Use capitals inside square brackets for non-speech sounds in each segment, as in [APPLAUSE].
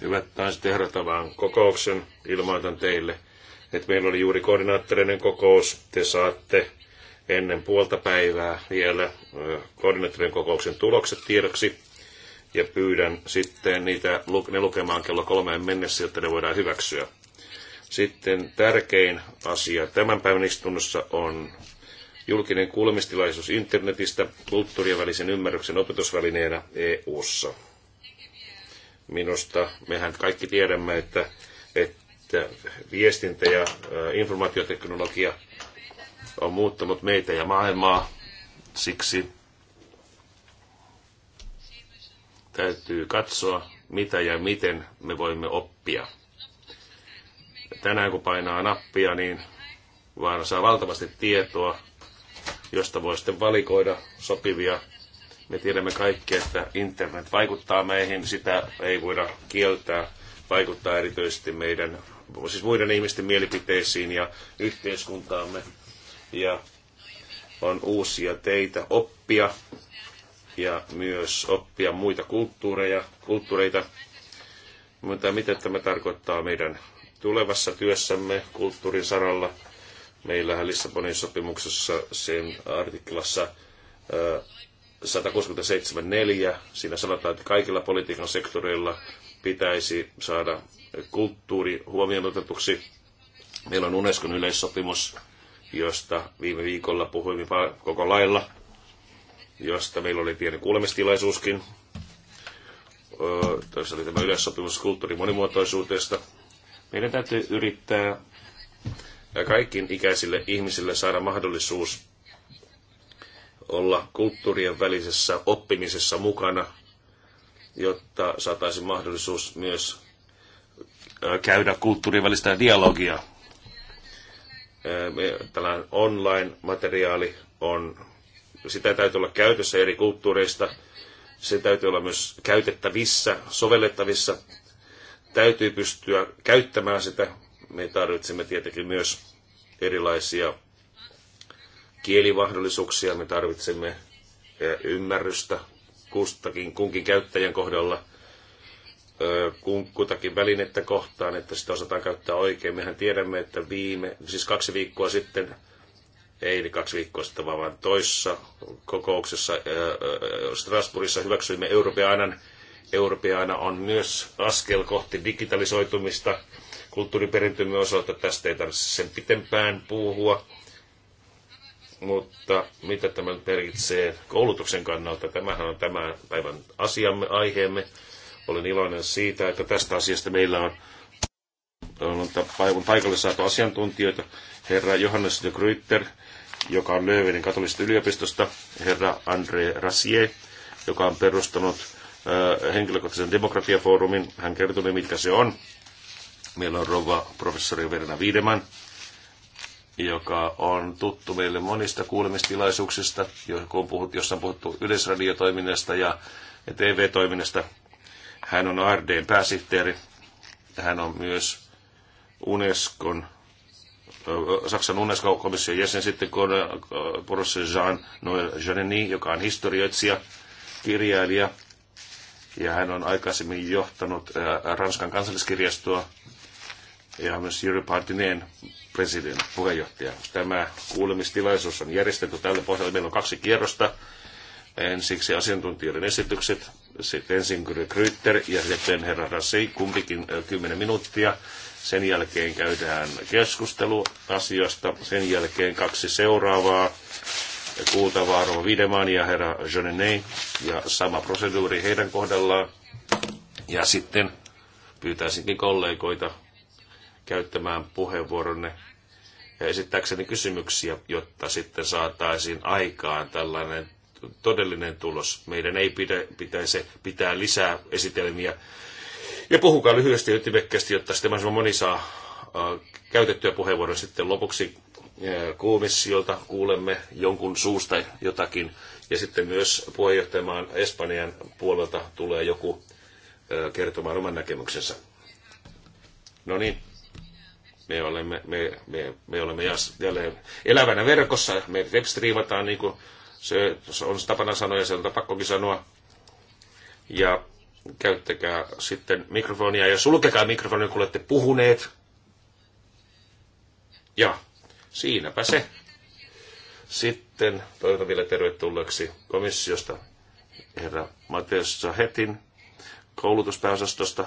Hyvät naiset ja herrat, avaan kokouksen. Ilmoitan teille, että meillä oli juuri koordinaattorinen kokous. Te saatte ennen puolta päivää vielä koordinaattoreiden kokouksen tulokset tiedoksi. Ja pyydän sitten niitä, ne lukemaan kello kolmeen mennessä, jotta ne voidaan hyväksyä. Sitten tärkein asia tämän päivän istunnossa on julkinen kuulemistilaisuus internetistä kulttuurien välisen ymmärryksen opetusvälineenä EU-ssa. Minusta mehän kaikki tiedämme, että, että viestintä ja informaatioteknologia on muuttanut meitä ja maailmaa. Siksi täytyy katsoa, mitä ja miten me voimme oppia. Tänään kun painaa nappia, niin vaan saa valtavasti tietoa josta voi sitten valikoida sopivia. Me tiedämme kaikki, että internet vaikuttaa meihin, sitä ei voida kieltää, vaikuttaa erityisesti meidän, siis muiden ihmisten mielipiteisiin ja yhteiskuntaamme. Ja on uusia teitä oppia ja myös oppia muita kulttuureja, kulttuureita. Mutta mitä tämä tarkoittaa meidän tulevassa työssämme kulttuurin saralla? Meillähän Lissabonin sopimuksessa sen artiklassa 167.4, siinä sanotaan, että kaikilla politiikan sektoreilla pitäisi saada kulttuuri huomioon otetuksi. Meillä on Unescon yleissopimus, josta viime viikolla puhuimme koko lailla, josta meillä oli pieni kuulemistilaisuuskin. Tässä oli tämä yleissopimus kulttuurin monimuotoisuudesta. Meidän täytyy yrittää kaikkiin ikäisille ihmisille saada mahdollisuus olla kulttuurien välisessä oppimisessa mukana, jotta saataisiin mahdollisuus myös käydä kulttuurien välistä dialogia. Tällainen online-materiaali on, sitä täytyy olla käytössä eri kulttuureista, se täytyy olla myös käytettävissä, sovellettavissa, täytyy pystyä käyttämään sitä me tarvitsemme tietenkin myös erilaisia kielivahdollisuuksia, me tarvitsemme eh, ymmärrystä kustakin, kunkin käyttäjän kohdalla eh, – kutakin välinettä kohtaan, että sitä osataan käyttää oikein. Mehän tiedämme, että viime, siis kaksi viikkoa sitten, ei niin kaksi viikkoa sitten, vaan toissa kokouksessa eh, Strasbourgissa hyväksyimme Euroopan Europeana on myös askel kohti digitalisoitumista kulttuuriperintömme osalta. Tästä ei tarvitse sen pitempään puhua. Mutta mitä tämä merkitsee koulutuksen kannalta? Tämähän on tämän päivän asiamme, aiheemme. Olen iloinen siitä, että tästä asiasta meillä on, on paikalle saatu asiantuntijoita. Herra Johannes de Gruyter, joka on Löövenin katolisesta yliopistosta, herra André Rassier, joka on perustanut henkilökohtaisen demokratiafoorumin. Hän kertoi, mitkä se on. Meillä on rova professori Verna Viideman, joka on tuttu meille monista kuulemistilaisuuksista, jossa on puhuttu yleisradiotoiminnasta ja TV-toiminnasta. Hän on ARDn pääsihteeri. Hän on myös Unescon, Saksan Unesco-komission jäsen sitten professori Jean-Noël Jeanini, joka on historioitsija, kirjailija, ja hän on aikaisemmin johtanut Ranskan kansalliskirjastoa ja myös Partineen presidentin puheenjohtaja. Tämä kuulemistilaisuus on järjestetty tällä pohjalla. Meillä on kaksi kierrosta. Ensiksi asiantuntijoiden esitykset, sitten ensin Krytter ja sitten herra Rassi, kumpikin 10 minuuttia. Sen jälkeen käydään keskustelu asiasta. Sen jälkeen kaksi seuraavaa kuultavaa Rova Videman ja herra Jonenet. Ja sama proseduuri heidän kohdallaan. Ja sitten pyytäisinkin kollegoita käyttämään puheenvuoronne ja esittääkseni kysymyksiä, jotta sitten saataisiin aikaan tällainen todellinen tulos. Meidän ei pidä, pitäisi pitää lisää esitelmiä. Ja puhukaa lyhyesti ja ytimekkästi, jotta sitten mahdollisimman moni saa käytettyä puheenvuoron sitten lopuksi komissiolta kuulemme jonkun suusta jotakin. Ja sitten myös puheenjohtajamaan Espanjan puolelta tulee joku kertomaan oman näkemyksensä. No niin, me olemme, me, me, me olemme jälleen elävänä verkossa, me webstriivataan niin kuin se on tapana sanoa ja se on pakkokin sanoa. Ja käyttäkää sitten mikrofonia ja sulkekaa mikrofonia, kun olette puhuneet. Ja siinäpä se. Sitten toivotan vielä tervetulleeksi komissiosta herra Mateus Sahetin koulutuspääosastosta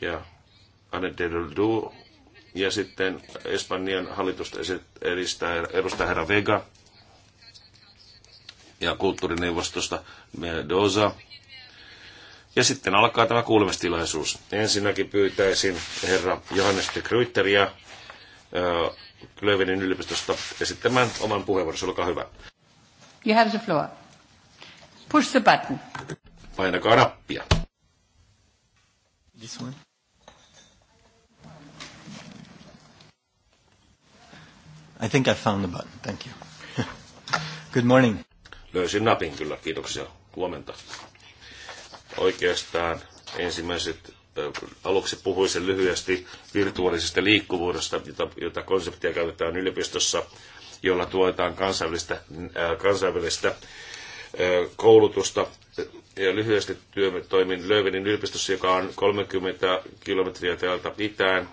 ja Anne de ja sitten Espanjan hallitusta edistää, edustaa herra Vega ja kulttuurineuvostosta Mendoza. Ja sitten alkaa tämä kuulemistilaisuus. Ensinnäkin pyytäisin herra Johannes de Kruyteria Löövenin yliopistosta esittämään oman puheenvuoronsa. Olkaa hyvä. You have the floor. Push the button. Painakaa nappia. This one. I think I found the button. Thank you. [LAUGHS] Good morning. Löysin napin kyllä, kiitoksia. Huomenta. Oikeastaan ensimmäiset aluksi puhuisin lyhyesti virtuaalisesta liikkuvuudesta, jota, jota konseptia käytetään yliopistossa, jolla tuetaan kansainvälistä, kansainvälistä koulutusta. Ja lyhyesti työ, toimin Löövenin yliopistossa, joka on 30 kilometriä täältä itään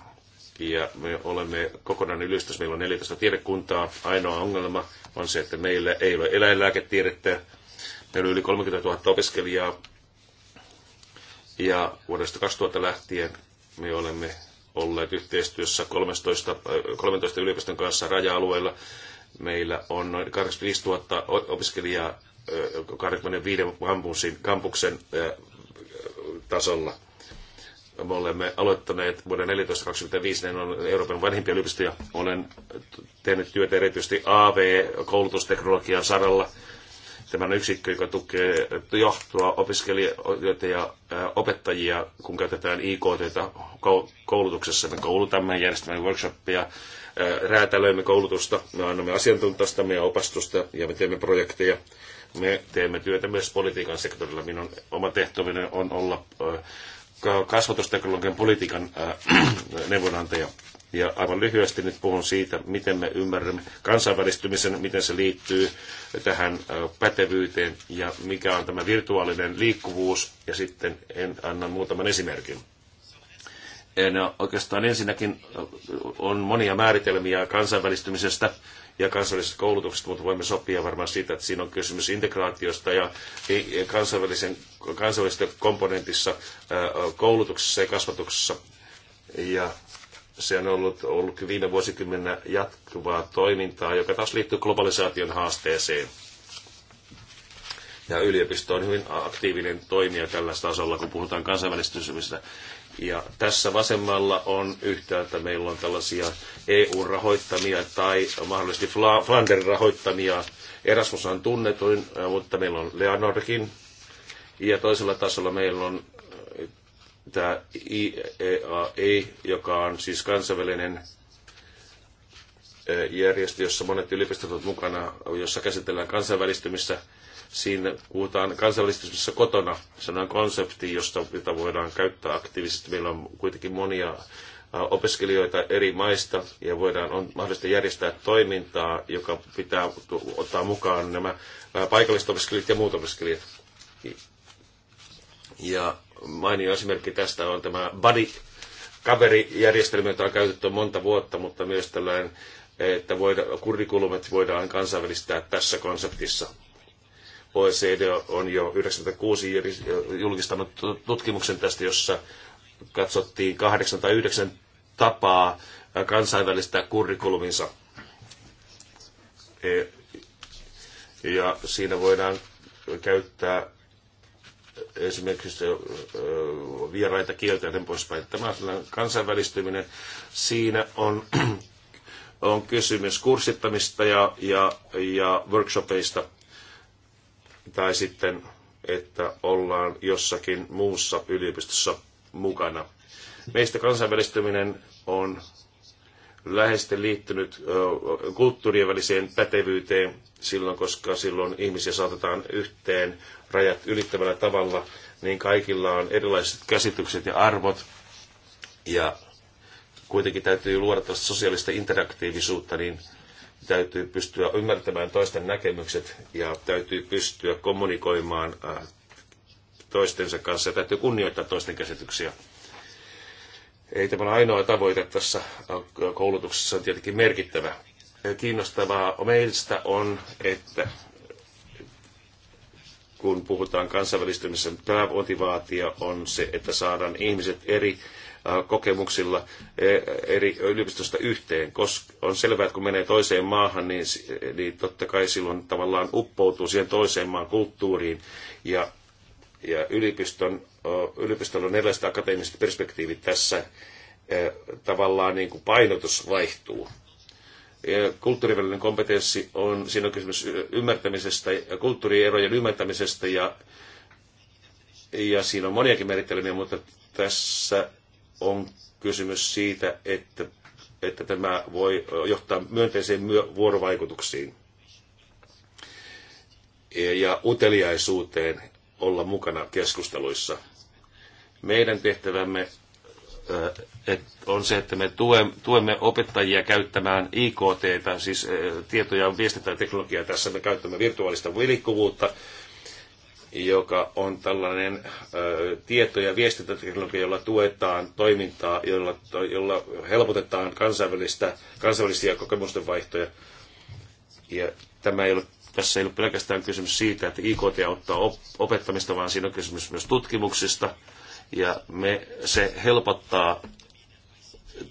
ja me olemme kokonaan ylistys, meillä on 14 tiedekuntaa. Ainoa ongelma on se, että meillä ei ole eläinlääketiedettä. Meillä on yli 30 000 opiskelijaa ja vuodesta 2000 lähtien me olemme olleet yhteistyössä 13, 13 yliopiston kanssa raja-alueilla. Meillä on noin 85 000 opiskelijaa 25 kampuksen, kampuksen tasolla me olemme aloittaneet vuoden 1425, niin on Euroopan vanhimpia yliopistoja. Olen tehnyt työtä erityisesti AV-koulutusteknologian saralla. Tämä on yksikkö, joka tukee johtoa opiskelijoita ja opettajia, kun käytetään IKT koulutuksessa. Me koulutamme, järjestämme workshoppia, räätälöimme koulutusta, me annamme asiantuntasta, ja opastusta ja me teemme projekteja me teemme työtä myös politiikan sektorilla. Minun oma tehtäväni on olla kasvatusteknologian politiikan äh, [CLEARS THROAT] neuvonantaja. Ja aivan lyhyesti nyt puhun siitä, miten me ymmärrämme kansainvälistymisen, miten se liittyy tähän äh, pätevyyteen ja mikä on tämä virtuaalinen liikkuvuus. Ja sitten en anna muutaman esimerkin. Äh, no, oikeastaan ensinnäkin on monia määritelmiä kansainvälistymisestä ja kansallisesta koulutuksesta, mutta voimme sopia varmaan siitä, että siinä on kysymys integraatiosta ja kansainvälisen, kansainvälisestä komponentissa koulutuksessa ja kasvatuksessa. Ja se on ollut, ollut viime vuosikymmenä jatkuvaa toimintaa, joka taas liittyy globalisaation haasteeseen. Ja yliopisto on hyvin aktiivinen toimija tällä tasolla, kun puhutaan kansainvälistymisestä. Ja tässä vasemmalla on yhtäältä meillä on tällaisia EU-rahoittamia tai mahdollisesti Flanderin rahoittamia. Erasmus on tunnetuin, äh, mutta meillä on Leonorkin. Ja toisella tasolla meillä on äh, tämä IEAE, e, joka on siis kansainvälinen äh, järjestö, jossa monet yliopistot ovat mukana, jossa käsitellään kansainvälistymistä Siinä puhutaan kansallistismissa kotona, sanan konsepti, josta, jota voidaan käyttää aktiivisesti. Meillä on kuitenkin monia opiskelijoita eri maista ja voidaan, on mahdollista järjestää toimintaa, joka pitää ottaa mukaan nämä paikalliset opiskelijat ja muut opiskelijat. Ja mainio esimerkki tästä on tämä Buddy kaverijärjestelmä, jota on käytetty monta vuotta, mutta myös tällainen, että voida, kurrikulumet voidaan kansainvälistää tässä konseptissa. OECD on jo 96 julkistanut tutkimuksen tästä, jossa katsottiin 89 tai tapaa kansainvälistä kurrikuluminsa. E, ja siinä voidaan käyttää esimerkiksi vieraita kieltä ja niin poispäin. Tämä kansainvälistyminen, siinä on, [CLEARS THROAT] on kysymys kurssittamista ja, ja, ja workshopeista – tai sitten, että ollaan jossakin muussa yliopistossa mukana. Meistä kansainvälistyminen on läheisesti liittynyt kulttuurien väliseen pätevyyteen silloin, koska silloin ihmisiä saatetaan yhteen rajat ylittävällä tavalla, niin kaikilla on erilaiset käsitykset ja arvot. Ja kuitenkin täytyy luoda tällaista sosiaalista interaktiivisuutta, niin Täytyy pystyä ymmärtämään toisten näkemykset ja täytyy pystyä kommunikoimaan äh, toistensa kanssa ja täytyy kunnioittaa toisten käsityksiä. Ei tämä ainoa tavoite tässä äh, koulutuksessa on tietenkin merkittävä. Kiinnostavaa meistä on, että kun puhutaan kansainvälistymisestä, päämotivaatio on se, että saadaan ihmiset eri kokemuksilla e, eri yliopistosta yhteen, koska on selvää, että kun menee toiseen maahan, niin, niin totta kai silloin tavallaan uppoutuu siihen toiseen maan kulttuuriin ja, ja yliopiston, yliopistolla on erilaiset akateemiset perspektiivit tässä, e, tavallaan niin kuin painotus vaihtuu e, kulttuurivälinen kompetenssi on, siinä on kysymys ymmärtämisestä, kulttuurierojen ymmärtämisestä ja, ja siinä on moniakin määritelmiä, mutta tässä on kysymys siitä, että, että tämä voi johtaa myönteisiin vuorovaikutuksiin ja uteliaisuuteen olla mukana keskusteluissa. Meidän tehtävämme äh, on se, että me tuemme opettajia käyttämään IKT, siis äh, tietoja, viestintä ja teknologiaa. Tässä me käytämme virtuaalista liikkuvuutta joka on tällainen ö, tieto- ja viestintäteknologia, jolla tuetaan toimintaa, jolla, jolla helpotetaan kansainvälistä, kansainvälisiä kokemusten vaihtoja. Ja tämä ei ole, tässä ei ole pelkästään kysymys siitä, että IKT auttaa op, opettamista, vaan siinä on kysymys myös tutkimuksista. Ja me, se helpottaa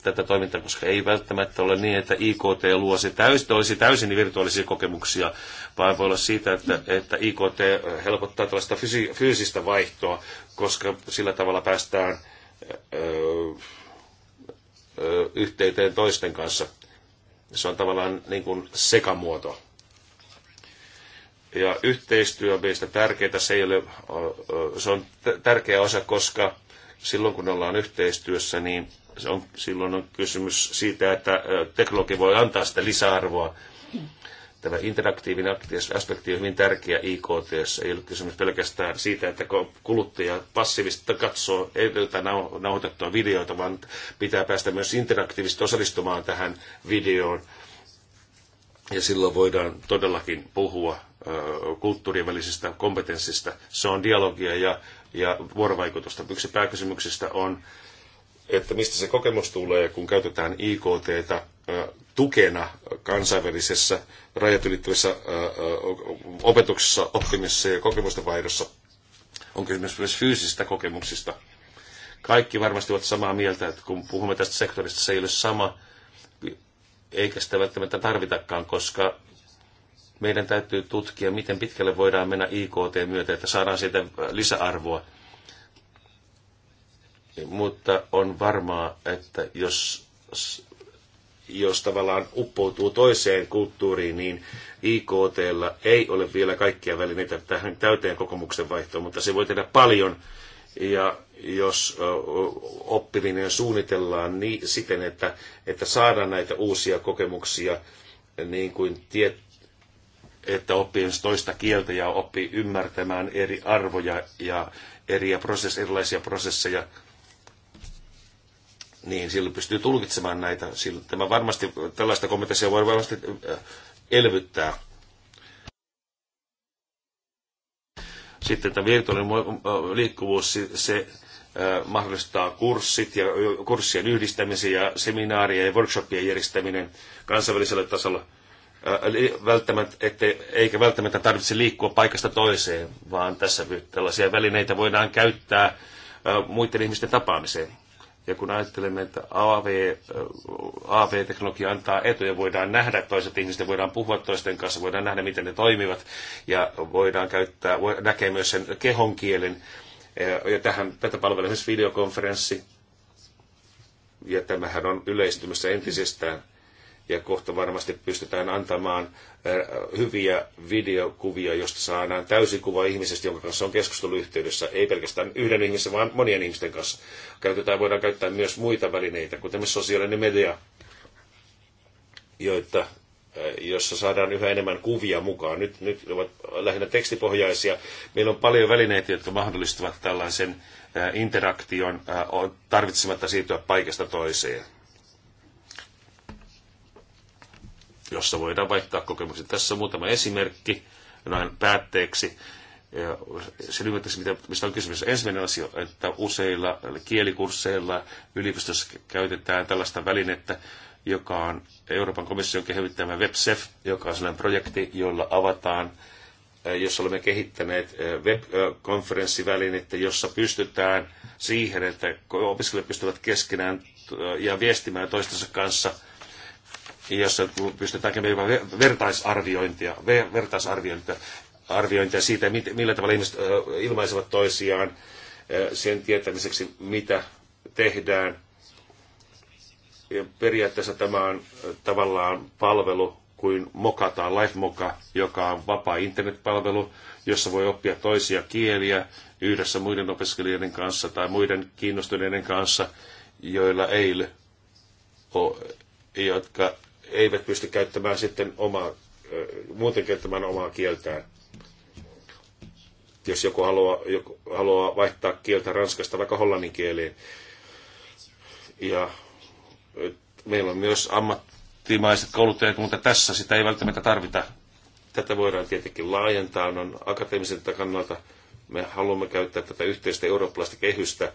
tätä toimintaa, koska ei välttämättä ole niin, että IKT luo se täysin, olisi täysin virtuaalisia kokemuksia, vaan voi olla siitä, että, että IKT helpottaa tällaista fysi, fyysistä vaihtoa, koska sillä tavalla päästään öö, öö, yhteyteen toisten kanssa. Se on tavallaan niin kuin sekamuoto. Ja yhteistyö on meistä tärkeää, se, ei ole, se on tärkeä osa, koska silloin kun ollaan yhteistyössä, niin se on, silloin on kysymys siitä, että teknologia voi antaa sitä lisäarvoa. Tämä interaktiivinen aspekti on hyvin tärkeä IKT. Ei ole kysymys pelkästään siitä, että kuluttaja passiivisesti katsoo edeltä nauhoitettua videoita, vaan pitää päästä myös interaktiivisesti osallistumaan tähän videoon. Ja silloin voidaan todellakin puhua kulttuurien välisestä kompetenssista. Se on dialogia ja, ja vuorovaikutusta. Yksi pääkysymyksistä on että mistä se kokemus tulee, kun käytetään IKT tukena kansainvälisessä rajat ylittävässä opetuksessa, oppimisessa ja kokemusten vaihdossa. On kysymys myös fyysisistä kokemuksista. Kaikki varmasti ovat samaa mieltä, että kun puhumme tästä sektorista, se ei ole sama, eikä sitä välttämättä tarvitakaan, koska meidän täytyy tutkia, miten pitkälle voidaan mennä IKT myötä, että saadaan siitä lisäarvoa. Niin, mutta on varmaa, että jos, jos tavallaan uppoutuu toiseen kulttuuriin, niin IKT ei ole vielä kaikkia välineitä tähän täyteen kokemuksen vaihtoon, mutta se voi tehdä paljon. Ja jos oppiminen suunnitellaan niin, siten, että, että saadaan näitä uusia kokemuksia, niin kuin tiet, että oppii toista kieltä ja oppii ymmärtämään eri arvoja ja eri prosess, erilaisia prosesseja, niin silloin pystyy tulkitsemaan näitä. Silloin tämä varmasti, tällaista komiteassa voi varmasti äh, elvyttää. Sitten tämä virtuaalinen äh, liikkuvuus, se äh, mahdollistaa kurssit ja kurssien yhdistämisen ja seminaarien ja workshopien järjestäminen kansainvälisellä tasolla. Välttämättä, ette, eikä välttämättä tarvitse liikkua paikasta toiseen, vaan tässä tällaisia välineitä voidaan käyttää muiden ihmisten tapaamiseen ja kun ajattelemme, että AV, äh, AV-teknologia antaa etuja, voidaan nähdä toiset ihmiset, voidaan puhua toisten kanssa, voidaan nähdä, miten ne toimivat, ja voidaan käyttää, voi, näkee myös sen kehon kielen. Äh, ja tähän, tätä palvelee myös videokonferenssi, ja tämähän on yleistymässä entisestään ja kohta varmasti pystytään antamaan hyviä videokuvia, josta saadaan täysi kuva ihmisestä, jonka kanssa on keskusteluyhteydessä, ei pelkästään yhden ihmisen, vaan monien ihmisten kanssa. Käytetään, voidaan käyttää myös muita välineitä, kuten sosiaalinen media, joita, jossa saadaan yhä enemmän kuvia mukaan. Nyt, nyt ovat lähinnä tekstipohjaisia. Meillä on paljon välineitä, jotka mahdollistavat tällaisen interaktion tarvitsematta siirtyä paikasta toiseen jossa voidaan vaihtaa kokemuksia. Tässä on muutama esimerkki näin päätteeksi. Sen ymmärtäisi, mistä on kysymys. Ensimmäinen asia, että useilla kielikursseilla yliopistossa käytetään tällaista välinettä, joka on Euroopan komission kehittämä WebSEF, joka on sellainen projekti, jolla avataan eh, jossa olemme kehittäneet eh, webkonferenssivälinettä, jossa pystytään siihen, että opiskelijat pystyvät keskenään eh, ja viestimään toistensa kanssa – jossa pystytään tekemään vertaisarviointia, vertaisarviointia arviointia siitä, millä tavalla ihmiset ilmaisevat toisiaan sen tietämiseksi, mitä tehdään. Ja periaatteessa tämä on tavallaan palvelu kuin Moka tai moka, joka on vapaa internetpalvelu, jossa voi oppia toisia kieliä yhdessä muiden opiskelijoiden kanssa tai muiden kiinnostuneiden kanssa, joilla ei ole, jotka eivät pysty käyttämään sitten omaa, muuten käyttämään omaa kieltään. Jos joku haluaa, joku haluaa vaihtaa kieltä ranskasta vaikka hollannin kieleen. Ja meillä on myös ammattimaiset kouluttajat, mutta tässä sitä ei välttämättä tarvita. Tätä voidaan tietenkin laajentaa, on akateemisen kannalta. Me haluamme käyttää tätä yhteistä eurooppalaista kehystä,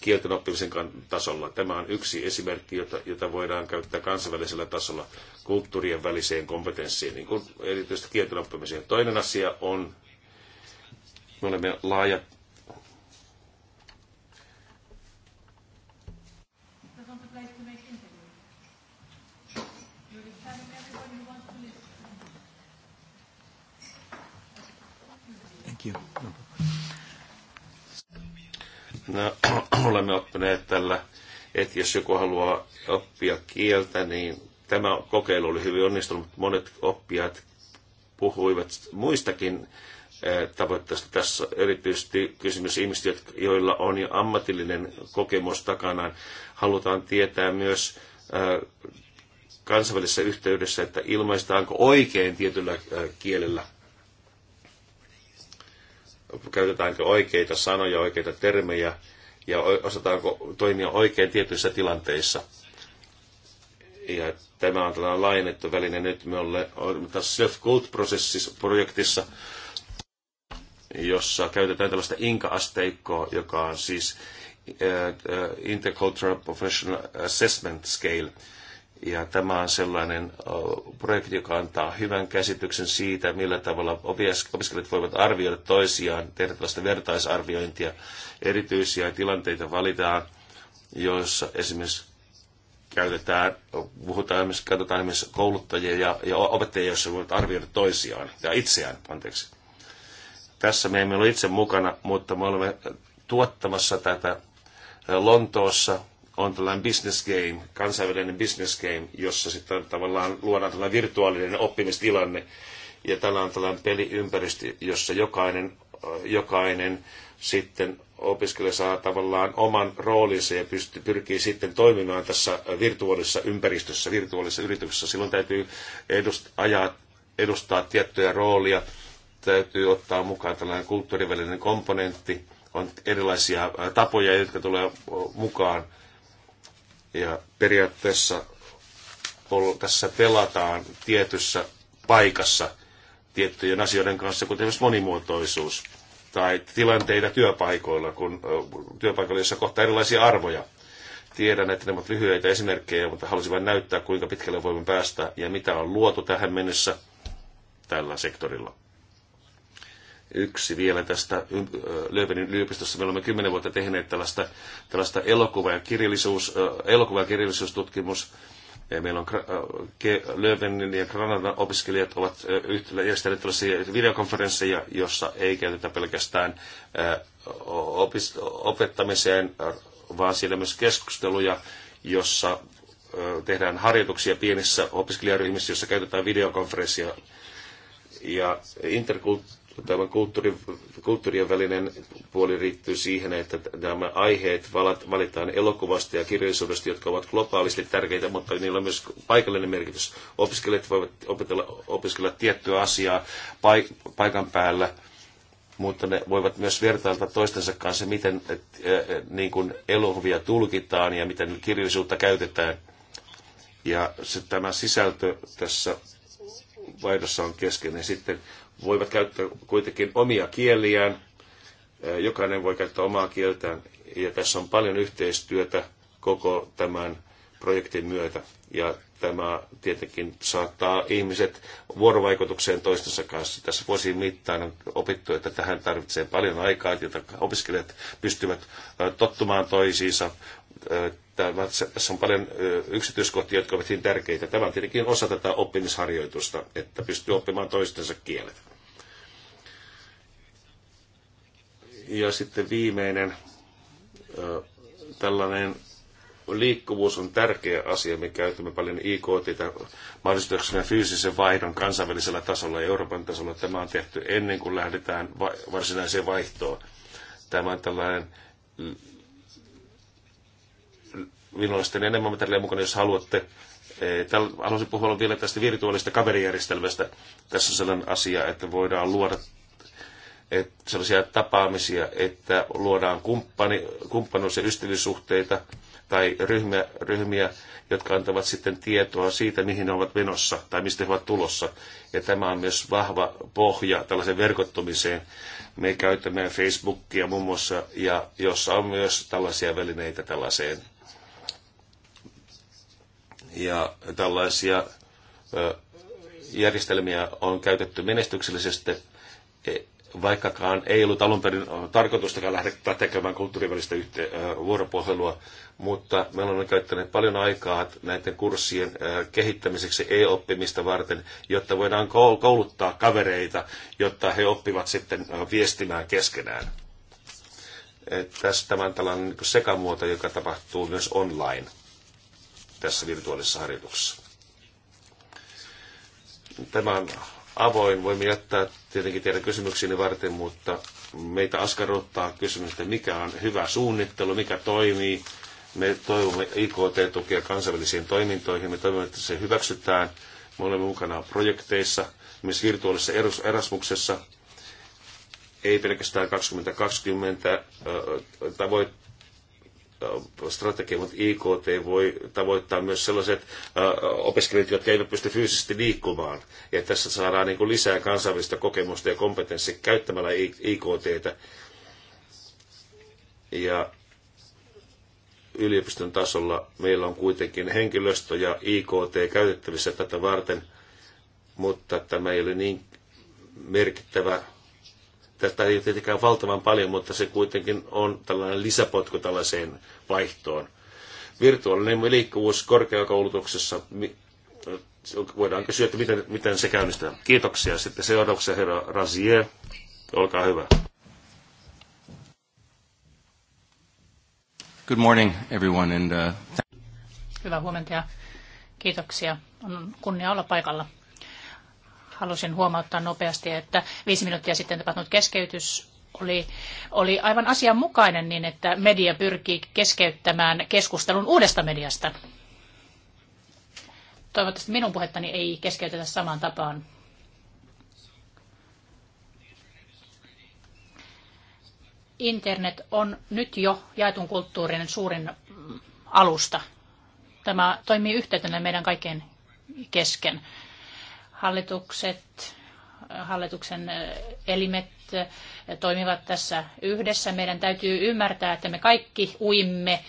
kielten oppimisen tasolla. Tämä on yksi esimerkki, jota, jota voidaan käyttää kansainvälisellä tasolla kulttuurien väliseen kompetenssiin, niin kuin erityisesti kielten oppimiseen. Toinen asia on, me olemme laajat No, [CLEARS THROAT] olemme oppineet tällä, että jos joku haluaa oppia kieltä, niin tämä kokeilu oli hyvin onnistunut. Monet oppijat puhuivat muistakin eh, tavoitteesta. Tässä erityisesti kysymys ihmistä, joilla on jo ammatillinen kokemus takanaan. Halutaan tietää myös eh, kansainvälisessä yhteydessä, että ilmaistaanko oikein tietyllä eh, kielellä käytetäänkö oikeita sanoja, oikeita termejä ja osataanko toimia oikein tietyissä tilanteissa. Ja tämä on tällainen laajennettu väline. Nyt me olemme tässä Self gold projektissa, jossa käytetään tällaista Inka-asteikkoa, joka on siis äh, äh, Intercultural Professional Assessment Scale – ja tämä on sellainen projekti, joka antaa hyvän käsityksen siitä, millä tavalla opiskelijat voivat arvioida toisiaan, tehdä tällaista vertaisarviointia. Erityisiä tilanteita valitaan, joissa esimerkiksi käytetään, puhutaan esimerkiksi, katsotaan esimerkiksi kouluttajia ja, ja opettajia, joissa voivat arvioida toisiaan ja itseään, anteeksi. Tässä me emme ole itse mukana, mutta me olemme tuottamassa tätä Lontoossa on tällainen business game, kansainvälinen business game, jossa sitten tavallaan luodaan tällainen virtuaalinen oppimistilanne. Ja tällä on tällainen peliympäristö, jossa jokainen, jokainen sitten opiskelija saa tavallaan oman roolinsa ja pystyy, pyrkii sitten toimimaan tässä virtuaalisessa ympäristössä, virtuaalisessa yrityksessä. Silloin täytyy edust, ajaa, edustaa tiettyjä roolia, täytyy ottaa mukaan tällainen kulttuurivälinen komponentti, on erilaisia tapoja, jotka tulee mukaan ja periaatteessa tässä pelataan tietyssä paikassa tiettyjen asioiden kanssa, kuten esimerkiksi monimuotoisuus tai tilanteita työpaikoilla, kun työpaikoilla, jossa kohtaa erilaisia arvoja. Tiedän, että ne ovat lyhyitä esimerkkejä, mutta halusin vain näyttää, kuinka pitkälle voimme päästä ja mitä on luotu tähän mennessä tällä sektorilla yksi vielä tästä Löövenin yliopistossa. Me olemme kymmenen vuotta tehneet tällaista, tällaista elokuva- ja, kirjallisuus, elokuva- ja kirjallisuustutkimus. Meillä on Löövenin ja Granadan opiskelijat ovat järjestäneet tällaisia videokonferensseja, jossa ei käytetä pelkästään opettamiseen, vaan siellä myös keskusteluja, jossa tehdään harjoituksia pienissä opiskelijaryhmissä, joissa käytetään videokonferenssia ja interkult- tämä kulttuuri, kulttuurien välinen puoli riittyy siihen, että nämä aiheet valitaan elokuvasta ja kirjallisuudesta, jotka ovat globaalisti tärkeitä, mutta niillä on myös paikallinen merkitys. Opiskelijat voivat opetella, opiskella tiettyä asiaa paikan päällä, mutta ne voivat myös vertailla toistensa kanssa, miten et, e, e, niin kuin elokuvia tulkitaan ja miten kirjallisuutta käytetään. Ja se, tämä sisältö tässä vaihdossa on keskeinen. Sitten voivat käyttää kuitenkin omia kieliään. Jokainen voi käyttää omaa kieltään ja tässä on paljon yhteistyötä koko tämän projektin myötä. Ja tämä tietenkin saattaa ihmiset vuorovaikutukseen toistensa kanssa. Tässä vuosien mittaan on opittu, että tähän tarvitsee paljon aikaa, jotta opiskelijat pystyvät tottumaan toisiinsa, tässä on paljon yksityiskohtia, jotka ovat hyvin tärkeitä. Tämä on tietenkin osa tätä oppimisharjoitusta, että pystyy oppimaan toistensa kielet. Ja sitten viimeinen tällainen liikkuvuus on tärkeä asia. Me käytämme paljon IKT mahdollistaksemme fyysisen vaihdon kansainvälisellä tasolla ja Euroopan tasolla. Tämä on tehty ennen kuin lähdetään varsinaiseen vaihtoon. Tämä on tällainen Minulla on sitten enemmän materiaalia mukana, jos haluatte. E, Täällä haluaisin puhua vielä tästä virtuaalista kaverijärjestelmästä. Tässä on sellainen asia, että voidaan luoda että sellaisia tapaamisia, että luodaan kumppani, kumppanuus- ja ystävyyssuhteita tai ryhmiä, ryhmiä, jotka antavat sitten tietoa siitä, mihin ne ovat menossa tai mistä he ovat tulossa. Ja tämä on myös vahva pohja tällaiseen verkottumiseen. Me käytämme Facebookia muun muassa, ja jossa on myös tällaisia välineitä tällaiseen ja tällaisia järjestelmiä on käytetty menestyksellisesti, e, vaikkakaan ei ollut alun perin tarkoitustakaan lähteä tekemään kulttuurivälistä yhte- vuoropuhelua, mutta me olemme käyttäneet paljon aikaa näiden kurssien kehittämiseksi e-oppimista varten, jotta voidaan kouluttaa kavereita, jotta he oppivat sitten viestimään keskenään. E, Tässä tämä on tällainen niin sekamuoto, joka tapahtuu myös online tässä virtuaalisessa harjoituksessa. Tämä on avoin. Voimme jättää tietenkin teidän kysymyksiini varten, mutta meitä askarruttaa kysymys, että mikä on hyvä suunnittelu, mikä toimii. Me toivomme IKT-tukea kansainvälisiin toimintoihin. Me toivomme, että se hyväksytään. Me olemme mukana projekteissa, myös virtuaalisessa Erasmuksessa, ei pelkästään 2020 tavoitteet strategia, mutta IKT voi tavoittaa myös sellaiset opiskelijat, jotka eivät pysty fyysisesti liikkumaan. Ja tässä saadaan niin kuin lisää kansainvälistä kokemusta ja kompetenssi käyttämällä IKTtä. Ja yliopiston tasolla meillä on kuitenkin henkilöstö ja IKT käytettävissä tätä varten, mutta tämä ei ole niin merkittävä Tästä ei tietenkään valtavan paljon, mutta se kuitenkin on tällainen lisäpotku tällaiseen vaihtoon. Virtuaalinen liikkuvuus korkeakoulutuksessa, voidaan kysyä, että miten, miten se käynnistetään. Kiitoksia. Sitten seuraavaksi herra Razier, olkaa hyvä. Good morning everyone and, uh... Hyvää huomenta ja kiitoksia. On kunnia olla paikalla halusin huomauttaa nopeasti, että viisi minuuttia sitten tapahtunut keskeytys oli, oli aivan asianmukainen niin, että media pyrkii keskeyttämään keskustelun uudesta mediasta. Toivottavasti minun puhettani ei keskeytetä samaan tapaan. Internet on nyt jo jaetun kulttuurin suurin alusta. Tämä toimii yhteytenä meidän kaikkien kesken. Hallitukset, hallituksen elimet toimivat tässä yhdessä. Meidän täytyy ymmärtää, että me kaikki uimme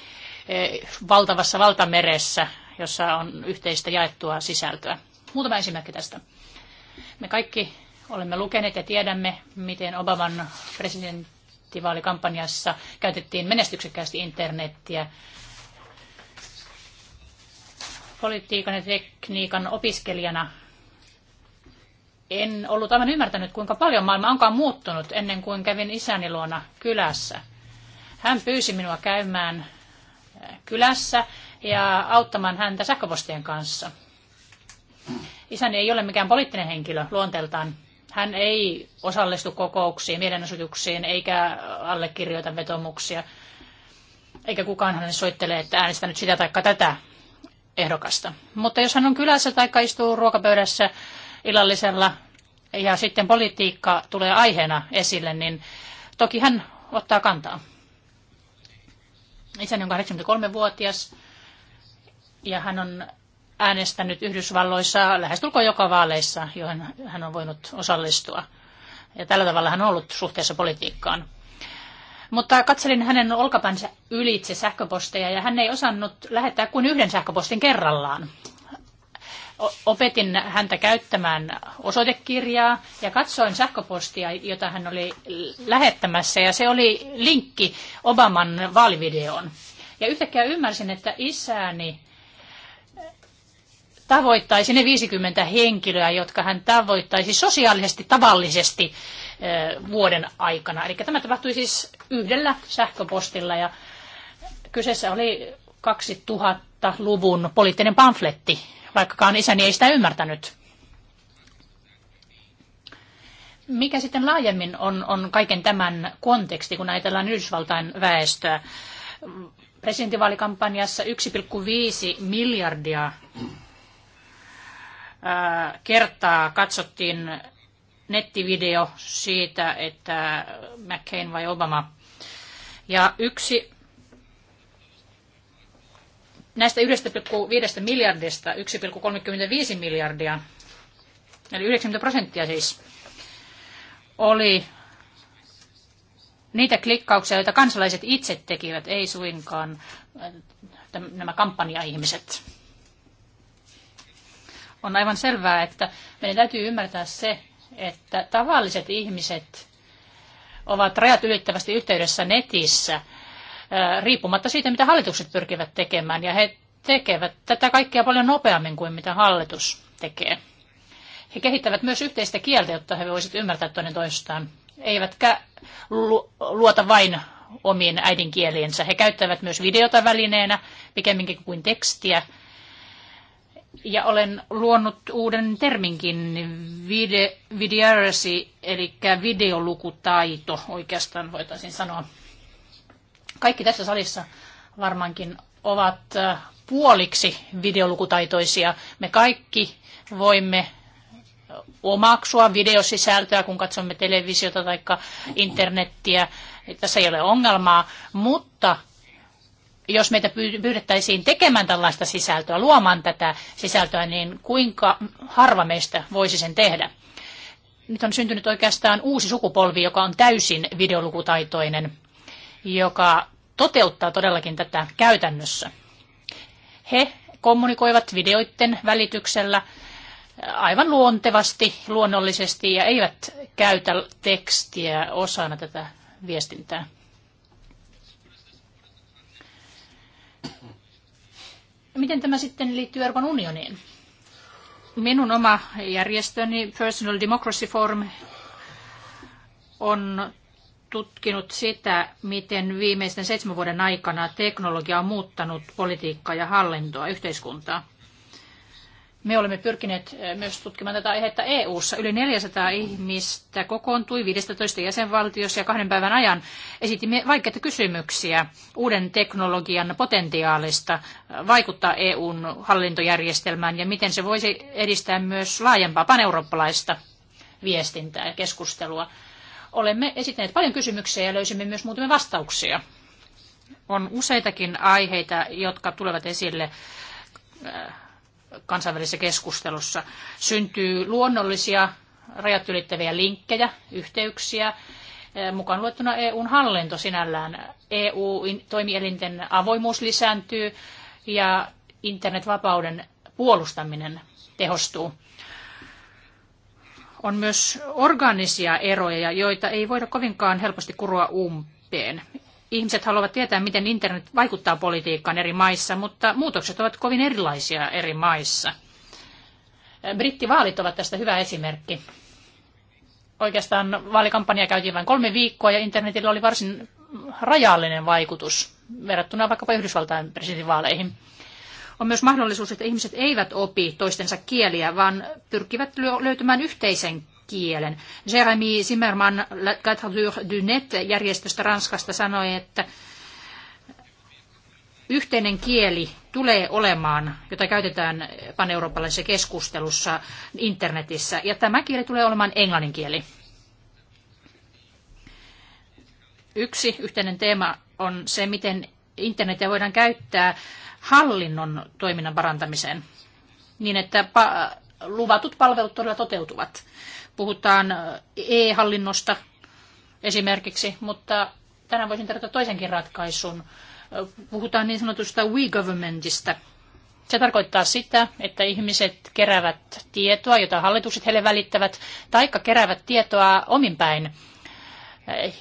valtavassa valtameressä, jossa on yhteistä jaettua sisältöä. Muutama esimerkki tästä. Me kaikki olemme lukeneet ja tiedämme, miten Obaman presidenttivaalikampanjassa käytettiin menestyksekkäästi internettiä. Politiikan ja tekniikan opiskelijana en ollut aivan ymmärtänyt, kuinka paljon maailma onkaan muuttunut ennen kuin kävin isäni luona kylässä. Hän pyysi minua käymään eh, kylässä ja auttamaan häntä sähköpostien kanssa. Isäni ei ole mikään poliittinen henkilö luonteeltaan. Hän ei osallistu kokouksiin, mielenosoituksiin eikä allekirjoita vetomuksia. Eikä kukaan hänelle soittele, että äänestä nyt sitä tai tätä ehdokasta. Mutta jos hän on kylässä tai istuu ruokapöydässä illallisella ja sitten politiikka tulee aiheena esille, niin toki hän ottaa kantaa. Isäni on 83-vuotias ja hän on äänestänyt Yhdysvalloissa lähestulkoon joka vaaleissa, johon hän on voinut osallistua. Ja tällä tavalla hän on ollut suhteessa politiikkaan. Mutta katselin hänen olkapänsä ylitse sähköposteja ja hän ei osannut lähettää kuin yhden sähköpostin kerrallaan opetin häntä käyttämään osoitekirjaa ja katsoin sähköpostia, jota hän oli lähettämässä ja se oli linkki Obaman vaalivideoon. Ja yhtäkkiä ymmärsin, että isäni tavoittaisi ne 50 henkilöä, jotka hän tavoittaisi sosiaalisesti tavallisesti vuoden aikana. Eli tämä tapahtui siis yhdellä sähköpostilla ja kyseessä oli 2000-luvun poliittinen pamfletti, vaikkakaan isäni ei sitä ymmärtänyt. Mikä sitten laajemmin on, on kaiken tämän konteksti, kun ajatellaan Yhdysvaltain väestöä? Presidentinvaalikampanjassa 1,5 miljardia kertaa katsottiin nettivideo siitä, että McCain vai Obama. Ja yksi Näistä 1,5 miljardista 1,35 miljardia, eli 90 prosenttia siis, oli niitä klikkauksia, joita kansalaiset itse tekivät, ei suinkaan nämä kampanjaihmiset. On aivan selvää, että meidän täytyy ymmärtää se, että tavalliset ihmiset ovat rajat ylittävästi yhteydessä netissä – riippumatta siitä, mitä hallitukset pyrkivät tekemään. Ja he tekevät tätä kaikkea paljon nopeammin kuin mitä hallitus tekee. He kehittävät myös yhteistä kieltä, jotta he voisivat ymmärtää toinen toistaan. Eivätkä luota vain omiin äidinkieliensä. He käyttävät myös videota välineenä pikemminkin kuin tekstiä. Ja olen luonut uuden terminkin, vide, eli videolukutaito oikeastaan voitaisiin sanoa. Kaikki tässä salissa varmaankin ovat puoliksi videolukutaitoisia. Me kaikki voimme omaksua videosisältöä, kun katsomme televisiota tai internettiä. Tässä ei ole ongelmaa, mutta jos meitä pyydettäisiin tekemään tällaista sisältöä, luomaan tätä sisältöä, niin kuinka harva meistä voisi sen tehdä? Nyt on syntynyt oikeastaan uusi sukupolvi, joka on täysin videolukutaitoinen, joka toteuttaa todellakin tätä käytännössä. He kommunikoivat videoiden välityksellä äh, aivan luontevasti, luonnollisesti ja eivät käytä tekstiä osana tätä viestintää. Miten tämä sitten liittyy Euroopan unioniin? Minun oma järjestöni Personal Democracy Forum on tutkinut sitä, miten viimeisten seitsemän vuoden aikana teknologia on muuttanut politiikkaa ja hallintoa, yhteiskuntaa. Me olemme pyrkineet eh, myös tutkimaan tätä aihetta EU-ssa. Yli 400 ihmistä kokoontui 15 jäsenvaltiossa ja kahden päivän ajan esitimme vaikeita kysymyksiä uuden teknologian potentiaalista eh, vaikuttaa EUn hallintojärjestelmään ja miten se voisi edistää myös laajempaa paneurooppalaista viestintää ja keskustelua. Olemme esittäneet paljon kysymyksiä ja löysimme myös muutamia vastauksia. On useitakin aiheita, jotka tulevat esille äh, kansainvälisessä keskustelussa. Syntyy luonnollisia rajat ylittäviä linkkejä, yhteyksiä, äh, mukaan luettuna EUn hallinto sinällään. EU-toimielinten avoimuus lisääntyy ja internetvapauden puolustaminen tehostuu on myös organisia eroja, joita ei voida kovinkaan helposti kurua umpeen. Ihmiset haluavat tietää, miten internet vaikuttaa politiikkaan eri maissa, mutta muutokset ovat kovin erilaisia eri maissa. Brittivaalit ovat tästä hyvä esimerkki. Oikeastaan vaalikampanja käytiin vain kolme viikkoa ja internetillä oli varsin rajallinen vaikutus verrattuna vaikkapa Yhdysvaltain presidentinvaaleihin on myös mahdollisuus, että ihmiset eivät opi toistensa kieliä, vaan pyrkivät löytämään yhteisen kielen. Jeremy Zimmerman Cadre du Net-järjestöstä Ranskasta sanoi, että yhteinen kieli tulee olemaan, jota käytetään paneurooppalaisessa keskustelussa internetissä, ja tämä kieli tulee olemaan englannin kieli. Yksi yhteinen teema on se, miten internetiä voidaan käyttää hallinnon toiminnan parantamiseen niin, että luvatut palvelut todella toteutuvat. Puhutaan äh, e-hallinnosta esimerkiksi, mutta tänään voisin tarjota toisenkin ratkaisun. Äh, puhutaan niin sanotusta we-governmentista. Se tarkoittaa sitä, että ihmiset keräävät tietoa, jota hallitukset heille välittävät, taikka keräävät tietoa omin päin äh,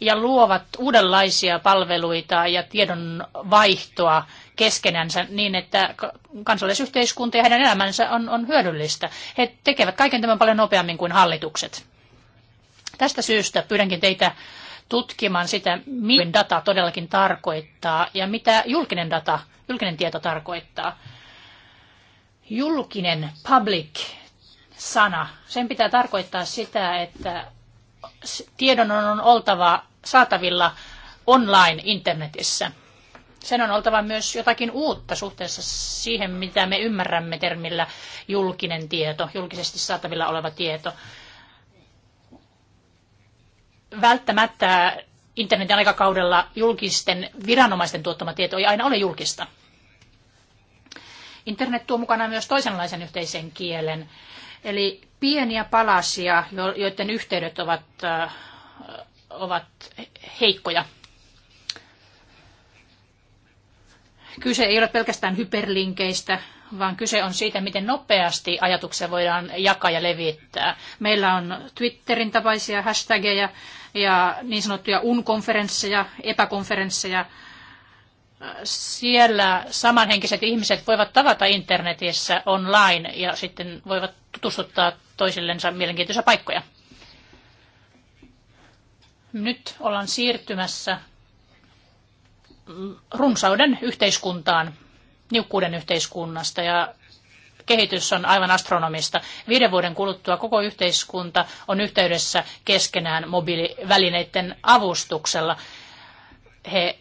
ja luovat uudenlaisia palveluita ja tiedon vaihtoa keskenänsä niin, että kansallisyhteiskunta ja heidän elämänsä on, on hyödyllistä. He tekevät kaiken tämän paljon nopeammin kuin hallitukset. Tästä syystä pyydänkin teitä tutkimaan sitä, mitä data todellakin tarkoittaa ja mitä julkinen data, julkinen tieto tarkoittaa. Julkinen, public sana, sen pitää tarkoittaa sitä, että tiedon on oltava saatavilla online internetissä. Sen on oltava myös jotakin uutta suhteessa siihen, mitä me ymmärrämme termillä julkinen tieto, julkisesti saatavilla oleva tieto. Välttämättä internetin aikakaudella julkisten viranomaisten tuottama tieto ei aina ole julkista. Internet tuo mukana myös toisenlaisen yhteisen kielen, eli pieniä palasia, joiden yhteydet ovat äh, ovat heikkoja. Kyse ei ole pelkästään hyperlinkeistä, vaan kyse on siitä, miten nopeasti ajatuksia voidaan jakaa ja levittää. Meillä on Twitterin tapaisia hashtageja ja niin sanottuja unkonferensseja, epäkonferensseja. Siellä samanhenkiset ihmiset voivat tavata internetissä online ja sitten voivat tutustuttaa toisillensa mielenkiintoisia paikkoja. Nyt ollaan siirtymässä runsauden yhteiskuntaan, niukkuuden yhteiskunnasta ja kehitys on aivan astronomista. Viiden vuoden kuluttua koko yhteiskunta on yhteydessä keskenään mobiilivälineiden avustuksella. He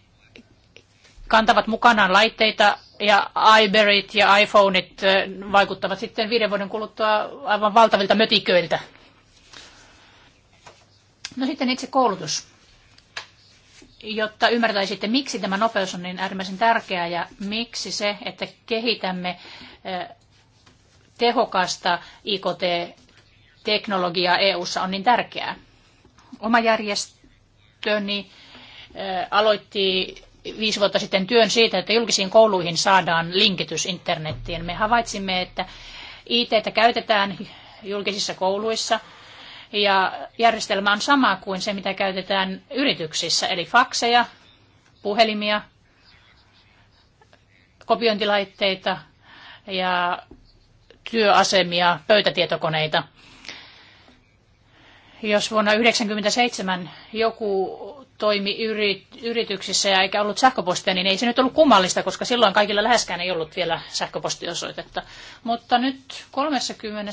kantavat mukanaan laitteita ja iBerit ja iPhoneit eh, vaikuttavat sitten viiden vuoden kuluttua aivan valtavilta mötiköiltä No sitten itse koulutus. Jotta ymmärtäisitte, miksi tämä nopeus on niin äärimmäisen tärkeää ja miksi se, että kehitämme tehokasta IKT-teknologiaa EU:ssa on niin tärkeää. Oma järjestöni aloitti viisi vuotta sitten työn siitä, että julkisiin kouluihin saadaan linkitys internettiin. Me havaitsimme, että ITtä käytetään julkisissa kouluissa – ja järjestelmä on sama kuin se, mitä käytetään yrityksissä, eli fakseja, puhelimia, kopiointilaitteita ja työasemia, pöytätietokoneita. Jos vuonna 1997 joku toimi yrityksissä ja eikä ollut sähköpostia, niin ei se nyt ollut kummallista, koska silloin kaikilla läheskään ei ollut vielä sähköpostiosoitetta. Mutta nyt 30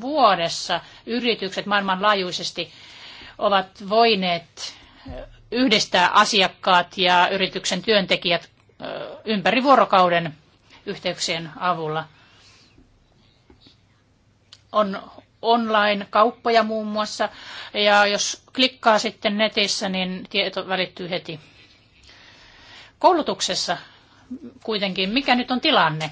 vuodessa yritykset maailmanlaajuisesti ovat voineet yhdistää asiakkaat ja yrityksen työntekijät ympäri vuorokauden yhteyksien avulla. On online-kauppoja muun muassa. Ja jos klikkaa sitten netissä, niin tieto välittyy heti. Koulutuksessa kuitenkin, mikä nyt on tilanne?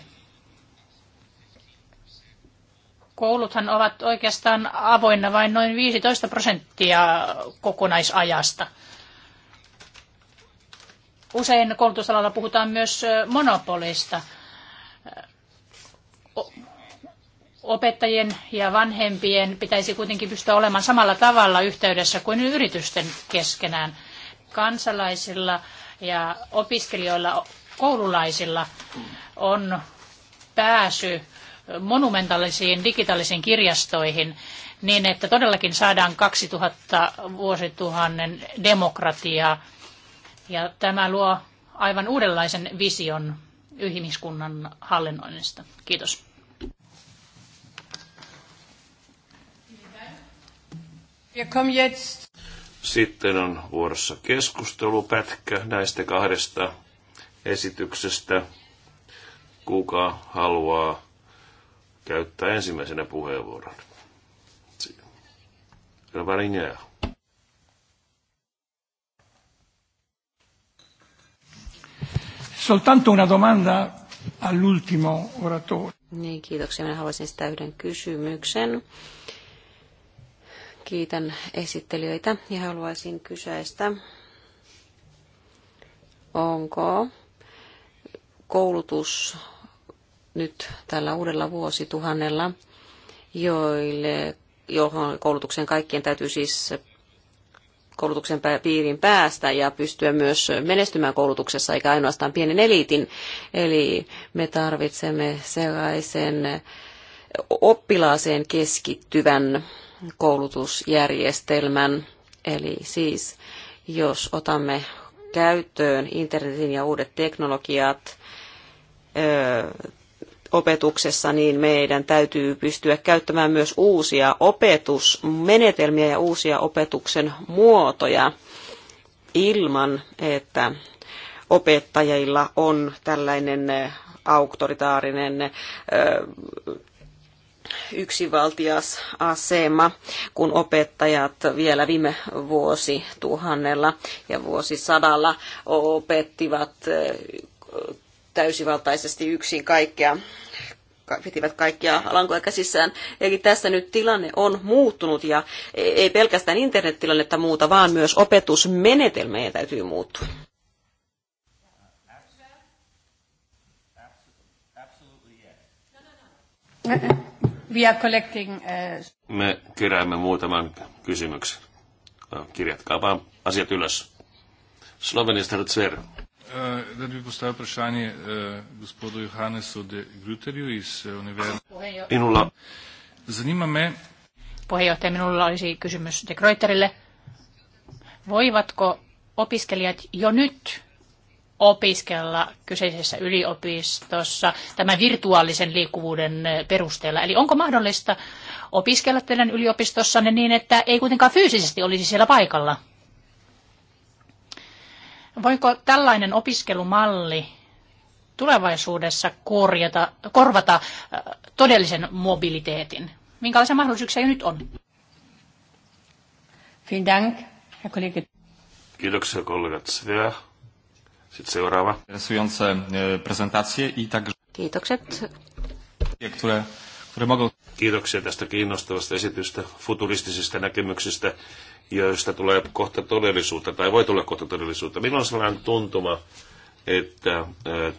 Kouluthan ovat oikeastaan avoinna vain noin 15 prosenttia kokonaisajasta. Usein koulutusalalla puhutaan myös monopolista opettajien ja vanhempien pitäisi kuitenkin pystyä olemaan samalla tavalla yhteydessä kuin yritysten keskenään. Kansalaisilla ja opiskelijoilla, koululaisilla on pääsy monumentaalisiin digitaalisiin kirjastoihin niin, että todellakin saadaan 2000 vuosituhannen demokratiaa. Ja tämä luo aivan uudenlaisen vision ihmiskunnan hallinnoinnista. Kiitos. Sitten on vuorossa keskustelupätkä näistä kahdesta esityksestä. Kuka haluaa käyttää ensimmäisenä puheenvuoron? Varinjää. Soltanto una domanda all'ultimo oratore. Niin, kiitoksia. Minä haluaisin sitä yhden kysymyksen Kiitän esittelijöitä ja haluaisin kysäistä, onko koulutus nyt tällä uudella vuosituhannella, joille, johon koulutuksen kaikkien täytyy siis koulutuksen piiriin päästä ja pystyä myös menestymään koulutuksessa, eikä ainoastaan pienen eliitin. Eli me tarvitsemme sellaisen oppilaaseen keskittyvän koulutusjärjestelmän. Eli siis jos otamme käyttöön internetin ja uudet teknologiat ö, opetuksessa, niin meidän täytyy pystyä käyttämään myös uusia opetusmenetelmiä ja uusia opetuksen muotoja ilman, että opettajilla on tällainen auktoritaarinen ö, yksivaltias asema, kun opettajat vielä viime vuosi tuhannella ja vuosisadalla opettivat eh, täysivaltaisesti yksin kaikkea pitivät kaikkia lankoja käsissään. Eli tässä nyt tilanne on muuttunut ja e-, ei pelkästään internettilannetta muuta, vaan myös opetusmenetelmiä täytyy muuttua. We are collecting, uh... Me keräämme muutaman kysymyksen. No, Kirjatkaa vaan asiat ylös. Slovenista Zver. Rad äh, bi postavil vprašanje äh, gospodu Johannesu de Grüterju iz äh, Universe. Minulla. Zanima me. Puheenjohtaja, minulla olisi kysymys de Grüterille. Voivatko opiskelijat jo nyt opiskella kyseisessä yliopistossa tämän virtuaalisen liikkuvuuden perusteella? Eli onko mahdollista opiskella teidän yliopistossanne niin, että ei kuitenkaan fyysisesti olisi siellä paikalla? Voiko tällainen opiskelumalli tulevaisuudessa korjata, korvata äh, todellisen mobiliteetin? Minkälaisia mahdollisuuksia jo nyt on? Vielen Dank, Herr Kollege. Kiitoksia kollegat Svea. Sitten seuraava. E, Kiitokset. Kiitoksia tästä kiinnostavasta esitystä, futuristisista näkemyksistä, joista tulee kohta todellisuutta, tai voi tulla kohta todellisuutta. Minulla on sellainen tuntuma, että e,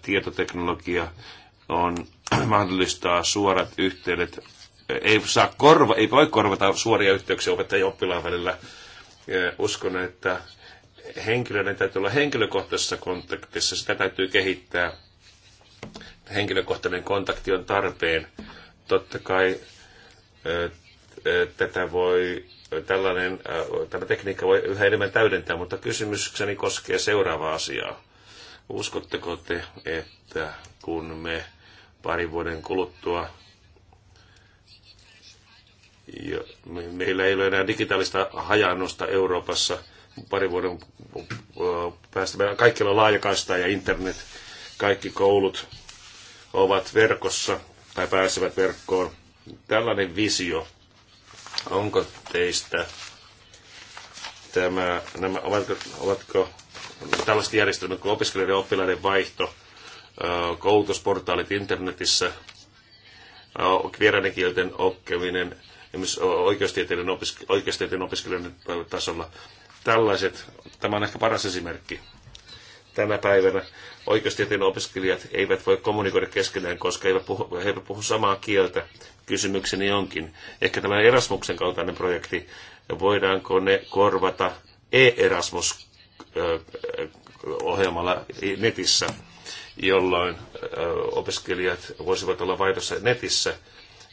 tietoteknologia on, [CLEARS THROAT] mahdollistaa suorat yhteydet. Ei, saa korva, ei voi korvata suoria yhteyksiä opettajien oppilaan välillä. E, uskon, että henkilöiden täytyy olla henkilökohtaisessa kontaktissa, sitä täytyy kehittää. Henkilökohtainen kontakti on tarpeen. Totta kai tätä voi, tällainen, tämä tekniikka voi yhä enemmän täydentää, mutta kysymykseni koskee seuraavaa asiaa. Uskotteko te, että kun me parin vuoden kuluttua meillä ei ole enää digitaalista hajannusta Euroopassa – Pari vuoden äh, päästä meillä kaikilla laajakaista ja internet. Kaikki koulut ovat verkossa tai pääsevät verkkoon. Tällainen visio, onko teistä tämä, nämä, ovatko, ovatko tällaiset järjestelmät kuin opiskelijoiden ja oppilaiden vaihto, äh, koulutusportaalit internetissä, äh, vieraiden kielten oppiminen, esimerkiksi oikeustieteiden, opiske- oikeustieteiden opiskelijoiden tasolla, tällaiset, tämä on ehkä paras esimerkki tänä päivänä oikeustieteen opiskelijat eivät voi kommunikoida keskenään, koska eivät puhu, he eivät puhu samaa kieltä. Kysymykseni onkin, ehkä tämä Erasmuksen kaltainen projekti, voidaanko ne korvata e-Erasmus-ohjelmalla netissä, jolloin opiskelijat voisivat olla vaihdossa netissä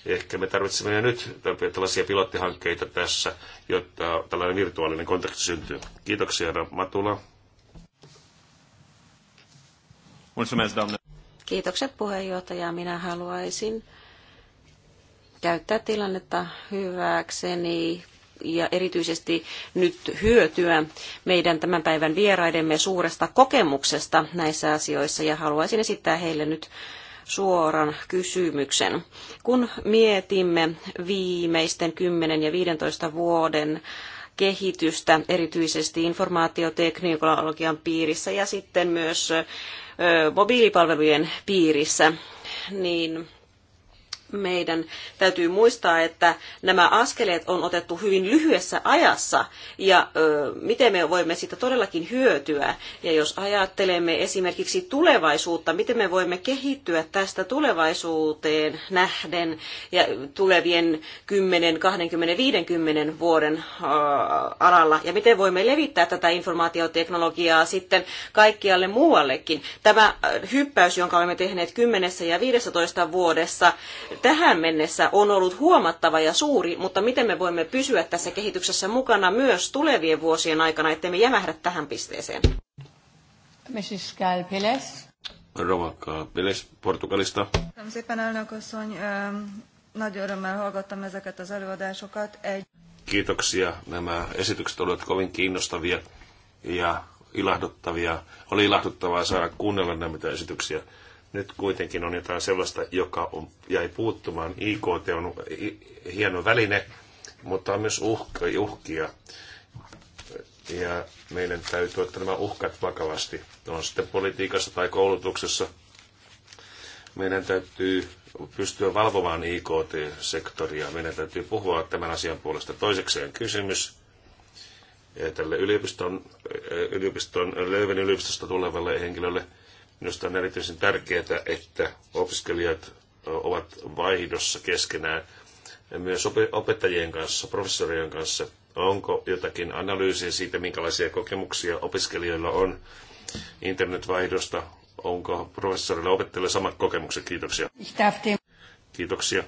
Ehkä me tarvitsemme nyt tällaisia pilottihankkeita tässä, jotta tällainen virtuaalinen kontakti syntyy. Kiitoksia, Matula. Kiitokset puheenjohtaja. Minä haluaisin käyttää tilannetta hyväkseni ja erityisesti nyt hyötyä meidän tämän päivän vieraidemme suuresta kokemuksesta näissä asioissa ja haluaisin esittää heille nyt suoran kysymyksen. Kun mietimme viimeisten 10 ja 15 vuoden kehitystä, erityisesti informaatioteknologian piirissä ja sitten myös mobiilipalvelujen piirissä, niin meidän täytyy muistaa, että nämä askeleet on otettu hyvin lyhyessä ajassa ja ö, miten me voimme siitä todellakin hyötyä. Ja jos ajattelemme esimerkiksi tulevaisuutta, miten me voimme kehittyä tästä tulevaisuuteen nähden ja tulevien 10, 20, 50 vuoden ö, alalla ja miten voimme levittää tätä informaatioteknologiaa sitten kaikkialle muuallekin. Tämä hyppäys, jonka olemme tehneet 10 ja 15 vuodessa, tähän mennessä on ollut huomattava ja suuri, mutta miten me voimme pysyä tässä kehityksessä mukana myös tulevien vuosien aikana, ettei me jämähdä tähän pisteeseen? Mrs. Galpiles. Rova Portugalista. Kiitoksia. Nämä esitykset olivat kovin kiinnostavia ja ilahduttavia. Oli ilahduttavaa saada kuunnella näitä esityksiä nyt kuitenkin on jotain sellaista, joka on, jäi puuttumaan. IKT on hieno väline, mutta on myös uhka, uhkia. Ja meidän täytyy ottaa nämä uhkat vakavasti. On sitten politiikassa tai koulutuksessa. Meidän täytyy pystyä valvomaan IKT-sektoria. Meidän täytyy puhua tämän asian puolesta. Toisekseen kysymys tälle yliopiston, yliopiston Löyven yliopistosta tulevalle henkilölle – Minusta on erityisen tärkeää, että opiskelijat ovat vaihdossa keskenään ja myös opettajien kanssa, professorien kanssa. Onko jotakin analyysiä siitä, minkälaisia kokemuksia opiskelijoilla on internetvaihdosta? Onko professorilla opettajilla samat kokemukset? Kiitoksia. Kiitoksia.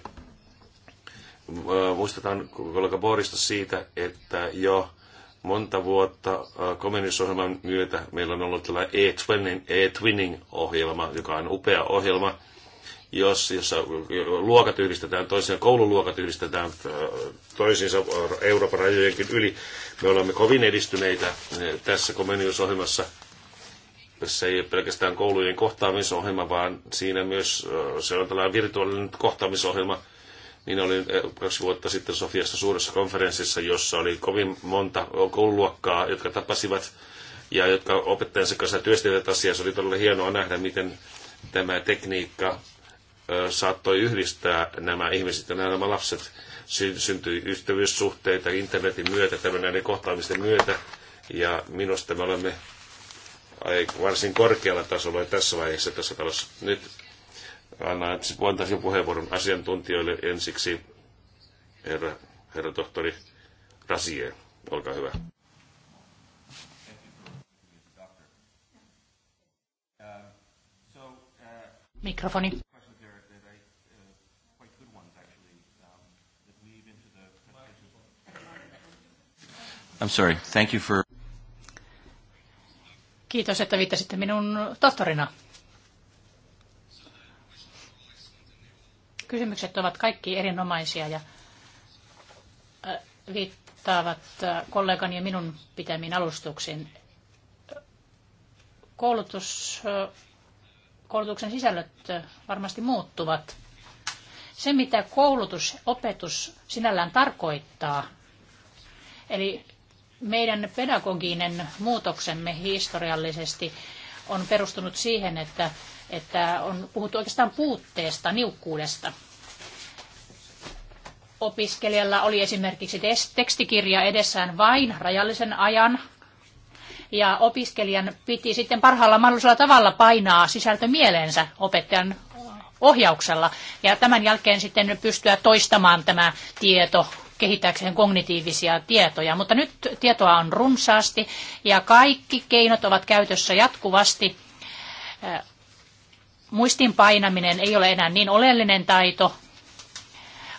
Äh, muistetaan kollega Borista siitä, että jo monta vuotta äh, komennusohjelman myötä meillä on ollut tällainen e-twinning-ohjelma, joka on upea ohjelma, jos, jossa luokat yhdistetään toisiinsa, koululuokat yhdistetään äh, toisiinsa Euroopan rajojenkin yli. Me olemme kovin edistyneitä äh, tässä komennusohjelmassa, Se ei ole pelkästään koulujen kohtaamisohjelma, vaan siinä myös se on tällainen virtuaalinen kohtaamisohjelma, niin olin eh, kaksi vuotta sitten Sofiassa suuressa konferenssissa, jossa oli kovin monta koululuokkaa, jotka tapasivat ja jotka opettajansa kanssa työstivät asiaa. Se oli todella hienoa nähdä, miten tämä tekniikka eh, saattoi yhdistää nämä ihmiset ja nämä lapset. Syntyi ystävyyssuhteita internetin myötä, tämän näiden kohtaamisten myötä. Ja minusta me olemme varsin korkealla tasolla tässä vaiheessa tässä talossa. Nyt Annan, antaisin puheenvuoron asiantuntijoille ensiksi. Herra, herra tohtori Rasier, olkaa hyvä. Mikrofoni. I'm sorry. Thank you for... Kiitos, että viittasitte minun tohtorina Kysymykset ovat kaikki erinomaisia ja viittaavat kollegani ja minun pitämiin alustuksiin. Koulutus, koulutuksen sisällöt varmasti muuttuvat. Se, mitä koulutus, opetus sinällään tarkoittaa, eli meidän pedagoginen muutoksemme historiallisesti on perustunut siihen, että että on puhuttu oikeastaan puutteesta, niukkuudesta. Opiskelijalla oli esimerkiksi tekstikirja edessään vain rajallisen ajan, ja opiskelijan piti sitten parhaalla mahdollisella tavalla painaa sisältö mieleensä opettajan ohjauksella, ja tämän jälkeen sitten pystyä toistamaan tämä tieto kehittääkseen kognitiivisia tietoja, mutta nyt tietoa on runsaasti ja kaikki keinot ovat käytössä jatkuvasti muistin painaminen ei ole enää niin oleellinen taito,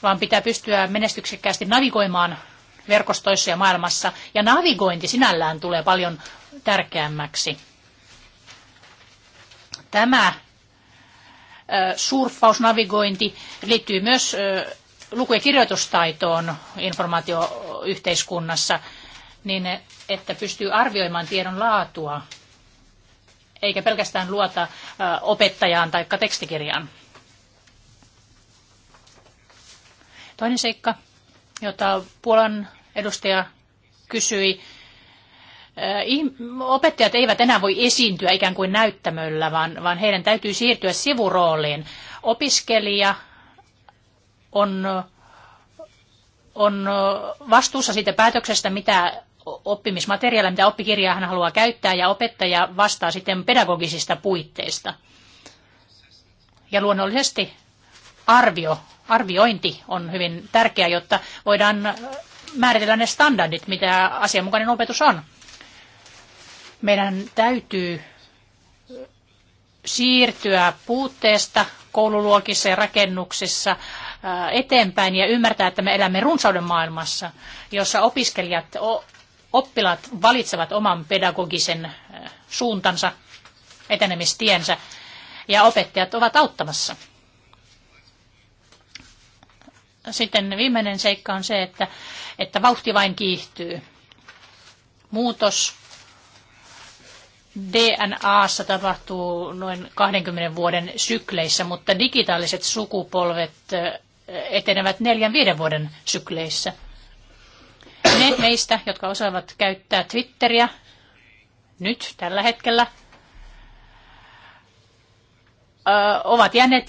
vaan pitää pystyä menestyksekkäästi navigoimaan verkostoissa ja maailmassa. Ja navigointi sinällään tulee paljon tärkeämmäksi. Tämä surffausnavigointi liittyy myös luku- ja kirjoitustaitoon informaatioyhteiskunnassa, niin että pystyy arvioimaan tiedon laatua eikä pelkästään luota opettajaan tai tekstikirjaan. Toinen seikka, jota Puolan edustaja kysyi, opettajat eivät enää voi esiintyä ikään kuin näyttämöllä, vaan, vaan heidän täytyy siirtyä sivurooliin. Opiskelija on, on vastuussa siitä päätöksestä, mitä oppimismateriaalia, mitä oppikirjaa hän haluaa käyttää, ja opettaja vastaa sitten pedagogisista puitteista. Ja luonnollisesti arvio, arviointi on hyvin tärkeä, jotta voidaan määritellä ne standardit, mitä asianmukainen opetus on. Meidän täytyy siirtyä puutteesta koululuokissa ja rakennuksissa eteenpäin ja ymmärtää, että me elämme runsauden maailmassa, jossa opiskelijat oppilaat valitsevat oman pedagogisen äh, suuntansa, etenemistiensä ja opettajat ovat auttamassa. Sitten viimeinen seikka on se, että, että vauhti vain kiihtyy. Muutos DNAssa tapahtuu noin 20 vuoden sykleissä, mutta digitaaliset sukupolvet äh, etenevät neljän viiden vuoden sykleissä – ne meistä, jotka osaavat käyttää Twitteriä nyt tällä hetkellä, ovat jääneet,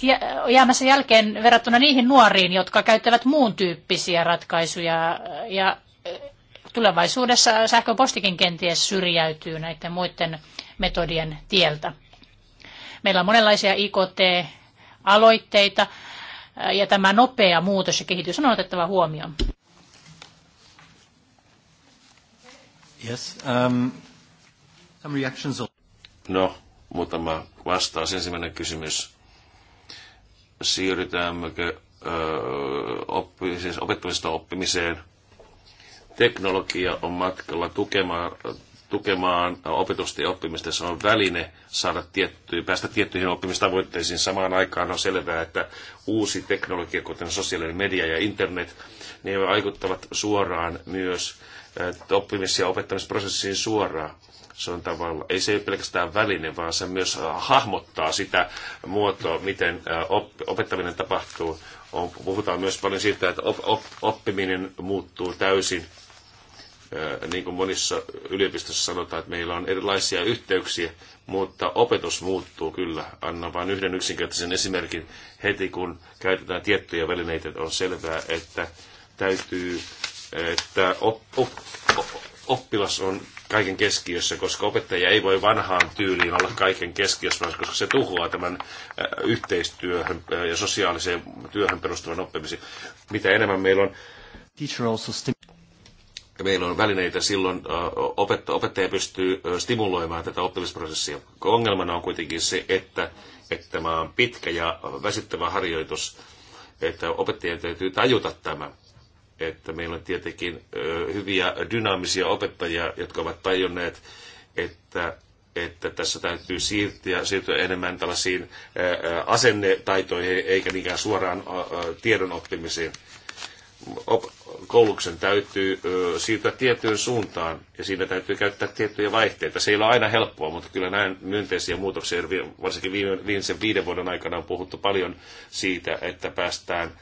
jäämässä jälkeen verrattuna niihin nuoriin, jotka käyttävät muun tyyppisiä ratkaisuja ja tulevaisuudessa sähköpostikin kenties syrjäytyy näiden muiden metodien tieltä. Meillä on monenlaisia IKT-aloitteita ja tämä nopea muutos ja kehitys on otettava huomioon. Yes, um, some reactions on... No, muutama vastaus. Ensimmäinen kysymys. Siirrytäänkö oppi, siis opettamista oppimiseen? Teknologia on matkalla tukemaan, tukemaan opetusta ja oppimista. Se on väline saada tiettyä, päästä tiettyihin oppimistavoitteisiin. Samaan aikaan on selvää, että uusi teknologia, kuten sosiaalinen media ja internet, ne vaikuttavat suoraan myös oppimis- ja opettamisprosessiin suoraan. Se on tavallaan ei se ole pelkästään väline, vaan se myös hahmottaa sitä muotoa, miten opettaminen tapahtuu. On, puhutaan myös paljon siitä, että op, op, oppiminen muuttuu täysin. Niin kuin monissa yliopistossa sanotaan, että meillä on erilaisia yhteyksiä, mutta opetus muuttuu kyllä. Anna vain yhden yksinkertaisen esimerkin. Heti kun käytetään tiettyjä välineitä, on selvää, että täytyy että op, op, op, oppilas on kaiken keskiössä, koska opettaja ei voi vanhaan tyyliin olla kaiken keskiössä, koska se tuhoaa tämän äh, yhteistyöhön äh, ja sosiaaliseen työhön perustuvan oppimisen. Mitä enemmän meillä on meillä on välineitä silloin, äh, opettaja, opettaja pystyy stimuloimaan tätä oppimisprosessia. Ongelmana on kuitenkin se, että, että tämä on pitkä ja väsyttävä harjoitus, että opettajien täytyy tajuta tämä että meillä on tietenkin hyviä dynaamisia opettajia, jotka ovat tajunneet, että että tässä täytyy siirtyä, siirtyä enemmän tällaisiin asennetaitoihin eikä niinkään suoraan tiedon oppimiseen. Koulutuksen täytyy siirtyä tiettyyn suuntaan ja siinä täytyy käyttää tiettyjä vaihteita. Se ei ole aina helppoa, mutta kyllä näin myönteisiä muutoksia, varsinkin viimeisen viiden vuoden aikana on puhuttu paljon siitä, että päästään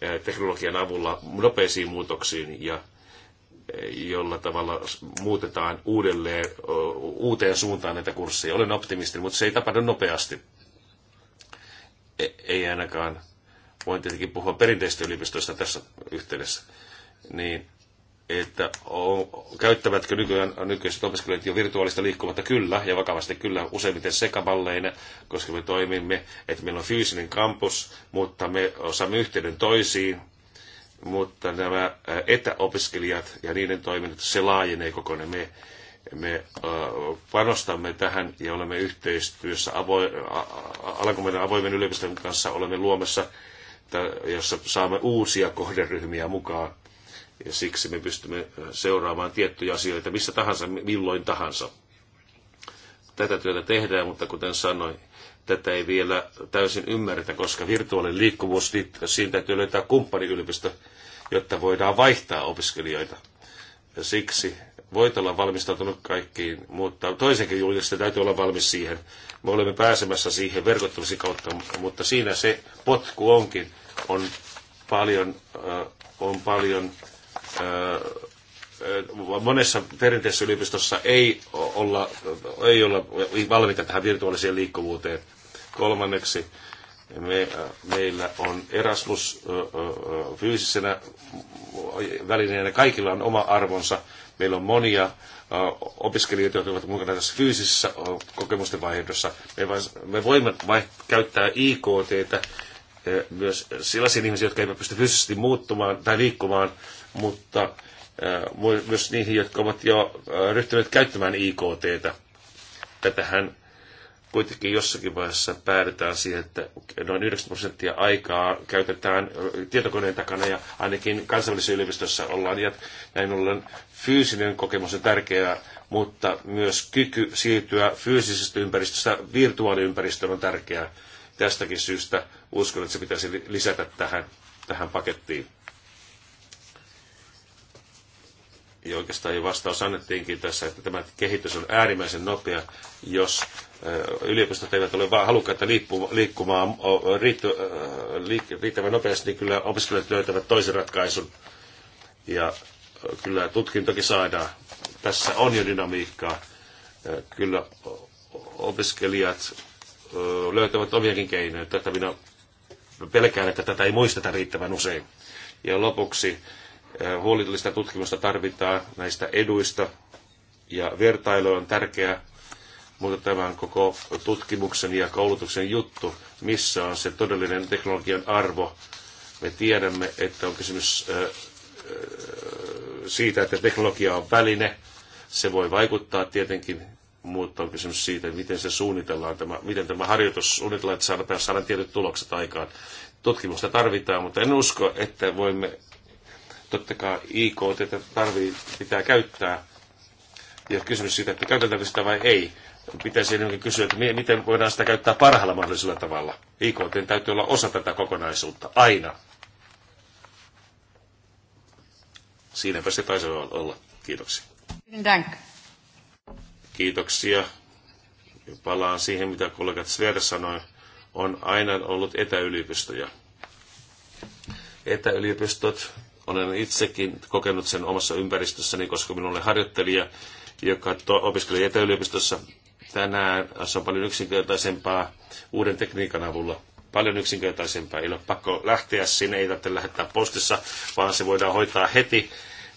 Eh, teknologian avulla nopeisiin muutoksiin ja eh, jolla tavalla muutetaan uudelleen, eh, uuteen suuntaan näitä kursseja. Olen optimisti, mutta se ei tapahdu nopeasti. E, ei ainakaan. Voin tietenkin puhua perinteistä yliopistoista tässä yhteydessä. Niin että käyttävätkö nykyään, nykyiset opiskelijat jo virtuaalista liikkumatta kyllä, ja vakavasti kyllä useimmiten sekavalleina, koska me toimimme, että meillä on fyysinen kampus, mutta me osaamme yhteyden toisiin, mutta nämä etäopiskelijat ja niiden toiminnat, se laajenee kokonaan. Me, me panostamme tähän ja olemme yhteistyössä avo- Alankomaiden avoimen yliopiston kanssa, olemme luomassa, jossa saamme uusia kohderyhmiä mukaan ja siksi me pystymme äh, seuraamaan tiettyjä asioita missä tahansa, milloin tahansa. Tätä työtä tehdään, mutta kuten sanoin, tätä ei vielä täysin ymmärretä, koska virtuaalinen liikkuvuus, siinä täytyy löytää kumppaniyliopisto, jotta voidaan vaihtaa opiskelijoita. Ja siksi voit olla valmistautunut kaikkiin, mutta toisenkin julkista täytyy olla valmis siihen. Me olemme pääsemässä siihen verkottumisen kautta, mutta siinä se potku onkin, on paljon, äh, on paljon monessa perinteisessä yliopistossa ei olla, ei olla valmiita tähän virtuaaliseen liikkuvuuteen. Kolmanneksi me, meillä on Erasmus fyysisenä välineenä, kaikilla on oma arvonsa. Meillä on monia opiskelijoita, jotka ovat mukana tässä fyysisessä kokemusten vaihdossa. Me, me voimme vai, käyttää IKT myös sellaisia ihmisiä, jotka eivät pysty fyysisesti muuttumaan tai liikkumaan, mutta äh, myös niihin, jotka ovat jo äh, ryhtyneet käyttämään IKTtä. Tätähän kuitenkin jossakin vaiheessa päädytään siihen, että noin 90 prosenttia aikaa käytetään äh, tietokoneen takana ja ainakin kansallisessa yliopistossa ollaan. Ja näin ollen fyysinen kokemus on tärkeää, mutta myös kyky siirtyä fyysisestä ympäristöstä virtuaaliympäristöön on tärkeää. Tästäkin syystä uskon, että se pitäisi lisätä tähän, tähän pakettiin. ja oikeastaan jo vastaus annettiinkin tässä, että tämä kehitys on äärimmäisen nopea, jos yliopistot eivät ole vaan halukkaita liikkumaan riittävän nopeasti, niin kyllä opiskelijat löytävät toisen ratkaisun. Ja kyllä tutkintokin saadaan. Tässä on jo dynamiikkaa. Kyllä opiskelijat löytävät omiakin keinoja. Tätä minä pelkään, että tätä ei muisteta riittävän usein. Ja lopuksi Äh, huolellista tutkimusta tarvitaan näistä eduista ja vertailu on tärkeää, mutta tämä on koko tutkimuksen ja koulutuksen juttu, missä on se todellinen teknologian arvo. Me tiedämme, että on kysymys äh, äh, siitä, että teknologia on väline. Se voi vaikuttaa tietenkin, mutta on kysymys siitä, miten se suunnitellaan, tämä, miten tämä harjoitus suunnitellaan, että saadaan, saadaan tietyt tulokset aikaan. Tutkimusta tarvitaan, mutta en usko, että voimme Totta kai IK tätä tarvii, pitää käyttää. Ja kysymys siitä, että käytetäänkö sitä vai ei, pitäisi enemmänkin kysyä, että miten voidaan sitä käyttää parhaalla mahdollisella tavalla. IKT täytyy olla osa tätä kokonaisuutta, aina. Siinäpä se taisi olla. Kiitoksia. Kiitoksia. Palaan siihen, mitä kollegat Sver sanoi. On aina ollut etäyliopistoja. Etäyliopistot olen itsekin kokenut sen omassa ympäristössäni, koska minulla oli harjoittelija, joka opiskeli etäyliopistossa. Tänään se on paljon yksinkertaisempaa uuden tekniikan avulla paljon yksinkertaisempaa. Ei ole pakko lähteä sinne, ei tarvitse lähettää postissa, vaan se voidaan hoitaa heti.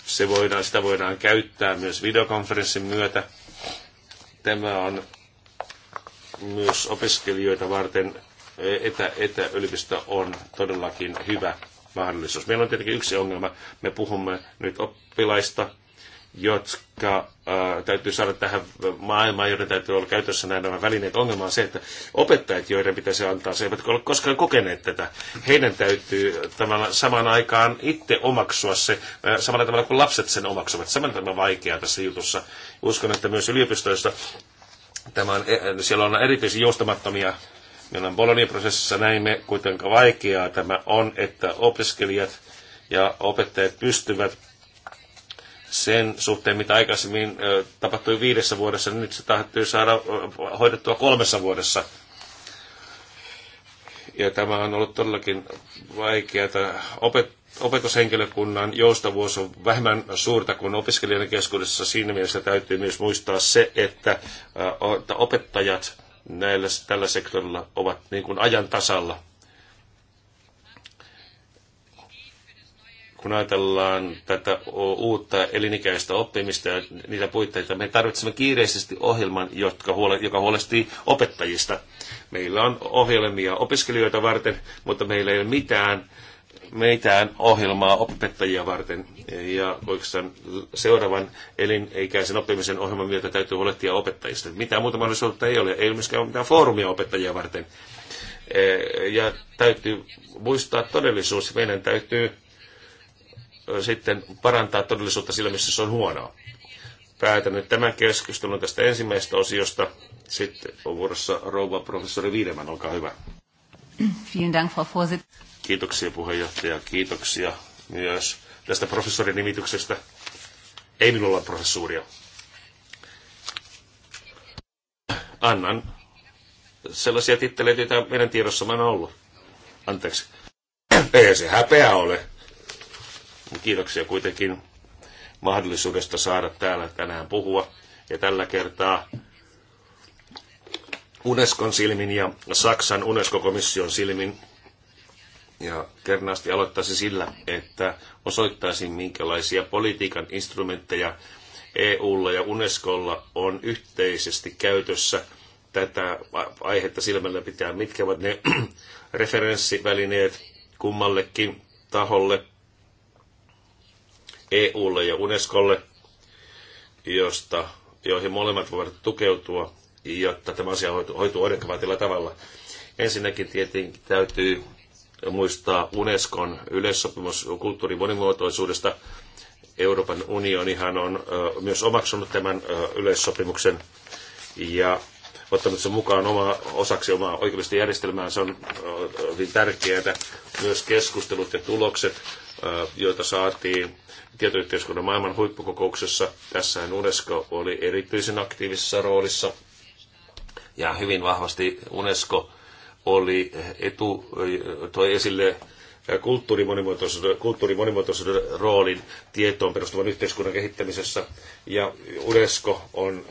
Se voidaan, sitä voidaan käyttää myös videokonferenssin myötä. Tämä on myös opiskelijoita varten etä, etäyliopisto on todellakin hyvä mahdollisuus. Meillä on tietenkin yksi ongelma. Me puhumme nyt oppilaista, jotka äh, täytyy saada tähän maailmaan, joiden täytyy olla käytössä nämä välineet. Ongelma on se, että opettajat, joiden pitäisi antaa, se eivät ole koskaan kokeneet tätä. Heidän täytyy tämän samaan aikaan itse omaksua se, äh, samalla tavalla kuin lapset sen omaksuvat. Samalla tavalla vaikeaa tässä jutussa. Uskon, että myös yliopistoissa tämä on, e- siellä on erityisen joustamattomia Meillä on Bologna-prosessissa näimme, kuinka vaikeaa tämä on, että opiskelijat ja opettajat pystyvät sen suhteen, mitä aikaisemmin tapahtui viidessä vuodessa, niin nyt se täytyy saada hoidettua kolmessa vuodessa. Ja tämä on ollut todellakin vaikeaa. Opet- opetushenkilökunnan joustavuus on vähemmän suurta kuin opiskelijan keskuudessa. Siinä mielessä täytyy myös muistaa se, että opettajat näillä, tällä sektorilla ovat niin kuin ajan tasalla. Kun ajatellaan tätä uutta elinikäistä oppimista ja niitä puitteita, me tarvitsemme kiireisesti ohjelman, jotka huole, joka huolehtii opettajista. Meillä on ohjelmia opiskelijoita varten, mutta meillä ei ole mitään meitään ohjelmaa opettajia varten. Ja oikeastaan seuraavan elinikäisen oppimisen ohjelman myötä täytyy huolehtia opettajista. Mitä muuta mahdollisuutta ei ole. Ei ole myöskään mitään foorumia opettajia varten. E, ja täytyy muistaa todellisuus. Meidän täytyy sitten parantaa todellisuutta sillä, missä se on huonoa. Päätän nyt tämän keskustelun tästä ensimmäisestä osiosta. Sitten on vuorossa rouva professori Viideman, olkaa hyvä. Vielen Dank, Frau Vorsitz. Kiitoksia puheenjohtaja, kiitoksia myös tästä professorin nimityksestä. Ei minulla ole professuuria. Annan sellaisia titteleitä, joita meidän tiedossamme on ollut. Anteeksi. Ei se häpeä ole. Kiitoksia kuitenkin mahdollisuudesta saada täällä tänään puhua. Ja tällä kertaa Unescon silmin ja Saksan Unesco-komission silmin ja kernaasti aloittaisi sillä, että osoittaisin, minkälaisia politiikan instrumentteja EUlla ja Unescolla on yhteisesti käytössä tätä aihetta silmällä pitää, mitkä ovat ne [CLEARS THROAT] referenssivälineet kummallekin taholle, EUlle ja Unescolle, josta, joihin molemmat voivat tukeutua, jotta tämä asia hoituu, hoituu tavalla. Ensinnäkin tietenkin täytyy muistaa Unescon yleissopimus kulttuurin monimuotoisuudesta. Euroopan unionihan on myös omaksunut tämän yleissopimuksen ja ottanut sen mukaan oma, osaksi omaa oikeudellista järjestelmää. Se on hyvin tärkeää. Myös keskustelut ja tulokset, joita saatiin tietoyhteiskunnan maailman huippukokouksessa. tässä Unesco oli erityisen aktiivisessa roolissa ja hyvin vahvasti Unesco oli etu, toi esille kulttuurimonimuotoisuuden, kulttuurimonimuotoisuuden roolin tietoon perustuvan yhteiskunnan kehittämisessä. Ja UNESCO on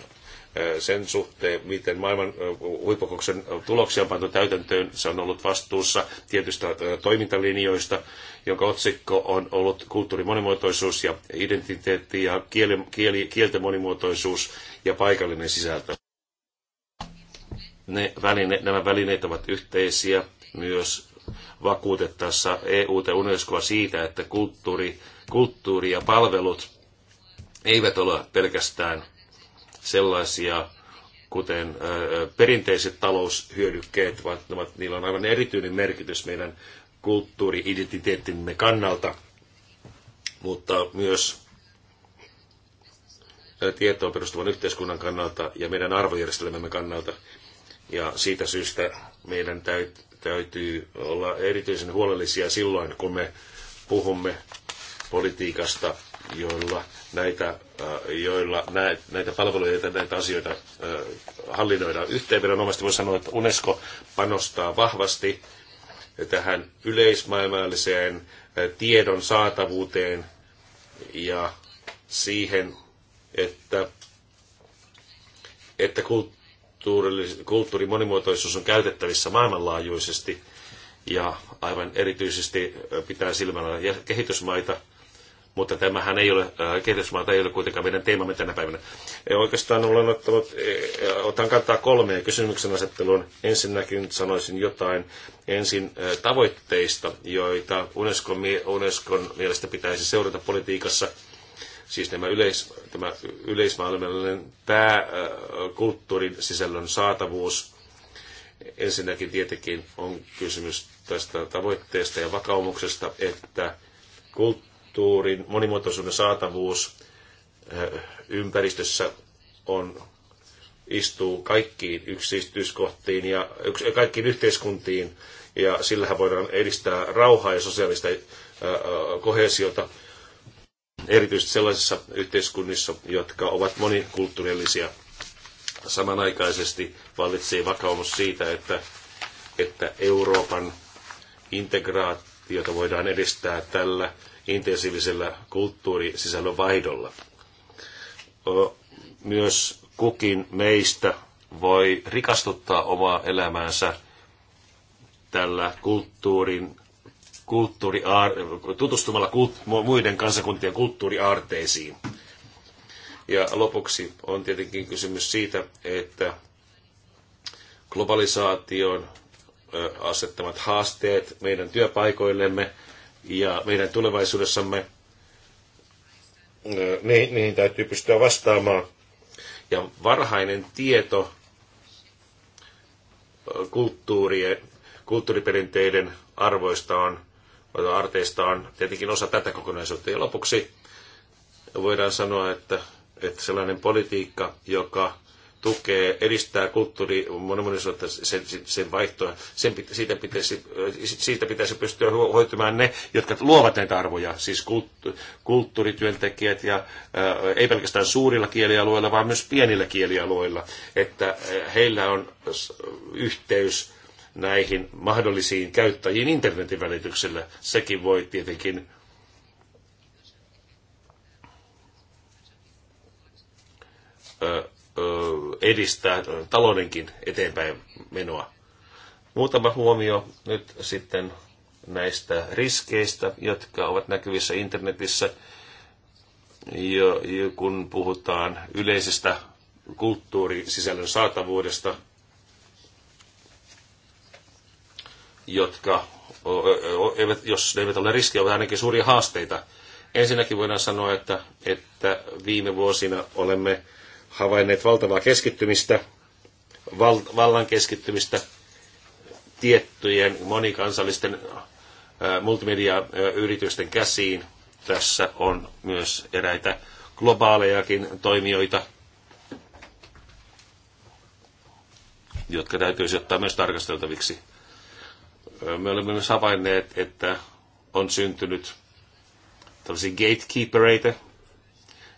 eh, sen suhteen, miten maailman eh, huippukoksen tuloksia on pantu täytäntöön. Se on ollut vastuussa tietystä eh, toimintalinjoista, jonka otsikko on ollut kulttuurimonimuotoisuus ja identiteetti ja kieli, kieli, kielten monimuotoisuus ja paikallinen sisältö. Ne väline, nämä välineet ovat yhteisiä myös vakuutettaessa EU- ja Unescoa siitä, että kulttuuri, kulttuuri ja palvelut eivät ole pelkästään sellaisia, kuten perinteiset taloushyödykkeet, vaan niillä on aivan erityinen merkitys meidän kulttuuri-identiteettimme kannalta, mutta myös tietoon perustuvan yhteiskunnan kannalta ja meidän arvojärjestelmämme kannalta. Ja siitä syystä meidän täytyy olla erityisen huolellisia silloin, kun me puhumme politiikasta, joilla näitä, äh, joilla näitä palveluja ja näitä asioita äh, hallinnoidaan. Yhteenvedonomaisesti voi sanoa, että UNESCO panostaa vahvasti tähän yleismaailmalliseen äh, tiedon saatavuuteen ja siihen, että, että, kulttuuri kulttuurin monimuotoisuus on käytettävissä maailmanlaajuisesti ja aivan erityisesti pitää silmällä kehitysmaita, mutta tämähän ei ole, kehitysmaata ei ole kuitenkaan meidän teemamme tänä päivänä. E, oikeastaan olen ottanut, e, e, otan kantaa kolmeen kysymyksen asetteluun. Ensinnäkin sanoisin jotain ensin tavoitteista, joita UNESCO, Unescon mielestä pitäisi seurata politiikassa – siis nämä yleis, tämä yleismaailmallinen pääkulttuurin sisällön saatavuus. Ensinnäkin tietenkin on kysymys tästä tavoitteesta ja vakaumuksesta, että kulttuurin monimuotoisuuden saatavuus eh, ympäristössä on istuu kaikkiin yksityiskohtiin ja kaikkiin yhteiskuntiin, ja sillähän voidaan edistää rauhaa ja sosiaalista eh, eh, kohesiota erityisesti sellaisissa yhteiskunnissa, jotka ovat monikulttuurillisia. Samanaikaisesti vallitsee vakaumus siitä, että, että Euroopan integraatiota voidaan edistää tällä intensiivisellä kulttuurisisällön vaihdolla. Myös kukin meistä voi rikastuttaa omaa elämäänsä tällä kulttuurin kulttuuri, tutustumalla kult, muiden kansakuntien kulttuuriaarteisiin. Ja lopuksi on tietenkin kysymys siitä, että globalisaation asettamat haasteet meidän työpaikoillemme ja meidän tulevaisuudessamme, niihin täytyy pystyä vastaamaan. Ja varhainen tieto kulttuurien, kulttuuriperinteiden arvoista on arteista on tietenkin osa tätä kokonaisuutta. Ja lopuksi voidaan sanoa, että, että sellainen politiikka, joka tukee, edistää kulttuuri monimuotoisuutta, sen, sen vaihtoa, sen, siitä, pitäisi, siitä pitäisi pystyä hoitamaan ne, jotka luovat näitä arvoja, siis kulttuurityöntekijät, ja ää, äh, ei pelkästään suurilla kielialueilla, vaan myös pienillä kielialueilla, että äh, heillä on yhteys näihin mahdollisiin käyttäjiin internetin välityksellä. Sekin voi tietenkin edistää taloudenkin eteenpäin menoa. Muutama huomio nyt sitten näistä riskeistä, jotka ovat näkyvissä internetissä, jo, kun puhutaan yleisestä kulttuurisisällön saatavuudesta – jotka, jos ne eivät ole riskiä, ovat ainakin suuria haasteita. Ensinnäkin voidaan sanoa, että, että viime vuosina olemme havainneet valtavaa keskittymistä, val, vallan keskittymistä tiettyjen monikansallisten multimediayritysten käsiin. Tässä on myös eräitä globaalejakin toimijoita, jotka täytyisi ottaa myös tarkasteltaviksi me olemme myös havainneet, että on syntynyt tällaisia gatekeepereitä,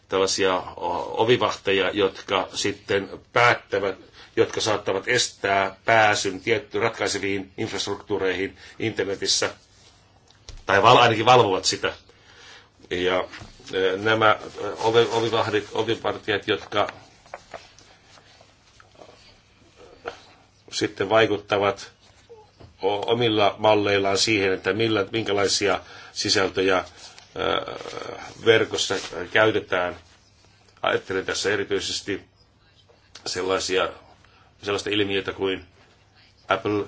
tällaisia ovivahteja, jotka sitten päättävät, jotka saattavat estää pääsyn tiettyyn ratkaiseviin infrastruktuureihin internetissä, tai val, ainakin valvovat sitä. Ja nämä ovivahdit, ovipartijat, jotka sitten vaikuttavat omilla malleillaan siihen, että millä, minkälaisia sisältöjä verkossa käytetään. Ajattelen tässä erityisesti sellaisia, sellaista ilmiötä kuin Apple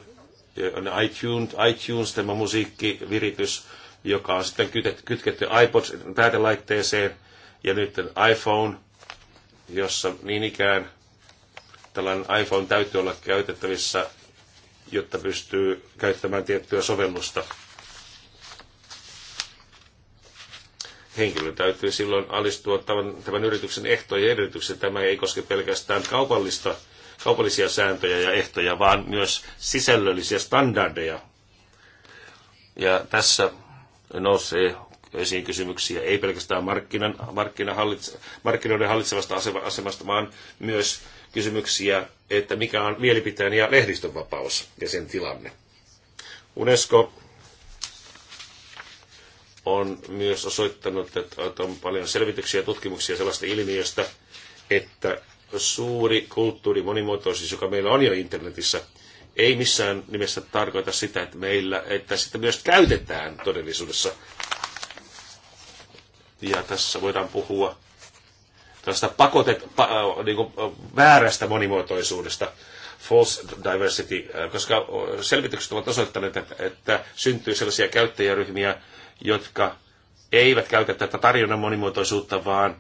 on iTunes, iTunes tämä musiikkiviritys, joka on sitten kytketty iPods päätelaitteeseen ja nyt iPhone, jossa niin ikään tällainen iPhone täytyy olla käytettävissä jotta pystyy käyttämään tiettyä sovellusta. Henkilön täytyy silloin alistua tämän, tämän yrityksen ehtoja ja Tämä ei koske pelkästään kaupallista, kaupallisia sääntöjä ja ehtoja, vaan myös sisällöllisiä standardeja. Ja tässä nousee esiin kysymyksiä, ei pelkästään markkinan, markkinoiden hallitsevasta asemasta, vaan myös kysymyksiä, että mikä on mielipiteen ja lehdistönvapaus ja sen tilanne. UNESCO on myös osoittanut, että on paljon selvityksiä ja tutkimuksia sellaista ilmiöstä, että suuri kulttuuri monimuotoisuus, joka meillä on jo internetissä, ei missään nimessä tarkoita sitä, että, meillä, että sitä myös käytetään todellisuudessa. Ja tässä voidaan puhua tällaista pakotet, pa, äh, niin kuin, äh, väärästä monimuotoisuudesta, false diversity, äh, koska selvitykset ovat osoittaneet, että, että syntyy sellaisia käyttäjäryhmiä, jotka eivät käytä tätä tarjonnan monimuotoisuutta, vaan,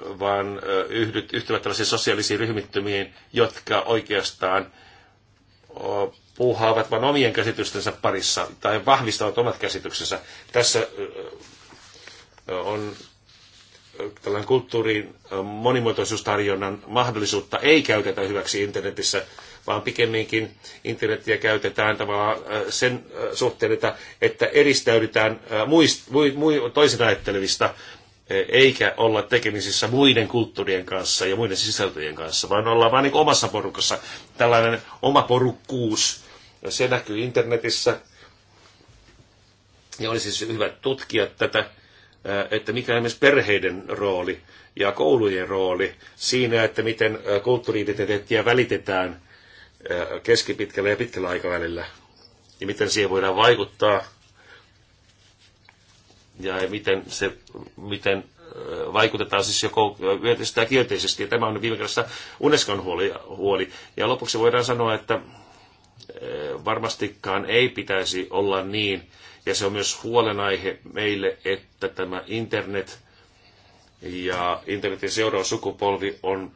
vaan yhdyt, yhtyvät tällaisiin sosiaalisiin ryhmittymiin, jotka oikeastaan puuhaavat vain omien käsitystensä parissa tai vahvistavat omat käsityksensä. Tässä on tällainen kulttuurin monimuotoisuustarjonnan mahdollisuutta ei käytetä hyväksi internetissä, vaan pikemminkin internetiä käytetään tavallaan sen suhteen, että, että eristäydytään muist, mui, mui, toisen ajattelevista, eikä olla tekemisissä muiden kulttuurien kanssa ja muiden sisältöjen kanssa, vaan ollaan vain niin omassa porukassa. Tällainen oma porukkuus, se näkyy internetissä. Ja olisi siis hyvä tutkia tätä että mikä on myös perheiden rooli ja koulujen rooli siinä, että miten kulttuuriidentiteettiä välitetään keskipitkällä ja pitkällä aikavälillä ja miten siihen voidaan vaikuttaa ja miten, se, miten vaikutetaan siis joko myönteisesti tai kielteisesti. Ja tämä on viime kädessä Unescon huoli, huoli. Ja lopuksi voidaan sanoa, että varmastikaan ei pitäisi olla niin, ja se on myös huolenaihe meille, että tämä internet ja internetin seuraava sukupolvi on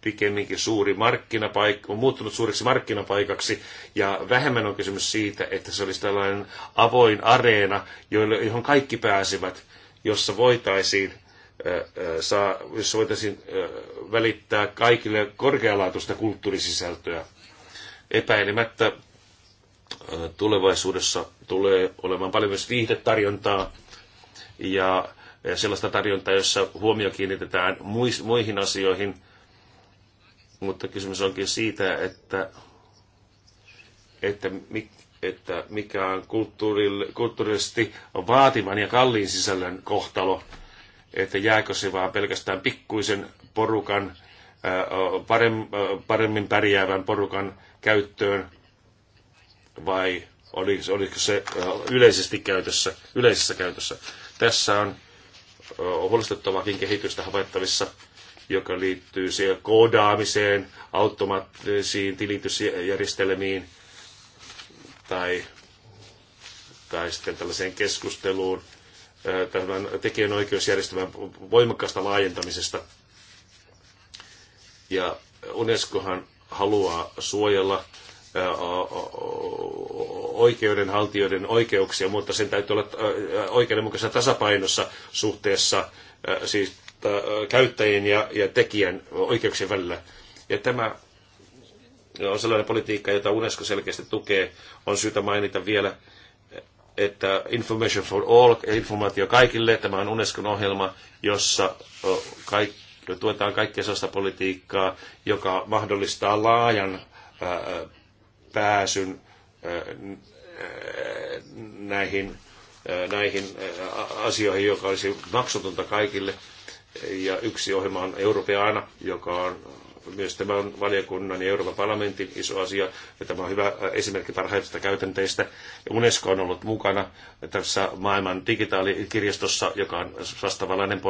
pikemminkin suuri markkinapaikka, on muuttunut suureksi markkinapaikaksi, ja vähemmän on kysymys siitä, että se olisi tällainen avoin areena, joille, johon kaikki pääsevät, jossa voitaisiin saa, jos voitaisiin välittää kaikille korkealaatuista kulttuurisisältöä. Epäilemättä tulevaisuudessa tulee olemaan paljon myös viihdetarjontaa ja sellaista tarjontaa, jossa huomio kiinnitetään muihin asioihin, mutta kysymys onkin siitä, että, että, että mikä on kulttuurisesti vaativan ja kalliin sisällön kohtalo, että jääkö se vaan pelkästään pikkuisen porukan, paremmin pärjäävän porukan käyttöön vai oliko, oliko se yleisesti käytössä, yleisessä käytössä. Tässä on huolestuttavakin kehitystä havaittavissa, joka liittyy siihen koodaamiseen, automaattisiin tilitysjärjestelmiin tai, tai sitten tällaiseen keskusteluun tämän tekijänoikeusjärjestelmän voimakkaasta laajentamisesta. Ja Unescohan haluaa suojella oikeudenhaltijoiden oikeuksia, mutta sen täytyy olla oikeudenmukaisessa tasapainossa suhteessa siis käyttäjien ja, ja tekijän oikeuksien välillä. Ja tämä on sellainen politiikka, jota UNESCO selkeästi tukee. On syytä mainita vielä, että Information for All, informaatio kaikille, tämä on UNESCOn ohjelma, jossa kaik, tuetaan kaikkea sellaista politiikkaa, joka mahdollistaa laajan pääsyn näihin, näihin asioihin, joka olisi maksutonta kaikille. Ja yksi ohjelma on Europeana, joka on myös tämä on valiokunnan ja Euroopan parlamentin iso asia, ja tämä on hyvä esimerkki parhaista käytänteistä. Unesco on ollut mukana tässä maailman digitaalikirjastossa, joka on vastaavanlainen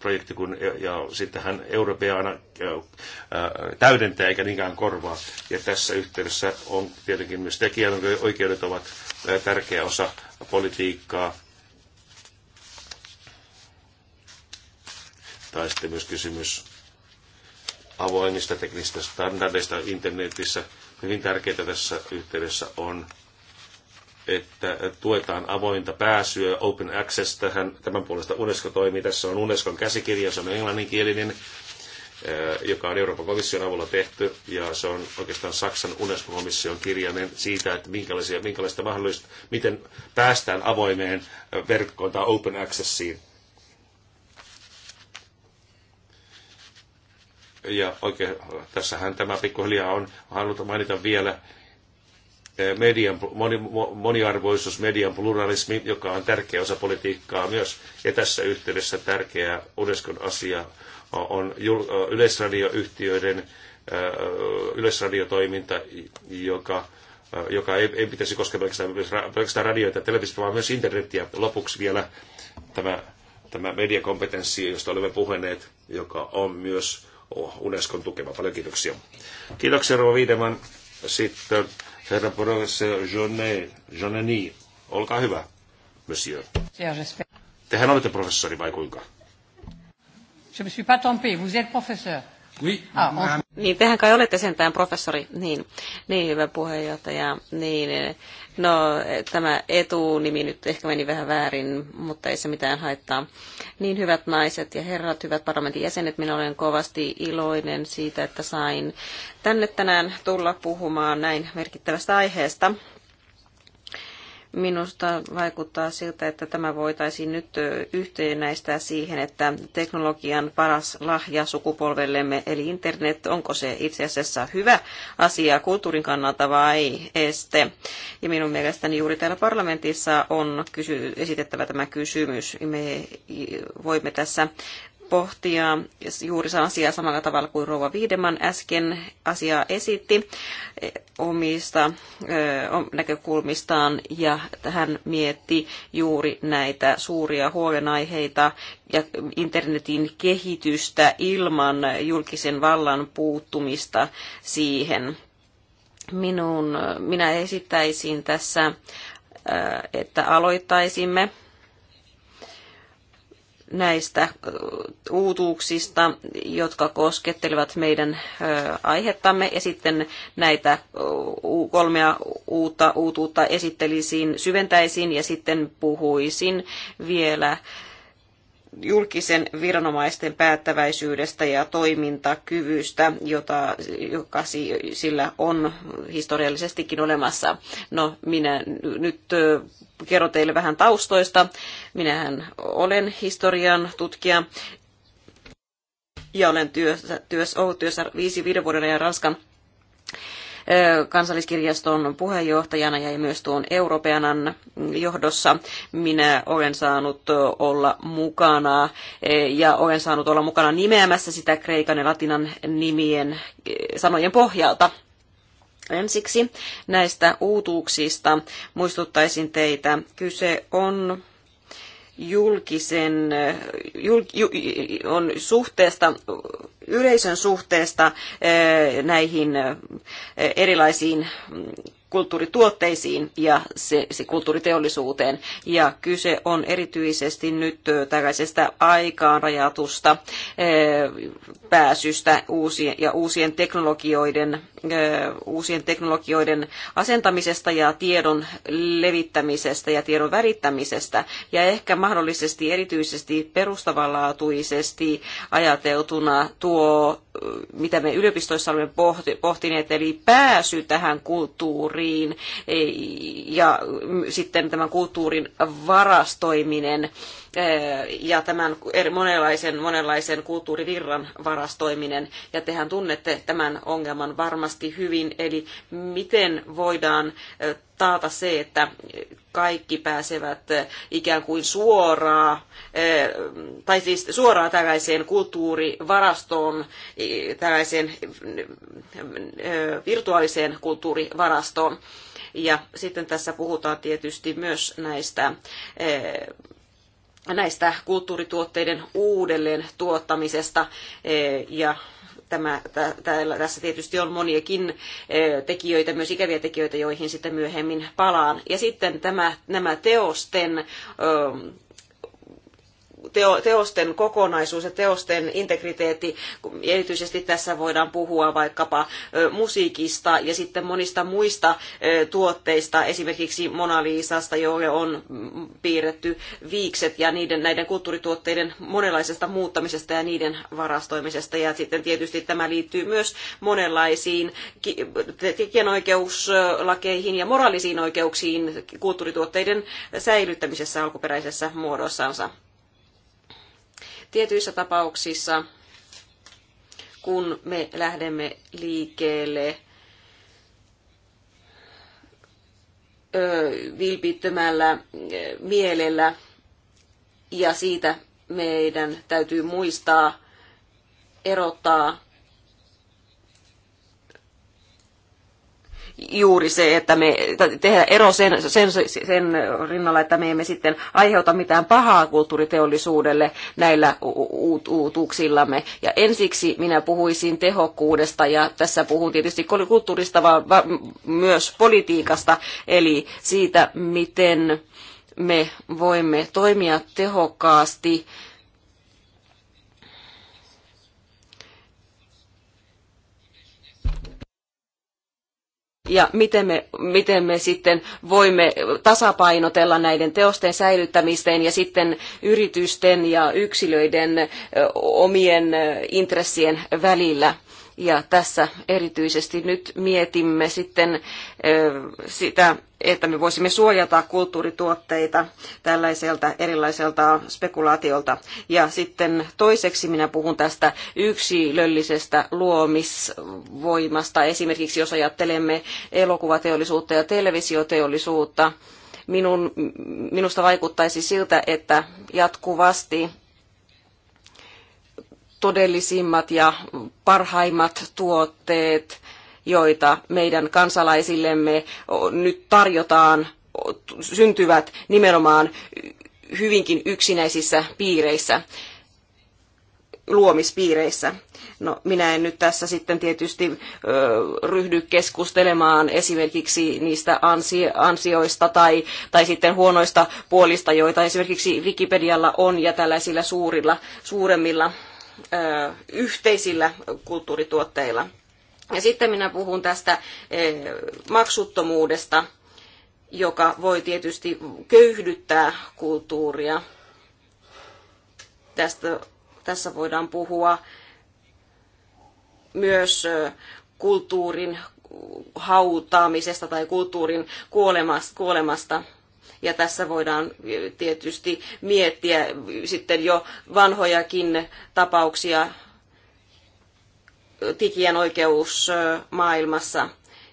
projekti kuin, ja sitten hän europeana täydentää eikä niinkään korvaa. Ja tässä yhteydessä on tietenkin myös tekijänoikeudet ovat tärkeä osa politiikkaa, tai sitten myös kysymys avoimista teknisistä standardeista internetissä. Hyvin tärkeää tässä yhteydessä on, että tuetaan avointa pääsyä, open access tähän. Tämän puolesta UNESCO toimii. Tässä on UNESCOn käsikirja, se on englanninkielinen, eh, joka on Euroopan komission avulla tehty, ja se on oikeastaan Saksan UNESCO-komission kirjainen siitä, että minkälaisia, minkälaista mahdollista, miten päästään avoimeen eh, verkkoon tai open accessiin ja oikein, tässähän tämä pikkuhiljaa on, haluan mainita vielä eh, median, moni, moniarvoisuus, median pluralismi, joka on tärkeä osa politiikkaa myös. Ja tässä yhteydessä tärkeä Unescon asia on eh, yleisradioyhtiöiden eh, yleisradiotoiminta, joka, joka ei, ei pitäisi koskea pelkästään, pelkästään radioita ja televisiota, vaan myös internetiä. Lopuksi vielä tämä, tämä mediakompetenssi, josta olemme puhuneet, joka on myös Unescon tukema. Paljon kiitoksia. Kiitoksia Rova Viideman. Sitten herra professor Jonet, olkaa hyvä, monsieur. Tehän olette professori vai kuinka? Je me suis pas trompé, vous êtes professeur. Oui. Ah, on. Ah, niin, tehän kai olette sentään professori. Niin, niin hyvä puheenjohtaja. Niin, no, tämä etunimi nyt ehkä meni vähän väärin, mutta ei se mitään haittaa. Niin, hyvät naiset ja herrat, hyvät parlamentin jäsenet, minä olen kovasti iloinen siitä, että sain tänne tänään tulla puhumaan näin merkittävästä aiheesta. Minusta vaikuttaa siltä, että tämä voitaisiin nyt yhteenäistää siihen, että teknologian paras lahja sukupolvellemme, eli internet, onko se itse asiassa hyvä asia kulttuurin kannalta vai este. Ja minun mielestäni juuri täällä parlamentissa on kysy- esitettävä tämä kysymys. Me voimme tässä pohtia juuri asia samalla tavalla kuin Rova Viideman äsken asiaa esitti omista näkökulmistaan ja hän mietti juuri näitä suuria huolenaiheita ja internetin kehitystä ilman julkisen vallan puuttumista siihen. Minun, minä esittäisin tässä, että aloittaisimme näistä uutuuksista, jotka koskettelevat meidän aihettamme. Ja sitten näitä kolmea uutta uutuutta esittelisin, syventäisin ja sitten puhuisin vielä julkisen viranomaisten päättäväisyydestä ja toimintakyvystä, jota, joka sillä on historiallisestikin olemassa. No, minä nyt kerron teille vähän taustoista. Minähän olen historian tutkija ja olen työssä, työssä, ollut työssä viisi viiden vuoden ajan Ranskan kansalliskirjaston puheenjohtajana ja myös tuon Europeanan johdossa minä olen saanut olla mukana ja olen saanut olla mukana nimeämässä sitä kreikan ja latinan nimien sanojen pohjalta. Ensiksi näistä uutuuksista muistuttaisin teitä. Kyse on julkisen, jul, ju, on suhteesta, yleisön suhteesta eh, näihin eh, erilaisiin mm, kulttuurituotteisiin ja se, se kulttuuriteollisuuteen. Ja kyse on erityisesti nyt tällaisesta aikaan rajatusta pääsystä uusien, ja uusien teknologioiden, uusien teknologioiden asentamisesta ja tiedon levittämisestä ja tiedon värittämisestä. Ja ehkä mahdollisesti erityisesti perustavanlaatuisesti ajateltuna tuo, mitä me yliopistoissa olemme pohtineet, eli pääsy tähän kulttuuriin kulttuuriin eh, ja mm, sitten tämän kulttuurin varastoiminen ja tämän monenlaisen, monenlaisen kulttuurivirran varastoiminen. Ja tehän tunnette tämän ongelman varmasti hyvin, eli miten voidaan taata se, että kaikki pääsevät ikään kuin suoraan, tai siis suoraan tällaiseen kulttuurivarastoon, tällaiseen virtuaaliseen kulttuurivarastoon. Ja sitten tässä puhutaan tietysti myös näistä näistä kulttuurituotteiden uudelleen tuottamisesta e, ja Tämä, täällä, tässä tietysti on moniakin e, tekijöitä, myös ikäviä tekijöitä, joihin sitten myöhemmin palaan. Ja sitten tämä, nämä teosten teo, teosten kokonaisuus ja teosten integriteetti, erityisesti tässä voidaan puhua vaikkapa musiikista ja sitten monista muista tuotteista, esimerkiksi Mona Lisasta, jolle on mm, piirretty viikset ja niiden, näiden kulttuurituotteiden monenlaisesta muuttamisesta ja niiden varastoimisesta. Ja sitten tietysti tämä liittyy myös monenlaisiin tekijänoikeuslakeihin ja moraalisiin oikeuksiin kulttuurituotteiden säilyttämisessä alkuperäisessä muodossansa. Tietyissä tapauksissa, kun me lähdemme liikkeelle vilpittömällä mielellä, ja siitä meidän täytyy muistaa erottaa juuri se, että me tehdä ero sen, sen, sen rinnalla, että me emme sitten aiheuta mitään pahaa kulttuuriteollisuudelle näillä uutuuksillamme. Ja ensiksi minä puhuisin tehokkuudesta ja tässä puhun tietysti kulttuurista, vaan myös politiikasta, eli siitä, miten me voimme toimia tehokkaasti ja miten me, miten me sitten voimme tasapainotella näiden teosten säilyttämisten ja sitten yritysten ja yksilöiden omien intressien välillä. Ja tässä erityisesti nyt mietimme sitten sitä, että me voisimme suojata kulttuurituotteita tällaiselta erilaiselta spekulaatiolta. Ja sitten toiseksi minä puhun tästä yksilöllisestä luomisvoimasta. Esimerkiksi jos ajattelemme elokuvateollisuutta ja televisioteollisuutta, minun, minusta vaikuttaisi siltä, että jatkuvasti todellisimmat ja parhaimmat tuotteet, joita meidän kansalaisillemme nyt tarjotaan, syntyvät nimenomaan hyvinkin yksinäisissä piireissä, luomispiireissä. No, minä en nyt tässä sitten tietysti ö, ryhdy keskustelemaan esimerkiksi niistä ansioista tai, tai sitten huonoista puolista, joita esimerkiksi Wikipedialla on ja tällaisilla suurilla, suuremmilla yhteisillä kulttuurituotteilla. Ja sitten minä puhun tästä maksuttomuudesta, joka voi tietysti köyhdyttää kulttuuria. Tästä, tässä voidaan puhua myös kulttuurin hautaamisesta tai kulttuurin kuolemasta. Ja tässä voidaan tietysti miettiä sitten jo vanhojakin tapauksia tekijänoikeusmaailmassa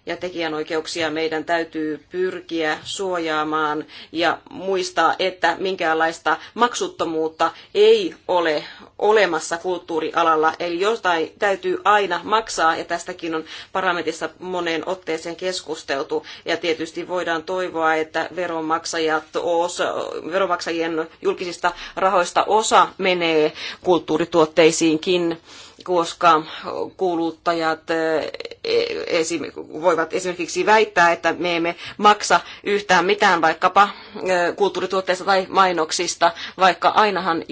ja tekijänoikeuksia meidän täytyy pyrkiä suojaamaan ja muistaa, että minkäänlaista maksuttomuutta ei ole olemassa kulttuurialalla. Eli jostain täytyy aina maksaa ja tästäkin on parlamentissa moneen otteeseen keskusteltu. Ja tietysti voidaan toivoa, että veronmaksajat, osa, veronmaksajien julkisista rahoista osa menee kulttuurituotteisiinkin koska kuluttajat eh, e- voivat esimerkiksi väittää, että me emme maksa yhtään mitään vaikkapa eh, kulttuurituotteista tai mainoksista, vaikka ainahan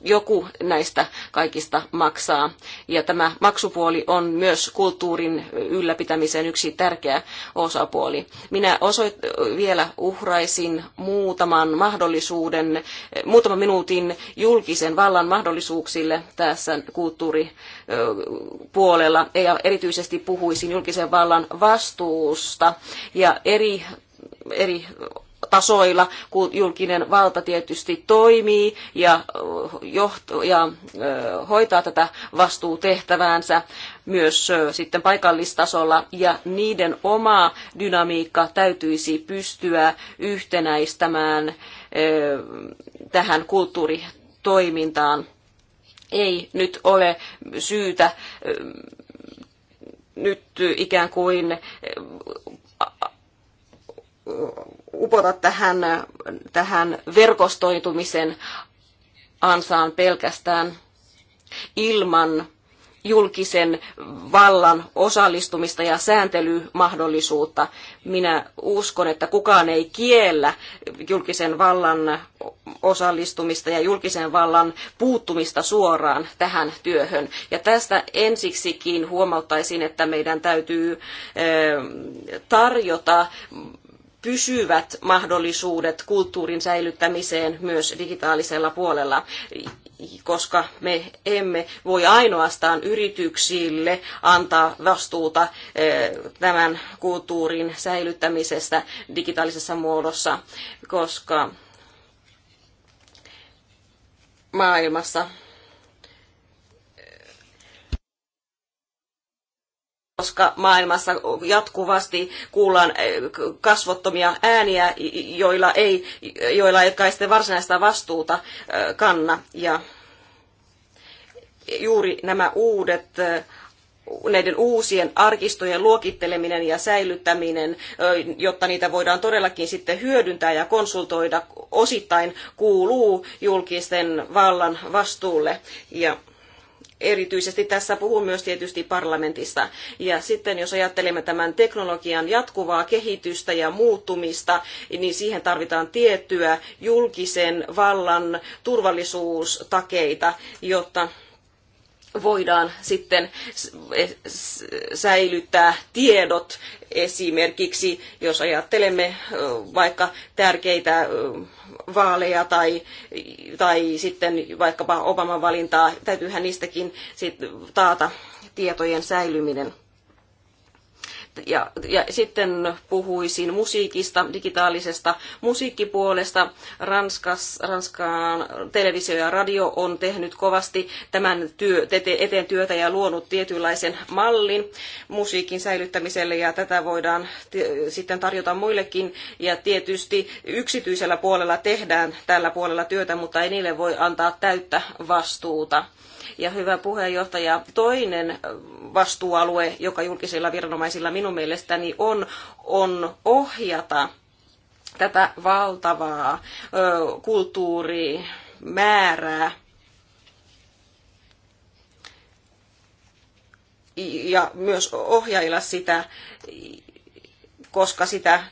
joku näistä kaikista maksaa. Ja tämä maksupuoli on myös kulttuurin ylläpitämiseen yksi tärkeä osapuoli. Minä osoit vielä uhraisin muutaman mahdollisuuden, eh, muutaman minuutin julkisen vallan mahdollisuuksille tässä kulttuuri puolella. Ja erityisesti puhuisin julkisen vallan vastuusta ja eri, eri tasoilla, kun julkinen valta tietysti toimii ja, johto, ja hoitaa tätä vastuutehtäväänsä myös sitten paikallistasolla ja niiden oma dynamiikka täytyisi pystyä yhtenäistämään tähän kulttuuritoimintaan ei nyt ole syytä nyt ikään kuin upota tähän, tähän verkostoitumisen ansaan pelkästään ilman julkisen vallan osallistumista ja sääntelymahdollisuutta. Minä uskon, että kukaan ei kiellä julkisen vallan osallistumista ja julkisen vallan puuttumista suoraan tähän työhön. Ja tästä ensiksikin huomauttaisin, että meidän täytyy eh, tarjota pysyvät mahdollisuudet kulttuurin säilyttämiseen myös digitaalisella puolella, koska me emme voi ainoastaan yrityksille antaa vastuuta eh, tämän kulttuurin säilyttämisestä digitaalisessa muodossa, koska maailmassa koska maailmassa jatkuvasti kuullaan eh, kasvottomia ääniä, joilla ei, joilla jotka ei sitten varsinaista vastuuta eh, kanna. Ja juuri nämä uudet eh, näiden uusien arkistojen luokitteleminen ja säilyttäminen, jotta niitä voidaan todellakin sitten hyödyntää ja konsultoida, osittain kuuluu julkisten vallan vastuulle. Ja erityisesti tässä puhun myös tietysti parlamentista. Ja sitten jos ajattelemme tämän teknologian jatkuvaa kehitystä ja muuttumista, niin siihen tarvitaan tiettyä julkisen vallan turvallisuustakeita, jotta voidaan sitten e- säilyttää tiedot esimerkiksi, jos ajattelemme vaikka tärkeitä vaaleja tai, tai sitten vaikkapa Obaman valintaa, täytyyhän niistäkin sit taata tietojen säilyminen ja, ja sitten puhuisin musiikista, digitaalisesta musiikkipuolesta. Ranskas, Ranskan televisio ja radio on tehnyt kovasti tämän työ, eteen työtä ja luonut tietynlaisen mallin musiikin säilyttämiselle ja tätä voidaan sitten tarjota muillekin. Ja tietysti yksityisellä puolella tehdään tällä puolella työtä, mutta ei niille voi antaa täyttä vastuuta. Ja hyvä puheenjohtaja, toinen vastuualue, joka julkisilla viranomaisilla minun mielestäni on, on ohjata tätä valtavaa ö, kulttuurimäärää ja myös ohjailla sitä, koska sitä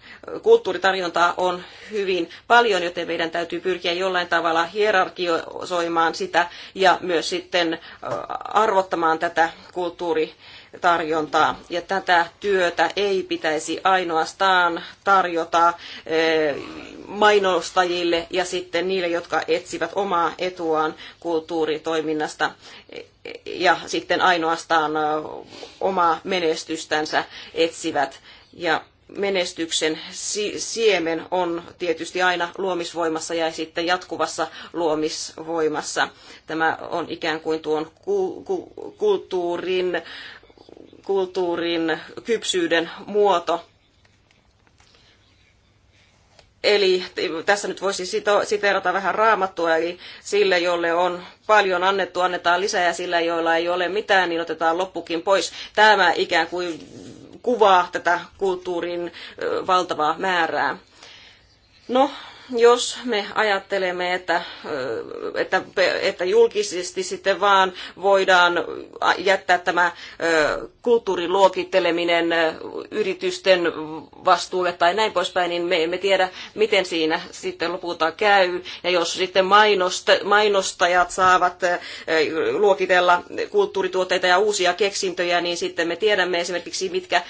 kulttuuritarjontaa on hyvin paljon, joten meidän täytyy pyrkiä jollain tavalla hierarkioimaan sitä ja myös sitten arvottamaan tätä kulttuuritarjontaa. Ja tätä työtä ei pitäisi ainoastaan tarjota mainostajille ja sitten niille, jotka etsivät omaa etuaan kulttuuritoiminnasta ja sitten ainoastaan omaa menestystänsä etsivät. Ja menestyksen siemen on tietysti aina luomisvoimassa ja sitten jatkuvassa luomisvoimassa. Tämä on ikään kuin tuon kulttuurin, kulttuurin kypsyyden muoto. Eli tässä nyt voisi siteerata vähän raamattua, eli sille, jolle on paljon annettu, annetaan lisää, ja sillä, joilla ei ole mitään, niin otetaan loppukin pois. Tämä ikään kuin kuvaa tätä kulttuurin valtavaa määrää. No, jos me ajattelemme, että, että, että julkisesti sitten vaan voidaan jättää tämä kulttuuriluokitteleminen yritysten vastuulle tai näin poispäin, niin me emme tiedä, miten siinä sitten lopulta käy. Ja jos sitten mainostajat saavat luokitella kulttuurituotteita ja uusia keksintöjä, niin sitten me tiedämme esimerkiksi, mitkä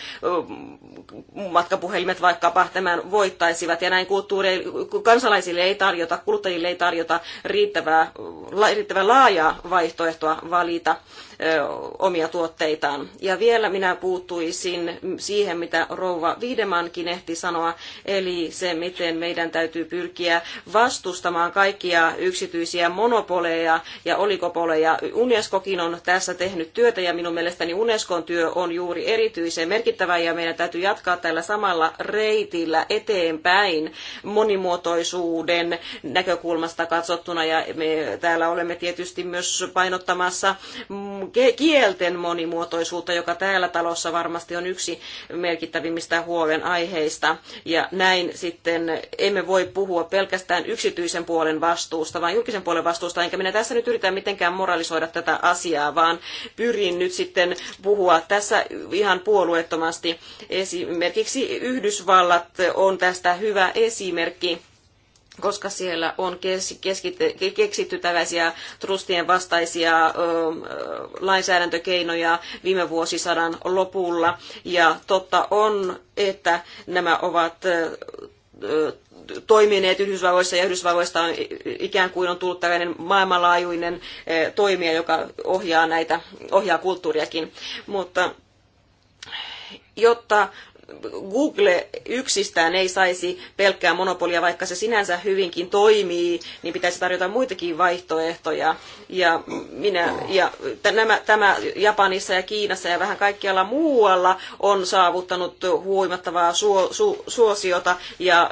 matkapuhelimet vaikkapa tämän voittaisivat. Ja näin kulttuuri, kansalaisille ei tarjota, kuluttajille ei tarjota riittävää, riittävän laajaa vaihtoehtoa valita omia tuotteitaan. Ja vielä minä puuttuisin siihen, mitä rouva Viidemankin ehti sanoa, eli se, miten meidän täytyy pyrkiä vastustamaan kaikkia yksityisiä monopoleja ja oligopoleja. Unescokin on tässä tehnyt työtä ja minun mielestäni Unescon työ on juuri erityisen merkittävä ja meidän täytyy jatkaa tällä samalla reitillä eteenpäin monimuotoisuuden näkökulmasta katsottuna ja me täällä olemme tietysti myös painottamassa kielten monimuotoisuutta, joka täällä talossa varmasti on yksi merkittävimmistä huolenaiheista. Ja näin sitten emme voi puhua pelkästään yksityisen puolen vastuusta, vaan julkisen puolen vastuusta, enkä minä tässä nyt yritä mitenkään moralisoida tätä asiaa, vaan pyrin nyt sitten puhua tässä ihan puolueettomasti. Esimerkiksi Yhdysvallat on tästä hyvä esimerkki koska siellä on keksitty tällaisia trustien vastaisia lainsäädäntökeinoja viime vuosisadan lopulla. Ja totta on, että nämä ovat toimineet Yhdysvalloissa ja Yhdysvalloista on ikään kuin on tullut tällainen maailmanlaajuinen toimija, joka ohjaa näitä, ohjaa kulttuuriakin. Mutta jotta Google yksistään ei saisi pelkkää monopolia, vaikka se sinänsä hyvinkin toimii, niin pitäisi tarjota muitakin vaihtoehtoja. Ja, minä, ja nämä, tämä Japanissa ja Kiinassa ja vähän kaikkialla muualla on saavuttanut huimattavaa suo, su, suosiota ja,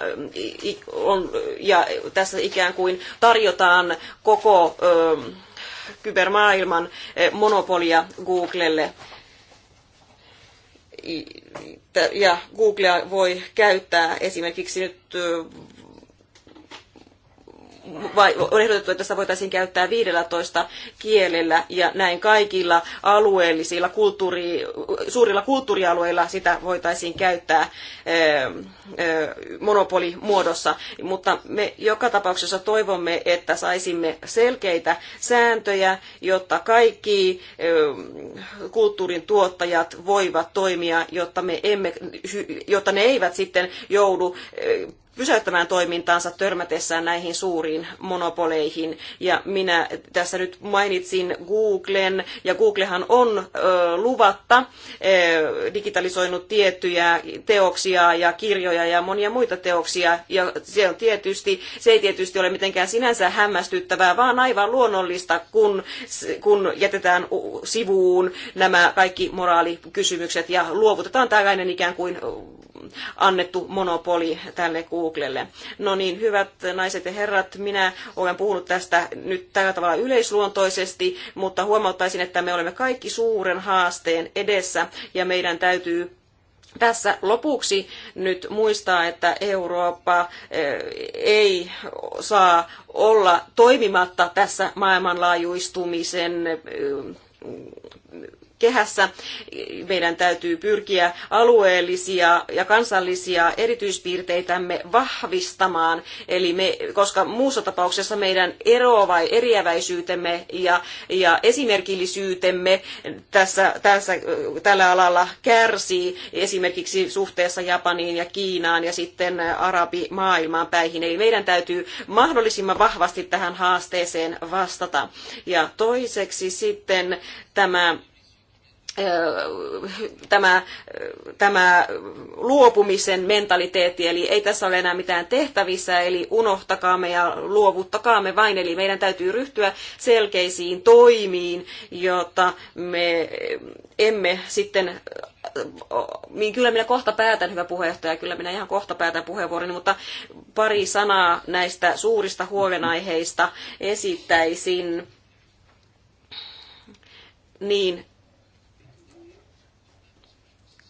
on, ja tässä ikään kuin tarjotaan koko ö, kybermaailman monopolia Googlelle ja Googlea voi käyttää esimerkiksi nyt vai on ehdotettu, että sitä voitaisiin käyttää 15 kielellä ja näin kaikilla alueellisilla kulttuuri, suurilla kulttuurialueilla sitä voitaisiin käyttää monopolimuodossa, mutta me joka tapauksessa toivomme, että saisimme selkeitä sääntöjä, jotta kaikki kulttuurin tuottajat voivat toimia, jotta, me emme, jotta ne eivät sitten joudu pysäyttämään toimintaansa törmätessään näihin suuriin monopoleihin. Ja minä tässä nyt mainitsin Googlen, ja Googlehan on luvatta digitalisoinut tiettyjä teoksia ja kirjoja, kirjoja ja monia muita teoksia, ja se, on tietysti, se ei tietysti ole mitenkään sinänsä hämmästyttävää, vaan aivan luonnollista, kun, kun jätetään sivuun nämä kaikki moraalikysymykset ja luovutetaan tällainen ikään kuin annettu monopoli tälle Googlelle. No niin, hyvät naiset ja herrat, minä olen puhunut tästä nyt tällä tavalla yleisluontoisesti, mutta huomauttaisin, että me olemme kaikki suuren haasteen edessä ja meidän täytyy tässä lopuksi nyt muistaa, että Eurooppa eh, ei saa olla toimimatta tässä maailmanlaajuistumisen eh, kehässä. Meidän täytyy pyrkiä alueellisia ja kansallisia erityispiirteitämme vahvistamaan, eli me, koska muussa tapauksessa meidän vai eriäväisyytemme ja, ja esimerkillisyytemme tässä, tässä, tällä alalla kärsii esimerkiksi suhteessa Japaniin ja Kiinaan ja sitten arabimaailmaan päihin. Eli meidän täytyy mahdollisimman vahvasti tähän haasteeseen vastata. Ja toiseksi sitten tämä tämä, tämä luopumisen mentaliteetti, eli ei tässä ole enää mitään tehtävissä, eli unohtakaamme ja luovuttakaamme vain, eli meidän täytyy ryhtyä selkeisiin toimiin, jotta me emme sitten niin kyllä minä kohta päätän, hyvä puheenjohtaja, kyllä minä ihan kohta päätän puheenvuoroni, mutta pari sanaa näistä suurista huolenaiheista esittäisin niin,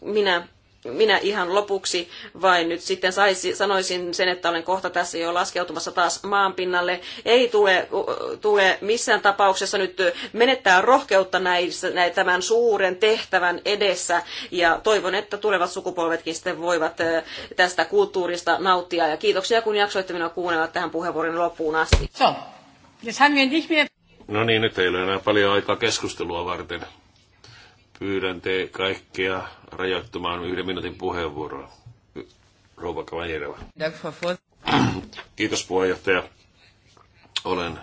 minä minä ihan lopuksi vain nyt sitten saisi, sanoisin sen, että olen kohta tässä jo laskeutumassa taas maanpinnalle. Ei tule, tule missään tapauksessa nyt menettää rohkeutta näissä, näin, tämän suuren tehtävän edessä ja toivon, että tulevat sukupolvetkin sitten voivat tästä kulttuurista nauttia. Ja kiitoksia, kun jaksoitte minua kuunnella tähän puheenvuoron loppuun asti. So, No niin, nyt ei ole enää paljon aikaa keskustelua varten. Pyydän te kaikkia rajoittumaan yhden minuutin puheenvuoroa. Rouva Kavanjereva. Kiitos puheenjohtaja. Olen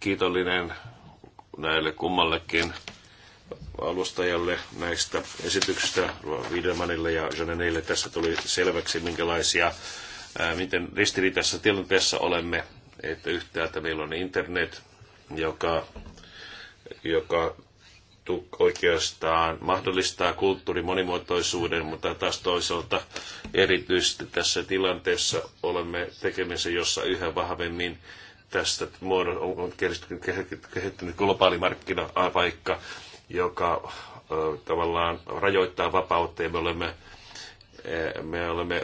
kiitollinen näille kummallekin alustajalle näistä esityksistä, Wiedemanille ja Janenille. Tässä tuli selväksi, minkälaisia, ää, miten ristiriitassa tilanteessa olemme, että yhtäältä meillä on internet, joka, joka ehdotettu oikeastaan mahdollistaa kulttuurin monimuotoisuuden, mutta taas toisaalta erityisesti tässä tilanteessa olemme tekemisissä, jossa yhä vahvemmin tästä muodon on kehittynyt globaali markkinapaikka, joka tavallaan rajoittaa vapautta ja me olemme, eh, me olemme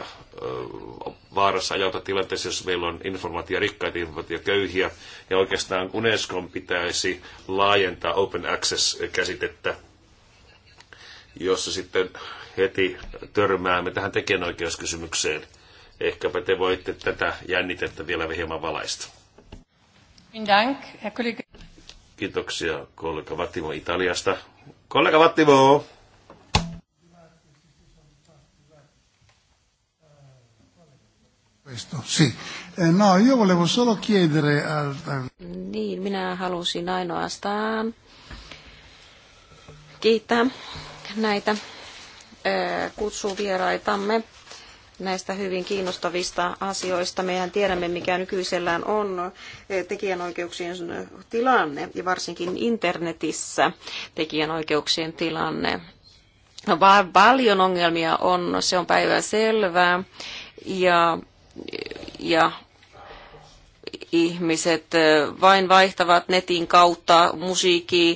vaarassa ajautua tilanteessa jos meillä on informaatio rikkaita, informaatio köyhiä. Ja oikeastaan UNESCO pitäisi laajentaa open access-käsitettä, jossa sitten heti törmäämme tähän tekijänoikeuskysymykseen. Ehkäpä te voitte tätä jännitettä vielä hieman valaista. Kiitoksia kollega Vattimo Italiasta. Kollega Vattimo! Questo, sì. Eh, no, io volevo solo chiedere al... Niin, minä halusin ainoastaan kiittää näitä kutsuvieraitamme näistä hyvin kiinnostavista asioista. Mehän tiedämme, mikä nykyisellään on tekijänoikeuksien tilanne ja varsinkin internetissä tekijänoikeuksien tilanne. Va- paljon ongelmia on, se on päivän selvää. Ja ja ihmiset vain vaihtavat netin kautta musiikkia,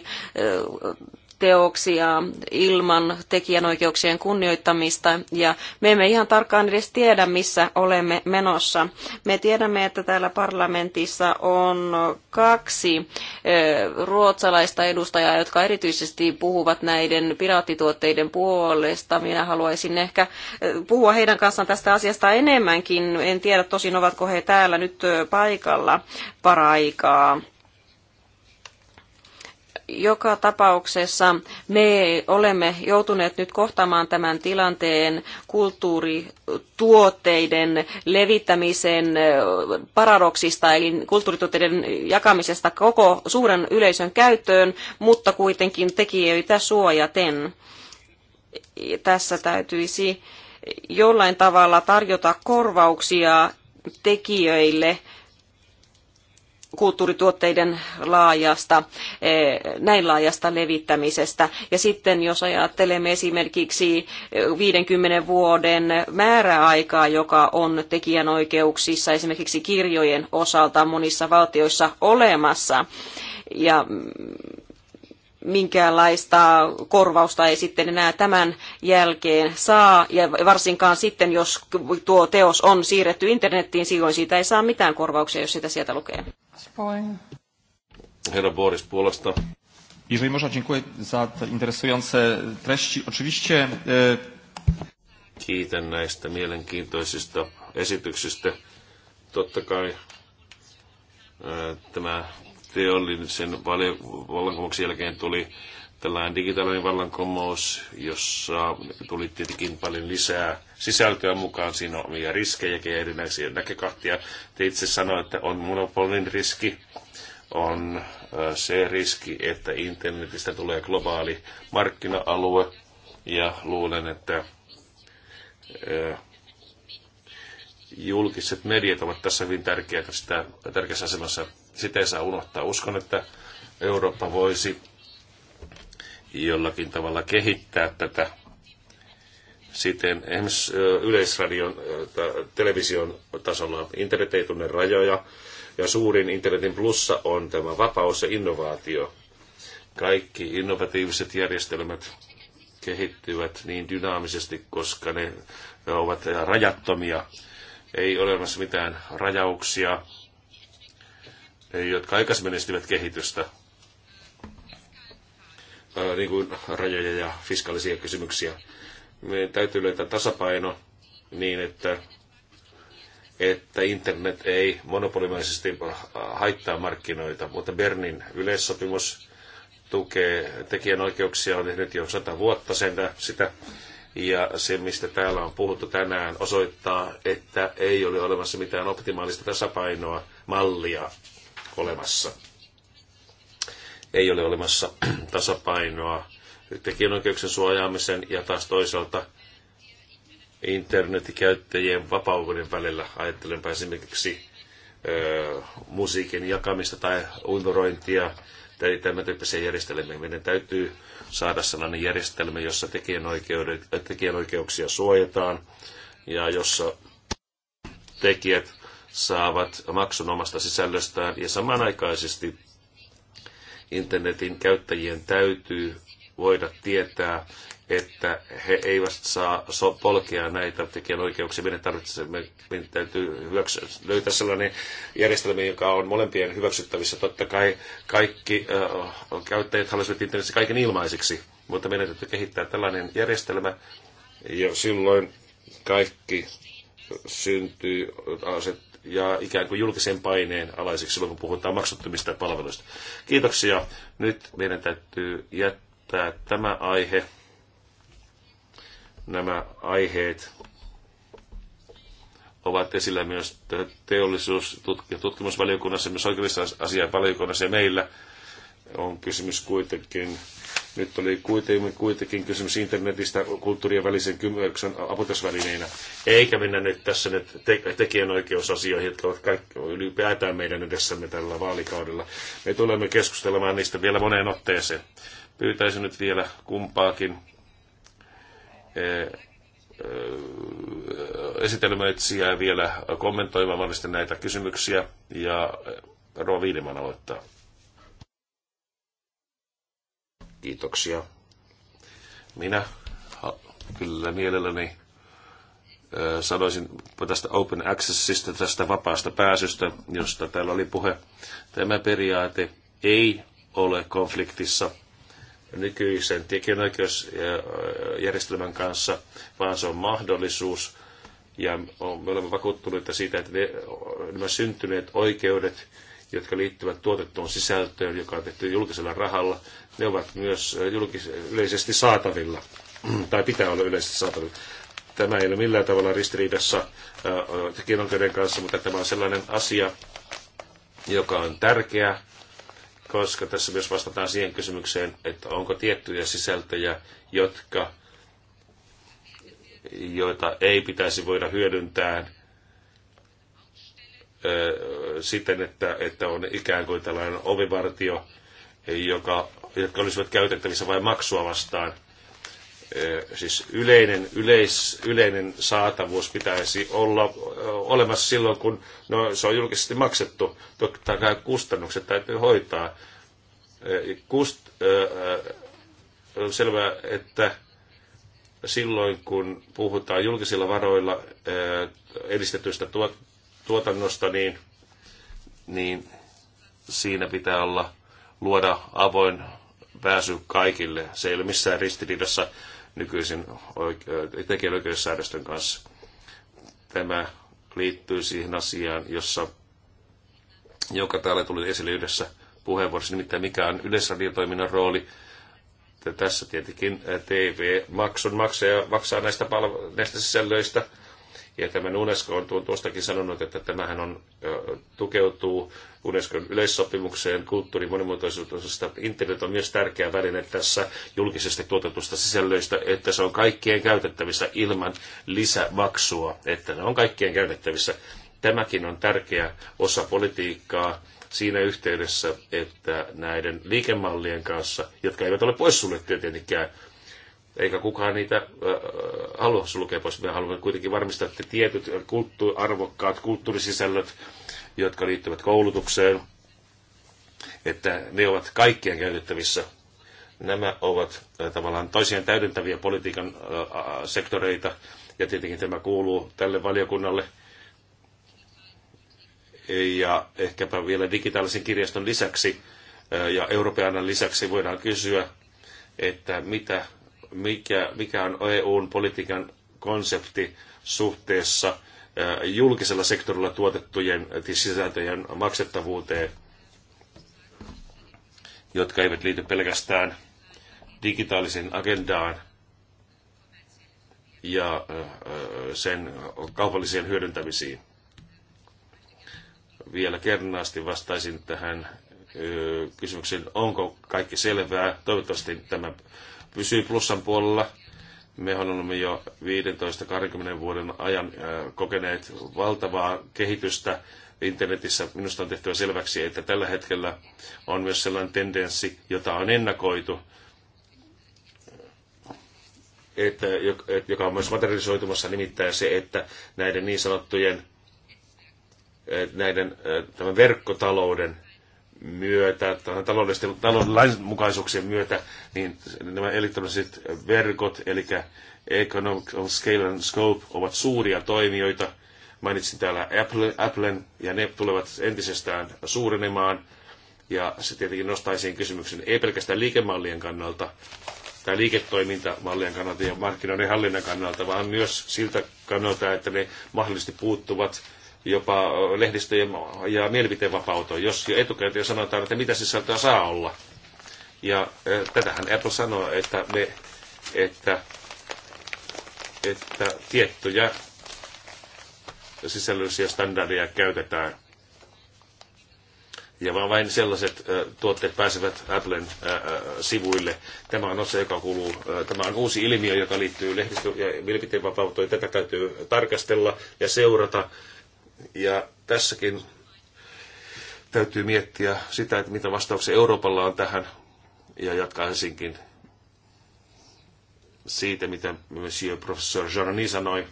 teoksia ilman tekijänoikeuksien kunnioittamista ja me emme ihan tarkkaan edes tiedä, missä olemme menossa. Me tiedämme, että täällä parlamentissa on kaksi ruotsalaista edustajaa, jotka erityisesti puhuvat näiden piraattituotteiden puolesta. Minä haluaisin ehkä puhua heidän kanssaan tästä asiasta enemmänkin. En tiedä tosin, ovatko he täällä nyt paikalla paraikaa joka tapauksessa me olemme joutuneet nyt kohtaamaan tämän tilanteen kulttuurituotteiden levittämisen paradoksista, eli kulttuurituotteiden jakamisesta koko suuren yleisön käyttöön, mutta kuitenkin tekijöitä suojaten. Tässä täytyisi jollain tavalla tarjota korvauksia tekijöille – kulttuurituotteiden laajasta, eh, näin laajasta levittämisestä. Ja sitten jos ajattelemme esimerkiksi 50 eh, vuoden määräaikaa, joka on tekijänoikeuksissa esimerkiksi kirjojen osalta monissa valtioissa olemassa, ja minkäänlaista korvausta ei sitten enää tämän jälkeen saa, ja varsinkaan sitten, jos tuo teos on siirretty internettiin, silloin siitä ei saa mitään korvauksia, jos sitä sieltä lukee. Herra Boris puolesta. Jeżeli można, dziękuję za te interesujące treści. Oczywiście... E, Kiitän näistä mielenkiintoisista esityksistä. Totta kai e, tämä teollisen vallankumouksen jälkeen tuli tällainen digitaalinen vallankumous, jossa tuli tietenkin paljon lisää sisältöä mukaan. Siinä on omia riskejäkin ja erinäisiä näkökohtia. Te itse sanoitte, että on monopolin riski, on se riski, että internetistä tulee globaali markkina-alue. Ja luulen, että julkiset mediat ovat tässä hyvin tärkeätä, sitä, tärkeässä asemassa. Sitä ei saa unohtaa. Uskon, että Eurooppa voisi jollakin tavalla kehittää tätä siten esimerkiksi yleisradion television tasolla. Internet ei tunne rajoja ja suurin internetin plussa on tämä vapaus ja innovaatio. Kaikki innovatiiviset järjestelmät kehittyvät niin dynaamisesti, koska ne ovat rajattomia. Ei ole olemassa mitään rajauksia, jotka aikaisemmin estivät kehitystä, niin kuin rajoja ja fiskaalisia kysymyksiä meidän täytyy löytää tasapaino niin, että, että internet ei monopolimaisesti haittaa markkinoita, mutta Bernin yleissopimus tukee tekijänoikeuksia, on tehnyt jo sata vuotta sen, sitä, ja se, mistä täällä on puhuttu tänään, osoittaa, että ei ole olemassa mitään optimaalista tasapainoa, mallia olemassa. Ei ole olemassa tasapainoa tekijänoikeuksien suojaamisen ja taas toisaalta internetikäyttäjien vapauden välillä. Ajattelenpä esimerkiksi ö, musiikin jakamista tai uimarointia tai tämän tyyppisiä järjestelmiä. Meidän täytyy saada sellainen järjestelmä, jossa tekijänoikeudet, tekijänoikeuksia suojataan ja jossa tekijät saavat maksun omasta sisällöstään ja samanaikaisesti internetin käyttäjien täytyy voida tietää, että he eivät saa polkea näitä tekijänoikeuksia. Meidän, tarvitsemme, meidän täytyy hyväksy, löytää sellainen järjestelmä, joka on molempien hyväksyttävissä. Totta kai kaikki äh, käyttäjät haluaisivat internetissä kaiken ilmaiseksi, mutta meidän täytyy kehittää tällainen järjestelmä, ja silloin kaikki syntyy aset, äh, ja ikään kuin julkisen paineen alaiseksi silloin, kun puhutaan maksuttomista palveluista. Kiitoksia. Nyt meidän täytyy jättää jättää tämä aihe, nämä aiheet ovat esillä myös teollisuus- ja tutkimusvaliokunnassa, myös oikeudessa-asiainvaliokunnassa ja meillä on kysymys kuitenkin, nyt oli kuitenkin, kuitenkin kysymys internetistä kulttuurien välisen kymmenyksen apotusvälineinä, eikä mennä nyt tässä nyt te- tekijänoikeusasioihin, jotka ovat kaikki ylipäätään meidän edessämme tällä vaalikaudella. Me tulemme keskustelemaan niistä vielä moneen otteeseen. Pyytäisin nyt vielä kumpaakin eh, eh, esitelmöitsijää vielä kommentoimaan varmasti näitä kysymyksiä ja Rova Viideman aloittaa. Kiitoksia. Minä kyllä mielelläni eh, sanoisin tästä open accessista, tästä vapaasta pääsystä, josta täällä oli puhe. Tämä periaate ei ole konfliktissa nykyisen tekijänoikeusjärjestelmän kanssa, vaan se on mahdollisuus. Ja me olemme vakuuttuneita siitä, että ne, nämä syntyneet oikeudet, jotka liittyvät tuotettuun sisältöön, joka on tehty julkisella rahalla, ne ovat myös julkis- yleisesti saatavilla, [CLEARS THROAT] tai pitää olla yleisesti saatavilla. Tämä ei ole millään tavalla ristiriidassa tekijänoikeuden kanssa, mutta tämä on sellainen asia, joka on tärkeä koska tässä myös vastataan siihen kysymykseen, että onko tiettyjä sisältöjä, jotka, joita ei pitäisi voida hyödyntää siten, että, että on ikään kuin tällainen ovivartio, joka, jotka olisivat käytettävissä vain maksua vastaan – siis yleinen, yleis, yleinen saatavuus pitäisi olla olemassa silloin, kun no, se on julkisesti maksettu. Totta kai kustannukset täytyy hoitaa. Kust, on selvää, että silloin, kun puhutaan julkisilla varoilla edistetystä tuotannosta, niin, niin siinä pitää olla luoda avoin pääsy kaikille. Se ei ole missään ristiriidassa Nykyisin oike- äh, tekijänoikeussäädöstön kanssa. Tämä liittyy siihen asiaan, jossa, joka täällä tuli esille yhdessä puheenvuorossa, nimittäin mikä on yleisradiotoiminnan rooli. Tässä tietenkin äh, TV maksun maksaja maksaa näistä, palve- näistä sisällöistä – ja tämän UNESCO on tuostakin sanonut, että tämähän on, tukeutuu UNESCOn yleissopimukseen kulttuurin monimuotoisuudesta. Internet on myös tärkeä väline tässä julkisesti tuotetusta sisällöistä, että se on kaikkien käytettävissä ilman lisämaksua, että se on kaikkien käytettävissä. Tämäkin on tärkeä osa politiikkaa siinä yhteydessä, että näiden liikemallien kanssa, jotka eivät ole poissuljettuja tietenkään, eikä kukaan niitä halua sulkea pois. Me haluamme kuitenkin varmistaa, että tietyt kulttu- arvokkaat kulttuurisisällöt, jotka liittyvät koulutukseen, että ne ovat kaikkien käytettävissä. Nämä ovat tavallaan toisiaan täydentäviä politiikan sektoreita, ja tietenkin tämä kuuluu tälle valiokunnalle. Ja ehkäpä vielä digitaalisen kirjaston lisäksi ja Euroopan lisäksi voidaan kysyä, että mitä mikä, mikä on EUn politiikan konsepti suhteessa julkisella sektorilla tuotettujen äh, siis sisältöjen maksettavuuteen, jotka eivät liity pelkästään digitaalisen agendaan ja sen kaupallisiin hyödyntämisiin. Vielä kernaasti vastaisin tähän kysymykseen, onko kaikki selvää. Toivottavasti tämä pysyy plussan puolella. Me olemme jo 15-20 vuoden ajan kokeneet valtavaa kehitystä internetissä. Minusta on tehtyä selväksi, että tällä hetkellä on myös sellainen tendenssi, jota on ennakoitu, että, joka on myös materialisoitumassa nimittäin se, että näiden niin sanottujen näiden, tämän verkkotalouden myötä, taloudellisten talouden myötä, niin nämä elektroniset verkot, eli Economic on Scale and Scope, ovat suuria toimijoita. Mainitsin täällä Apple, Applen, ja ne tulevat entisestään suurenemaan. Ja se tietenkin nostaisiin kysymyksen ei pelkästään liikemallien kannalta, tai liiketoimintamallien kannalta ja markkinoiden hallinnan kannalta, vaan myös siltä kannalta, että ne mahdollisesti puuttuvat jopa lehdistöjen ja mielipiteenvapauteen, jos jo etukäteen sanotaan, että mitä sisältöä saa olla. Ja eh, tätähän Apple sanoo, että, me, että, että tiettyjä sisällöllisiä standardeja käytetään. Ja vaan vain sellaiset eh, tuotteet pääsevät Applen eh, sivuille. Tämä on osa, joka kuuluu, tämä on uusi ilmiö, joka liittyy lehdistö- ja mielipiteenvapauteen. Tätä täytyy tarkastella ja seurata ja tässäkin täytyy miettiä sitä, että mitä vastauksia Euroopalla on tähän, ja jatkaisinkin siitä, mitä Monsieur Professor Jaroni sanoi,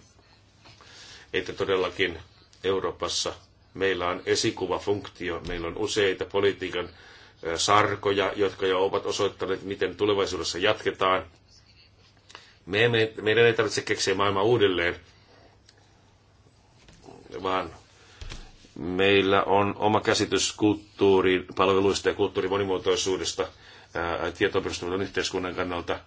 että todellakin Euroopassa meillä on esikuvafunktio, meillä on useita politiikan sarkoja, jotka jo ovat osoittaneet, miten tulevaisuudessa jatketaan. Me emme, meidän ei tarvitse keksiä maailmaa uudelleen, vaan meillä on oma käsitys kulttuurin palveluista ja kulttuurin monimuotoisuudesta tietoon yhteiskunnan kannalta.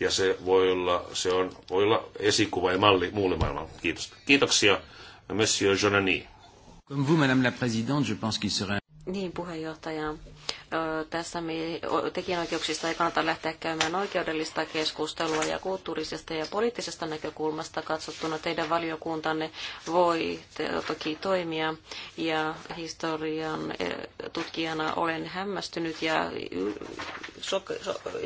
Ja se voi olla, se on, voi olla esikuva ja malli muulle maailmalle. Kiitos. Kiitoksia, Monsieur Jonani. Comme vous, Madame la Présidente, je pense qu'il serait... Niin, puheenjohtaja tässä tekijänoikeuksista ei kannata lähteä käymään oikeudellista keskustelua ja kulttuurisesta ja poliittisesta näkökulmasta katsottuna teidän valiokuntanne voi toki toimia ja historian e, tutkijana olen hämmästynyt ja,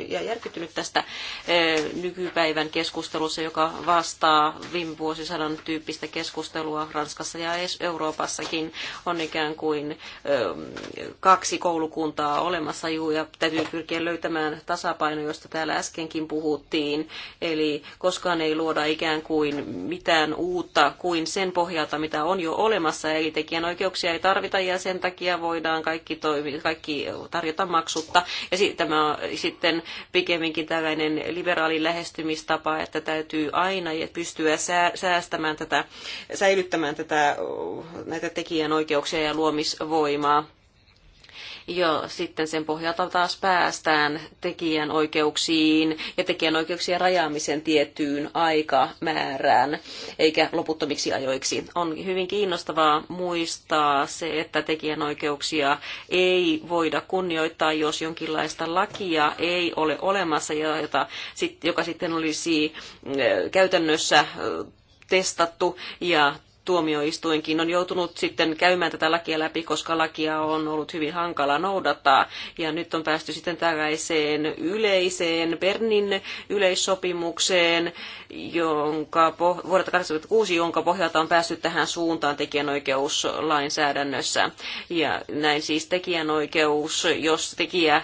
ja järkyttynyt tästä e, nykypäivän keskustelussa, joka vastaa viime vuosisadan tyyppistä keskustelua Ranskassa ja Euroopassakin on ikään kuin kaksi koulukuntaa eroa olemassa juu, ja täytyy pyrkiä löytämään tasapaino, josta täällä äskenkin puhuttiin. Eli koskaan ei luoda ikään kuin mitään uutta kuin sen pohjalta, mitä on jo olemassa, eli tekijänoikeuksia ei tarvita, ja sen takia voidaan kaikki, toimi, kaikki tarjota maksutta. Ja tämä on sitten pikemminkin tällainen liberaali lähestymistapa, että täytyy aina pystyä säästämään tätä, säilyttämään tätä, näitä tekijänoikeuksia ja luomisvoimaa ja sitten sen pohjalta taas päästään tekijänoikeuksiin ja tekijänoikeuksien rajaamisen tiettyyn aikamäärään, eikä loputtomiksi ajoiksi. On hyvin kiinnostavaa muistaa se, että tekijänoikeuksia ei voida kunnioittaa, jos jonkinlaista lakia ei ole olemassa, jota, joka sitten olisi mm, käytännössä testattu ja tuomioistuinkin on joutunut sitten käymään tätä lakia läpi, koska lakia on ollut hyvin hankala noudattaa. Ja nyt on päästy sitten tällaiseen yleiseen Bernin yleissopimukseen, jonka poh- vuodelta 1986, jonka pohjalta on päästy tähän suuntaan tekijänoikeuslainsäädännössä. Ja näin siis tekijänoikeus, jos tekijä,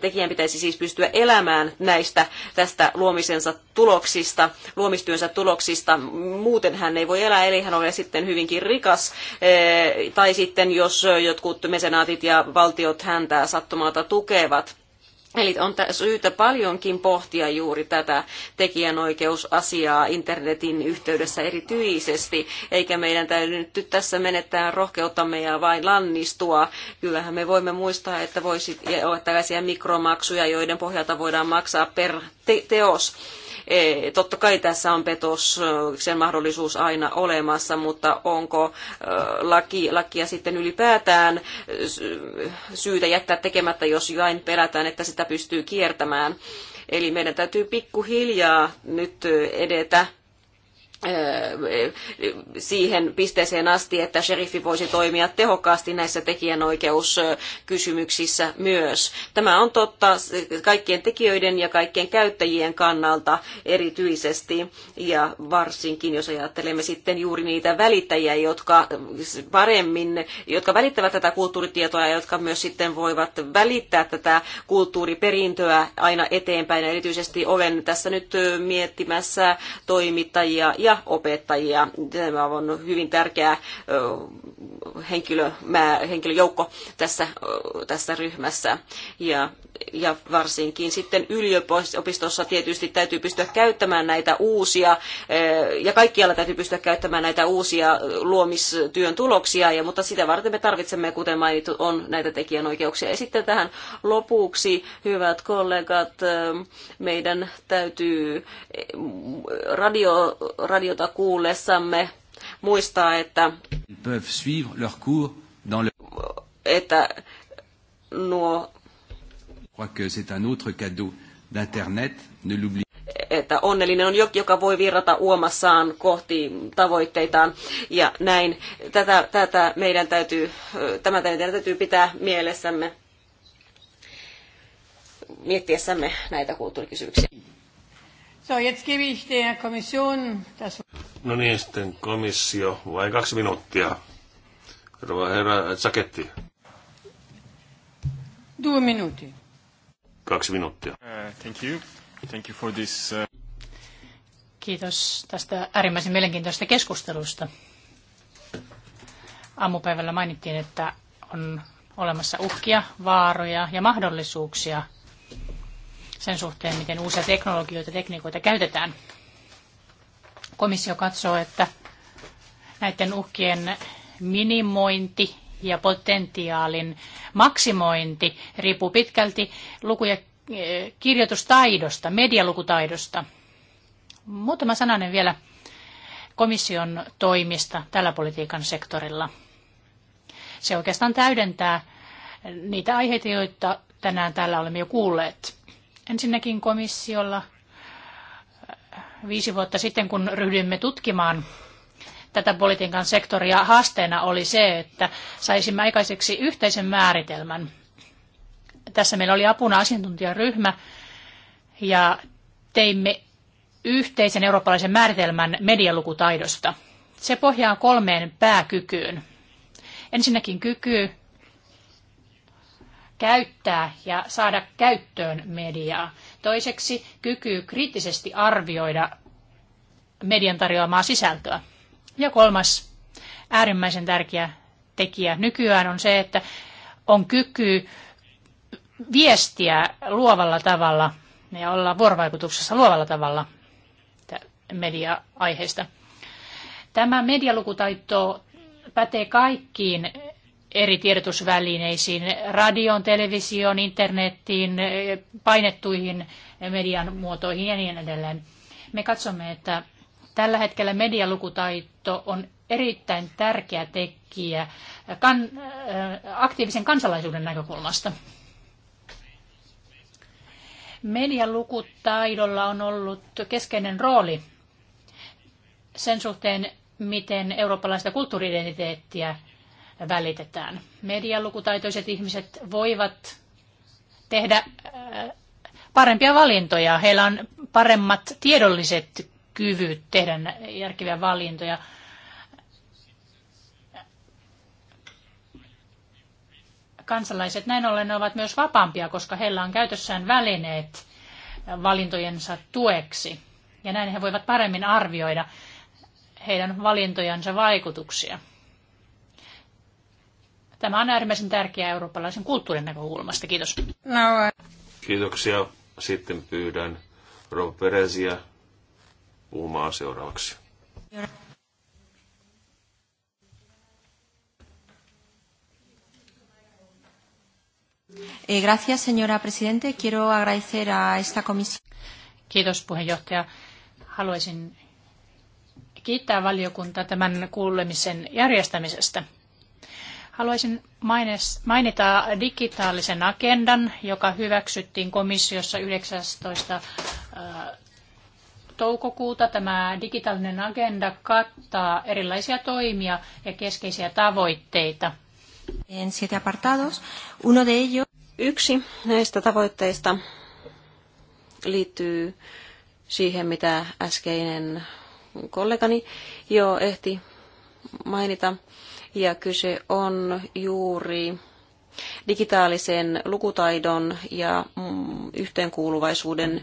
tekijän pitäisi siis pystyä elämään näistä tästä luomisensa tuloksista, luomistyönsä tuloksista, muuten hän ei voi elää, eli hän on ole sitten hyvinkin rikas, eh, tai sitten jos jotkut mesenaatit ja valtiot häntää sattumalta tukevat. Eli on syytä paljonkin pohtia juuri tätä tekijänoikeusasiaa internetin yhteydessä erityisesti, eikä meidän täytyy nyt tässä menettää rohkeuttamme ja vain lannistua. Kyllähän me voimme muistaa, että voisi olla tällaisia mikromaksuja, joiden pohjalta voidaan maksaa per teos E, totta kai tässä on petos, sen mahdollisuus aina olemassa, mutta onko laki, lakia sitten ylipäätään syytä jättää tekemättä, jos vain pelätään, että sitä pystyy kiertämään. Eli meidän täytyy pikkuhiljaa nyt edetä siihen pisteeseen asti, että sheriffi voisi toimia tehokkaasti näissä tekijänoikeuskysymyksissä myös. Tämä on totta kaikkien tekijöiden ja kaikkien käyttäjien kannalta erityisesti ja varsinkin, jos ajattelemme sitten juuri niitä välittäjiä, jotka paremmin, jotka välittävät tätä kulttuuritietoa ja jotka myös sitten voivat välittää tätä kulttuuriperintöä aina eteenpäin. Erityisesti olen tässä nyt miettimässä toimittajia ja ja opettajia. Tämä on hyvin tärkeä mä, henkilöjoukko tässä, tässä ryhmässä. Ja, ja varsinkin sitten yliopistossa tietysti täytyy pystyä käyttämään näitä uusia, ja kaikkialla täytyy pystyä käyttämään näitä uusia luomistyön tuloksia, ja, mutta sitä varten me tarvitsemme, kuten mainittu, on näitä tekijänoikeuksia. Ja sitten tähän lopuksi, hyvät kollegat, meidän täytyy radio, radio radiota kuullessamme muistaa, että, että nuo että onnellinen on jokin, joka voi virrata uomassaan kohti tavoitteitaan. Ja näin, tätä, tätä meidän täytyy, tämä meidän täytyy pitää mielessämme miettiessämme näitä kulttuurikysymyksiä. So, jetzt gebe ich der Kommission das... No niin, sitten komissio. Vain kaksi minuuttia. Herra, herra Zaketti. Due minuutti. Kaksi minuuttia. Uh, thank you. Thank you for this, uh... Kiitos tästä äärimmäisen mielenkiintoista keskustelusta. Aamupäivällä mainittiin, että on olemassa uhkia, vaaroja ja mahdollisuuksia – sen suhteen, miten uusia teknologioita ja tekniikoita käytetään. Komissio katsoo, että näiden uhkien minimointi ja potentiaalin maksimointi riippuu pitkälti luku- ja eh, kirjoitustaidosta, medialukutaidosta. Muutama sananen vielä komission toimista tällä politiikan sektorilla. Se oikeastaan täydentää niitä aiheita, joita tänään täällä olemme jo kuulleet. Ensinnäkin komissiolla äh, viisi vuotta sitten, kun ryhdyimme tutkimaan tätä politiikan sektoria, haasteena oli se, että saisimme aikaiseksi yhteisen määritelmän. Tässä meillä oli apuna asiantuntijaryhmä ja teimme yhteisen eurooppalaisen määritelmän medialukutaidosta. Se pohjaa kolmeen pääkykyyn. Ensinnäkin kyky käyttää ja saada käyttöön mediaa. Toiseksi kyky kriittisesti arvioida median tarjoamaa sisältöä. Ja kolmas äärimmäisen tärkeä tekijä nykyään on se, että on kyky viestiä luovalla tavalla ja olla vuorovaikutuksessa luovalla tavalla media-aiheista. Tämä medialukutaito pätee kaikkiin eri tiedotusvälineisiin, radioon, televisioon, internettiin, painettuihin median muotoihin ja niin edelleen. Me katsomme, että tällä hetkellä medialukutaito on erittäin tärkeä tekijä kan, äh, aktiivisen kansalaisuuden näkökulmasta. Medialukutaidolla on ollut keskeinen rooli sen suhteen, miten eurooppalaista kulttuuriidentiteettiä välitetään. Medialukutaitoiset ihmiset voivat tehdä äh, parempia valintoja. Heillä on paremmat tiedolliset kyvyt tehdä järkeviä valintoja. Kansalaiset näin ollen ovat myös vapaampia, koska heillä on käytössään välineet valintojensa tueksi. Ja näin he voivat paremmin arvioida heidän valintojansa vaikutuksia. Tämä on äärimmäisen tärkeää eurooppalaisen kulttuurin näkökulmasta. Kiitos. No. Uh, Kiitoksia. Sitten pyydän Rob Peresiä puhumaan seuraavaksi. Eh, gracias, señora presidente. Quiero agradecer a esta comisión. Kiitos puheenjohtaja. Haluaisin kiittää valiokuntaa tämän kuulemisen järjestämisestä. Haluaisin mainita digitaalisen agendan, joka hyväksyttiin komissiossa 19 äh, toukokuuta tämä digitaalinen agenda kattaa erilaisia toimia ja keskeisiä tavoitteita. Yksi näistä tavoitteista liittyy siihen, mitä äskeinen kollegani jo ehti mainita. Ja kyse on juuri digitaalisen lukutaidon ja mm, yhteenkuuluvaisuuden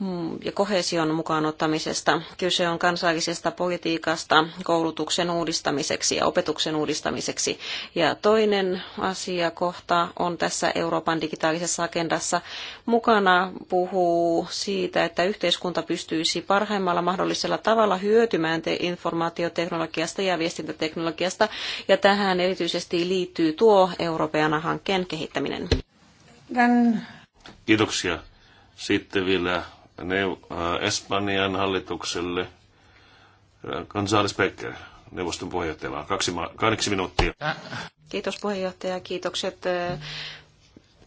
Mm, ja kohesion mukaan ottamisesta. Kyse on kansallisesta politiikasta koulutuksen uudistamiseksi ja opetuksen uudistamiseksi. Ja toinen asiakohta on tässä Euroopan digitaalisessa agendassa mukana puhuu siitä, että yhteiskunta pystyisi parhaimmalla mahdollisella tavalla hyötymään te- informaatioteknologiasta ja viestintäteknologiasta. Ja tähän erityisesti liittyy tuo Euroopan hankkeen kehittäminen. Kiitoksia. Sitten vielä neu- äh, Espanjan hallitukselle äh, Gonzales Becker, neuvoston puheenjohtajalla. Kaksi, kahdeksi minuuttia. Kiitos puheenjohtaja, kiitokset äh,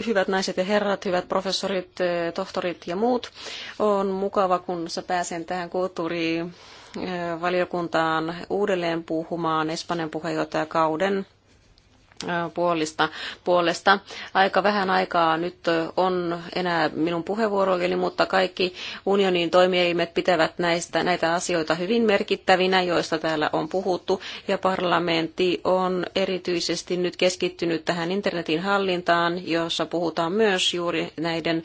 hyvät naiset ja herrat, hyvät professorit, tohtorit ja muut. On mukava, kun pääsen tähän kulttuurivaliokuntaan uudelleen puhumaan Espanjan puheenjohtajakauden puolista, puolesta. Aika vähän aikaa nyt on enää minun puheenvuoroilleni, mutta kaikki unionin toimielimet pitävät näistä, näitä asioita hyvin merkittävinä, joista täällä on puhuttu, ja parlamentti on erityisesti nyt keskittynyt tähän internetin hallintaan, jossa puhutaan myös juuri näiden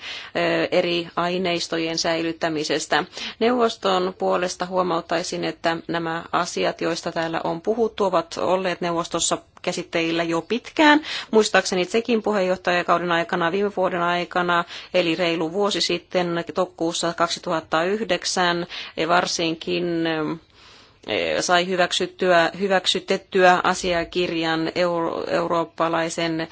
eri aineistojen säilyttämisestä. Neuvoston puolesta huomauttaisin, että nämä asiat, joista täällä on puhuttu, ovat olleet neuvostossa käsitteillä jo jo pitkään, muistaakseni Tsekin puheenjohtajakauden aikana viime vuoden aikana, eli reilu vuosi sitten, tokkuussa 2009, e, varsinkin e, sai hyväksyttyä, hyväksytettyä asiakirjan euro, eurooppalaisen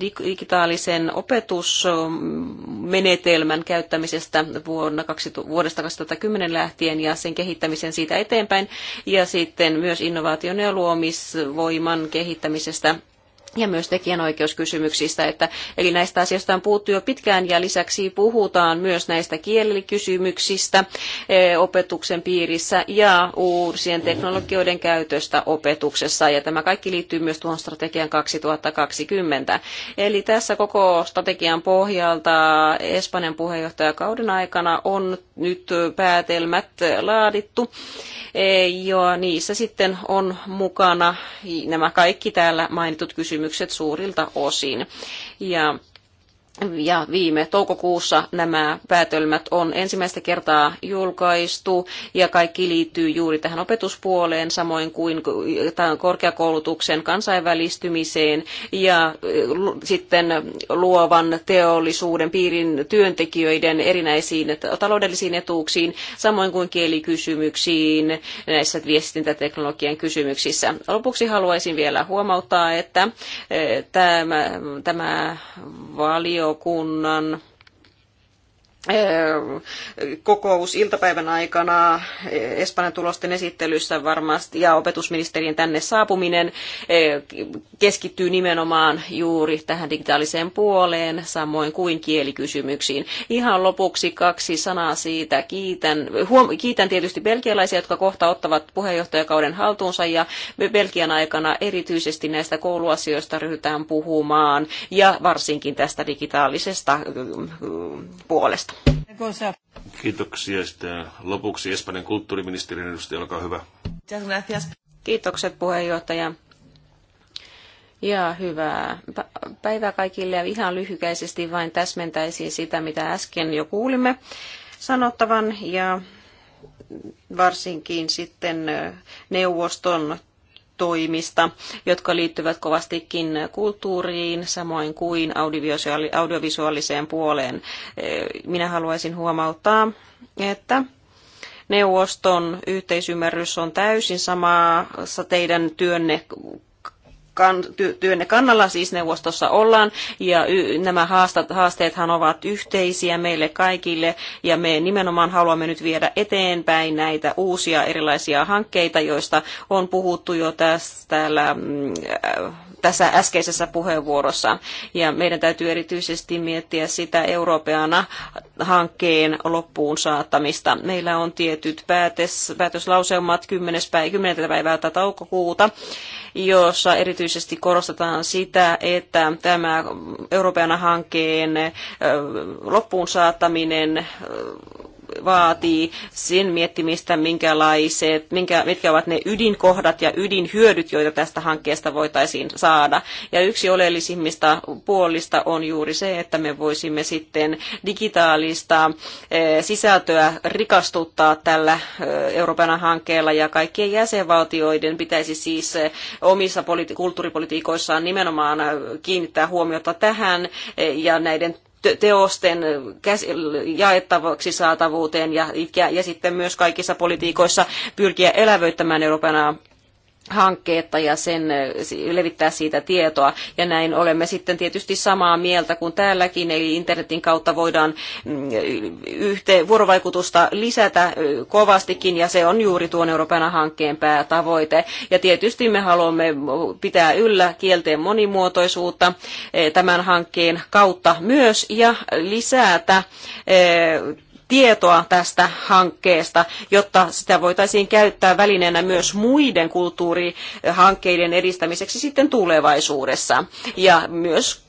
digitaalisen opetusmenetelmän käyttämisestä vuonna, vuodesta 2010 lähtien ja sen kehittämisen siitä eteenpäin ja sitten myös innovaation ja luomisvoiman kehittämisestä ja myös tekijänoikeuskysymyksistä. Että, eli näistä asioista on puhuttu jo pitkään ja lisäksi puhutaan myös näistä kielikysymyksistä e, opetuksen piirissä ja uusien teknologioiden käytöstä opetuksessa. Ja tämä kaikki liittyy myös tuohon strategian 2020. Eli tässä koko strategian pohjalta Espanjan puheenjohtajakauden aikana on nyt päätelmät laadittu e, ja niissä sitten on mukana nämä kaikki täällä mainitut kysymykset kysymykset suurilta osin. Ja ja viime toukokuussa nämä päätelmät on ensimmäistä kertaa julkaistu ja kaikki liittyy juuri tähän opetuspuoleen samoin kuin korkeakoulutuksen kansainvälistymiseen ja äh, sitten luovan teollisuuden piirin työntekijöiden erinäisiin taloudellisiin etuuksiin samoin kuin kielikysymyksiin näissä viestintäteknologian kysymyksissä. Lopuksi haluaisin vielä huomauttaa, että äh, tämä, tämä valio valiokunnan kokous iltapäivän aikana e, Espanjan tulosten esittelyssä varmasti ja opetusministerien tänne saapuminen e, keskittyy nimenomaan juuri tähän digitaaliseen puoleen, samoin kuin kielikysymyksiin. Ihan lopuksi kaksi sanaa siitä. Kiitän, huom- kiitän tietysti belgialaisia, jotka kohta ottavat puheenjohtajakauden haltuunsa ja Belgian aikana erityisesti näistä kouluasioista ryhdytään puhumaan ja varsinkin tästä digitaalisesta puolesta. Kiitoksia. Sitten lopuksi Espanjan kulttuuriministerin edustaja, olkaa hyvä. Kiitokset puheenjohtaja. Ja hyvää päivää kaikille ja ihan lyhykäisesti vain täsmentäisin sitä, mitä äsken jo kuulimme sanottavan ja varsinkin sitten neuvoston toimista, jotka liittyvät kovastikin kulttuuriin, samoin kuin audiovisuaaliseen puoleen. E, minä haluaisin huomauttaa, että neuvoston yhteisymmärrys on täysin samaa teidän työnne kan, työnne kannalla, siis neuvostossa ollaan, ja y, nämä haastat, haasteethan ovat yhteisiä meille kaikille, ja me nimenomaan haluamme nyt viedä eteenpäin näitä uusia erilaisia hankkeita, joista on puhuttu jo tässä, täällä mm, äh, tässä äskeisessä puheenvuorossa. Ja meidän täytyy erityisesti miettiä sitä Euroopeana hankkeen loppuun saattamista. Meillä on tietyt päätös, päätöslauselmat 10. Päivä, 10. päivää toukokuuta jossa erityisesti korostetaan sitä, että tämä Euroopeana hankkeen loppuun saattaminen vaatii sen miettimistä, minkälaiset, minkä, mitkä ovat ne ydinkohdat ja ydinhyödyt, joita tästä hankkeesta voitaisiin saada. Ja yksi oleellisimmista puolista on juuri se, että me voisimme sitten digitaalista eh, sisältöä rikastuttaa tällä eh, Euroopan hankkeella ja kaikkien jäsenvaltioiden pitäisi siis eh, omissa politi- kulttuuripolitiikoissaan nimenomaan kiinnittää huomiota tähän ja näiden teosten jaettavaksi saatavuuteen ja, ja, ja sitten myös kaikissa politiikoissa pyrkiä elävöittämään Euroopan hankkeetta ja sen levittää siitä tietoa. Ja näin olemme sitten tietysti samaa mieltä kuin täälläkin, eli internetin kautta voidaan mm, yhteen, vuorovaikutusta lisätä kovastikin, ja se on juuri tuon Euroopan hankkeen päätavoite. Ja tietysti me haluamme pitää yllä kielten monimuotoisuutta tämän hankkeen kautta myös, ja lisätä tietoa tästä hankkeesta, jotta sitä voitaisiin käyttää välineenä myös muiden kulttuurihankkeiden edistämiseksi sitten tulevaisuudessa. Ja myös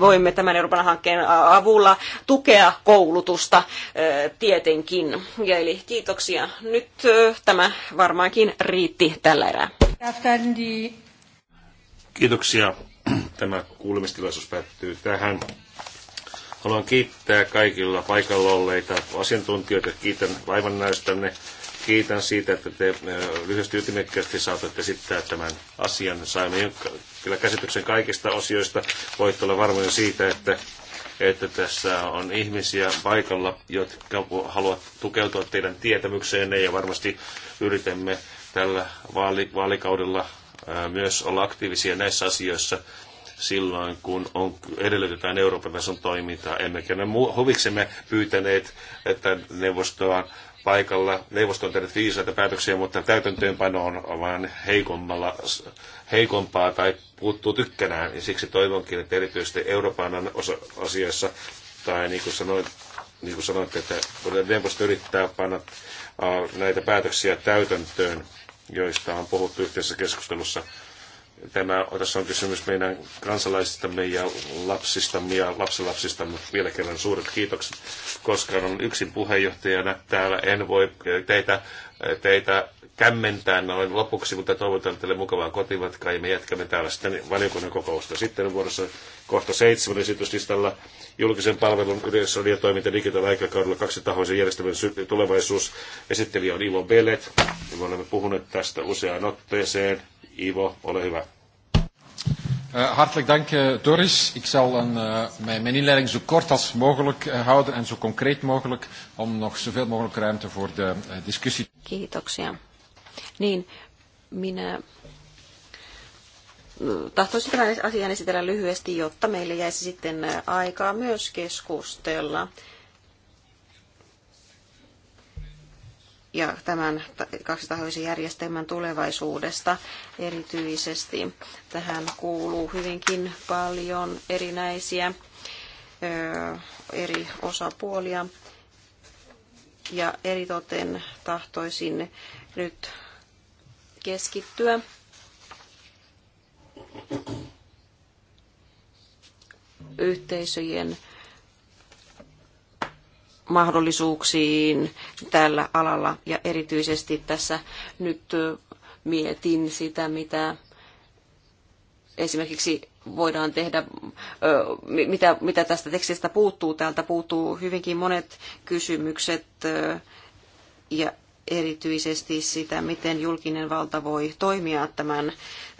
voimme tämän Euroopan hankkeen avulla tukea koulutusta tietenkin. Ja eli kiitoksia. Nyt tämä varmaankin riitti tällä erää. Kiitoksia. Tämä kuulemistilaisuus päättyy tähän. Haluan kiittää kaikilla paikalla olleita asiantuntijoita. Kiitän näystänne. Kiitän siitä, että te lyhyesti ytimekkäästi saatatte esittää tämän asian. Saimme kyllä käsityksen kaikista osioista. Voitte olla varmoja siitä, että että tässä on ihmisiä paikalla, jotka haluavat tukeutua teidän tietämykseenne ja varmasti yritämme tällä vaalikaudella myös olla aktiivisia näissä asioissa silloin, kun on, edellytetään Euroopan tason toimintaa. Emmekä me huviksemme pyytäneet, että neuvostoa paikalla. Neuvosto on tehnyt viisaita päätöksiä, mutta täytäntöönpano on vain heikommalla, heikompaa tai puuttuu tykkänään. Ja siksi toivonkin, että erityisesti Euroopan osa- asiassa, tai niin kuin sanoin, niin kuin sanoit, että neuvosto yrittää panna näitä päätöksiä täytäntöön, joista on puhuttu yhteisessä keskustelussa tämä, tässä on kysymys meidän kansalaisistamme ja lapsistamme ja lapsenlapsistamme. Vielä kerran suuret kiitokset, koska on yksin puheenjohtajana täällä. En voi teitä, teitä kämmentää noin lopuksi, mutta toivotan teille mukavaa kotimatkaa ja me jatkamme täällä sitten valiokunnan kokousta. Sitten on vuorossa kohta seitsemän esityslistalla julkisen palvelun aikakaudella kaksi tahoisen järjestelmän tulevaisuus. Esittelijä on Ivo Belet. Me olemme puhuneet tästä useaan otteeseen. Ivo, ole hyvä. Eh, hartelijk dank, eh, Doris. Ik zal een, eh, mijn, mijn inleiding zo kort als mogelijk houden en zo concreet mogelijk om nog zoveel mogelijk ruimte voor de discussie. Kiitoksia. Niin, minä tahtoisin tämän asian esitellä lyhyesti, jotta meille jäisi sitten aikaa myös keskustella. ja tämän kaksitahoisen järjestelmän tulevaisuudesta erityisesti. Tähän kuuluu hyvinkin paljon erinäisiä eri osapuolia ja eritoten tahtoisin nyt keskittyä yhteisöjen mahdollisuuksiin tällä alalla ja erityisesti tässä nyt mietin sitä, mitä esimerkiksi voidaan tehdä, mitä, mitä tästä tekstistä puuttuu. Täältä puuttuu hyvinkin monet kysymykset ja erityisesti sitä, miten julkinen valta voi toimia tämän,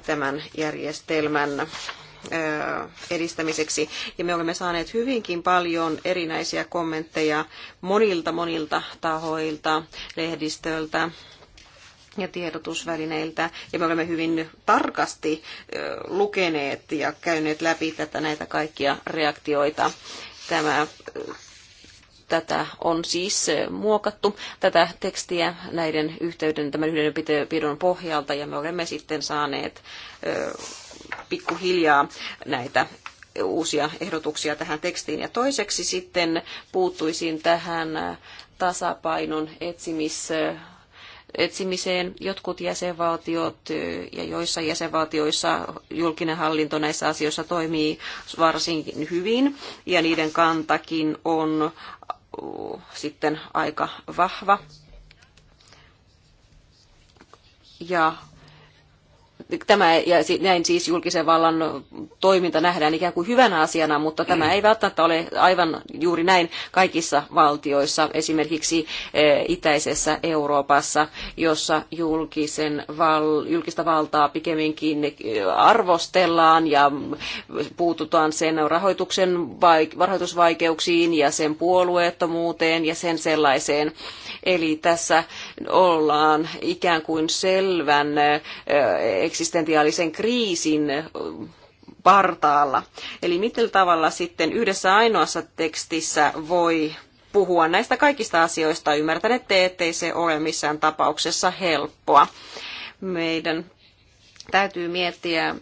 tämän järjestelmän edistämiseksi. Ja me olemme saaneet hyvinkin paljon erinäisiä kommentteja monilta monilta tahoilta, lehdistöltä, ja tiedotusvälineiltä. Ja me olemme hyvin tarkasti lukeneet ja käyneet läpi tätä, näitä kaikkia reaktioita. Tämä, tätä on siis muokattu, tätä tekstiä näiden yhteyden, tämän yhdenpidon pohjalta, ja me olemme sitten saaneet pikkuhiljaa näitä uusia ehdotuksia tähän tekstiin. Ja toiseksi sitten puuttuisin tähän tasapainon etsimis etsimiseen. Jotkut jäsenvaltiot ja joissa jäsenvaltioissa julkinen hallinto näissä asioissa toimii varsinkin hyvin ja niiden kantakin on sitten aika vahva. Ja tämä, ja näin siis julkisen vallan toiminta nähdään ikään kuin hyvänä asiana, mutta tämä ei välttämättä ole aivan juuri näin kaikissa valtioissa, esimerkiksi e, itäisessä Euroopassa, jossa julkisen val, julkista valtaa pikemminkin e, arvostellaan ja puututaan sen rahoituksen rahoitusvaikeuksiin ja sen puolueettomuuteen ja sen sellaiseen. Eli tässä ollaan ikään kuin selvän e, eksistentiaalisen kriisin partaalla. Eli miten tavalla sitten yhdessä ainoassa tekstissä voi puhua näistä kaikista asioista. Ymmärtänette, ettei se ole missään tapauksessa helppoa. Meidän täytyy miettiä,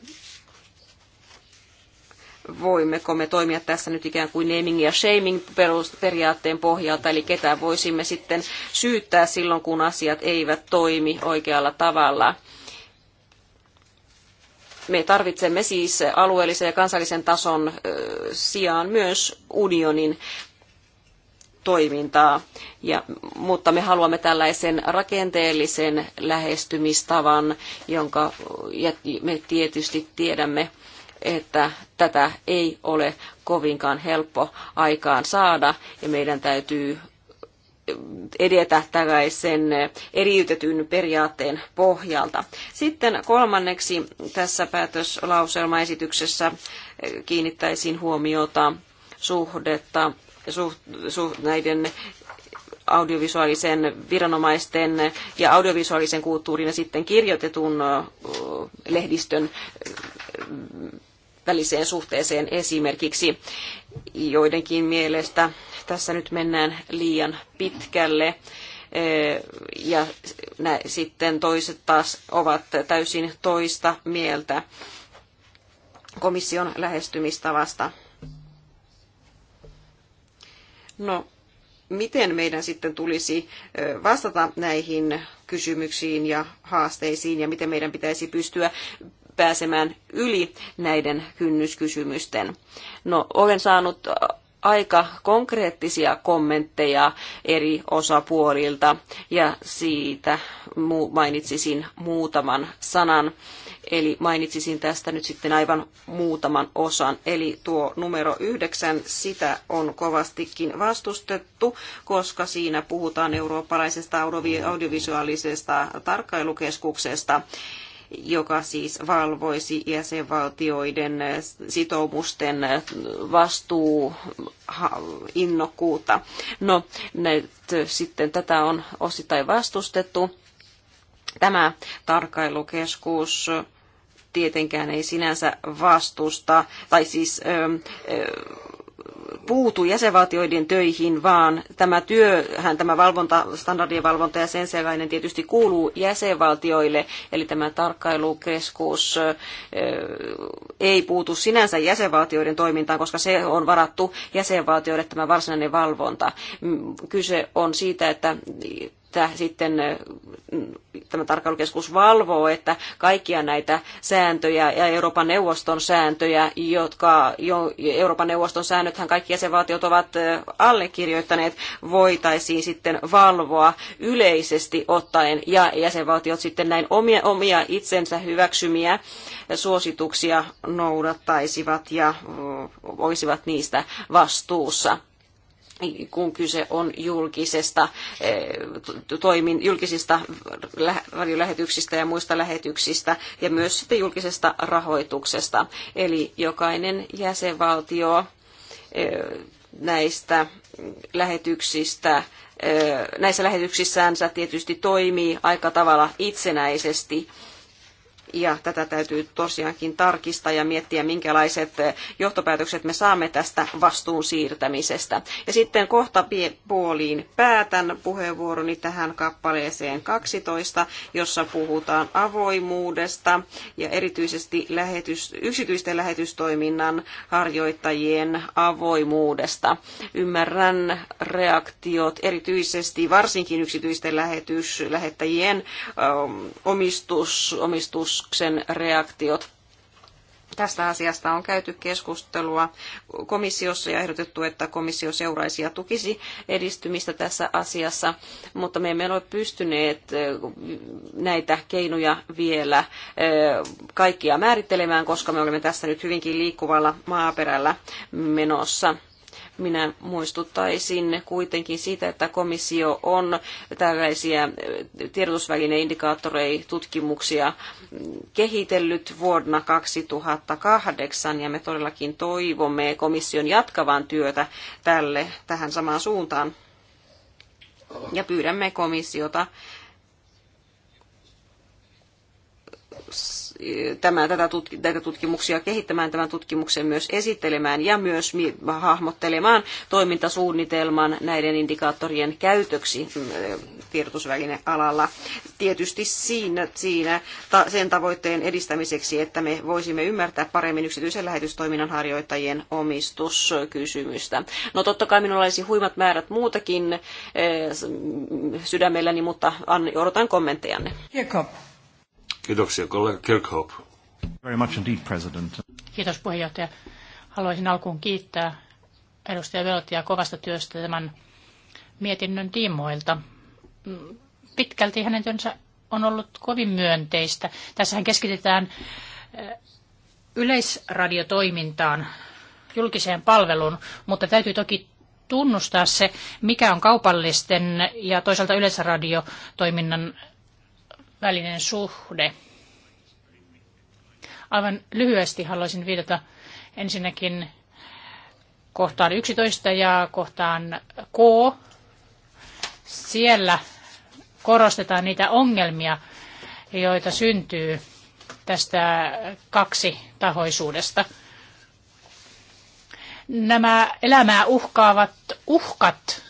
voimmeko me toimia tässä nyt ikään kuin naming ja shaming periaatteen pohjalta, eli ketä voisimme sitten syyttää silloin, kun asiat eivät toimi oikealla tavalla me tarvitsemme siis alueellisen ja kansallisen tason sijaan myös unionin toimintaa, ja, mutta me haluamme tällaisen rakenteellisen lähestymistavan, jonka me tietysti tiedämme, että tätä ei ole kovinkaan helppo aikaan saada ja meidän täytyy edetä tällaisen eriytetyn periaatteen pohjalta. Sitten kolmanneksi tässä päätöslauselmaesityksessä kiinnittäisin huomiota suhdetta suht, suht, näiden audiovisuaalisen viranomaisten ja audiovisuaalisen kulttuurin ja sitten kirjoitetun lehdistön väliseen suhteeseen esimerkiksi joidenkin mielestä tässä nyt mennään liian pitkälle. Ja sitten toiset taas ovat täysin toista mieltä komission lähestymistavasta. No, miten meidän sitten tulisi vastata näihin kysymyksiin ja haasteisiin ja miten meidän pitäisi pystyä pääsemään yli näiden kynnyskysymysten. No, olen saanut aika konkreettisia kommentteja eri osapuolilta ja siitä mainitsisin muutaman sanan. Eli mainitsisin tästä nyt sitten aivan muutaman osan. Eli tuo numero yhdeksän, sitä on kovastikin vastustettu, koska siinä puhutaan eurooppalaisesta audiovisuaalisesta tarkkailukeskuksesta joka siis valvoisi jäsenvaltioiden sitoumusten vastuuinnokkuutta. No, näitä, sitten tätä on osittain vastustettu. Tämä tarkailukeskus tietenkään ei sinänsä vastusta, tai siis ö, ö, puutu jäsenvaltioiden töihin, vaan tämä työhän, tämä valvonta, standardien valvonta ja sen sellainen tietysti kuuluu jäsenvaltioille, eli tämä tarkkailukeskus ei puutu sinänsä jäsenvaltioiden toimintaan, koska se on varattu jäsenvaltioille tämä varsinainen valvonta. Mm, kyse on siitä, että että sitten tämä tarkkailukeskus valvoo, että kaikkia näitä sääntöjä ja Euroopan neuvoston sääntöjä, jotka jo, Euroopan neuvoston säännöthän kaikki jäsenvaltiot ovat allekirjoittaneet, voitaisiin sitten valvoa yleisesti ottaen ja jäsenvaltiot sitten näin omia, omia itsensä hyväksymiä suosituksia noudattaisivat ja olisivat niistä vastuussa kun kyse on julkisesta, eh, toimin, julkisista radiolähetyksistä ja muista lähetyksistä ja myös sitten julkisesta rahoituksesta. Eli jokainen jäsenvaltio eh, näistä lähetyksistä eh, näissä lähetyksissänsä tietysti toimii aika tavalla itsenäisesti ja tätä täytyy tosiaankin tarkistaa ja miettiä, minkälaiset johtopäätökset me saamme tästä vastuun siirtämisestä. Ja sitten kohta puoliin päätän puheenvuoroni tähän kappaleeseen 12, jossa puhutaan avoimuudesta ja erityisesti lähetys, yksityisten lähetystoiminnan harjoittajien avoimuudesta. Ymmärrän reaktiot erityisesti varsinkin yksityisten lähetys, lähettäjien omistus, omistus hallituksen reaktiot. Tästä asiasta on käyty keskustelua komissiossa ja ehdotettu, että komissio seuraisi ja tukisi edistymistä tässä asiassa, mutta me emme ole pystyneet näitä keinoja vielä kaikkia määrittelemään, koska me olemme tässä nyt hyvinkin liikkuvalla maaperällä menossa. Minä muistuttaisin kuitenkin siitä, että komissio on tällaisia eh, tiedotusvälineindikaattoreja tutkimuksia kehitellyt vuonna 2008 ja me todellakin toivomme komission jatkavan työtä tälle tähän samaan suuntaan. Ja pyydämme komissiota tämän, tätä tutki, näitä tutkimuksia kehittämään, tämän tutkimuksen myös esittelemään ja myös hahmottelemaan toimintasuunnitelman näiden indikaattorien käytöksi mm, tiedotusvälinealalla. Tietysti siinä, siinä sen tavoitteen edistämiseksi, että me voisimme ymmärtää paremmin yksityisen lähetystoiminnan harjoittajien omistuskysymystä. No totta kai minulla olisi huimat määrät muutakin eh, sydämelläni, mutta odotan kommenttejanne. Jakob. Kiitoksia, kollega Kirkhope. Very much indeed, President. Kiitos puheenjohtaja. Haluaisin alkuun kiittää edustaja Velotia kovasta työstä tämän mietinnön tiimoilta. Pitkälti hänen työnsä on ollut kovin myönteistä. Tässähän keskitetään eh, yleisradiotoimintaan, julkiseen palveluun, mutta täytyy toki tunnustaa se, mikä on kaupallisten ja toisaalta yleisradiotoiminnan välinen suhde. Aivan lyhyesti haluaisin viitata ensinnäkin kohtaan 11 ja kohtaan K. Siellä korostetaan niitä ongelmia, joita syntyy tästä kaksi tahoisuudesta. Nämä elämää uhkaavat uhkat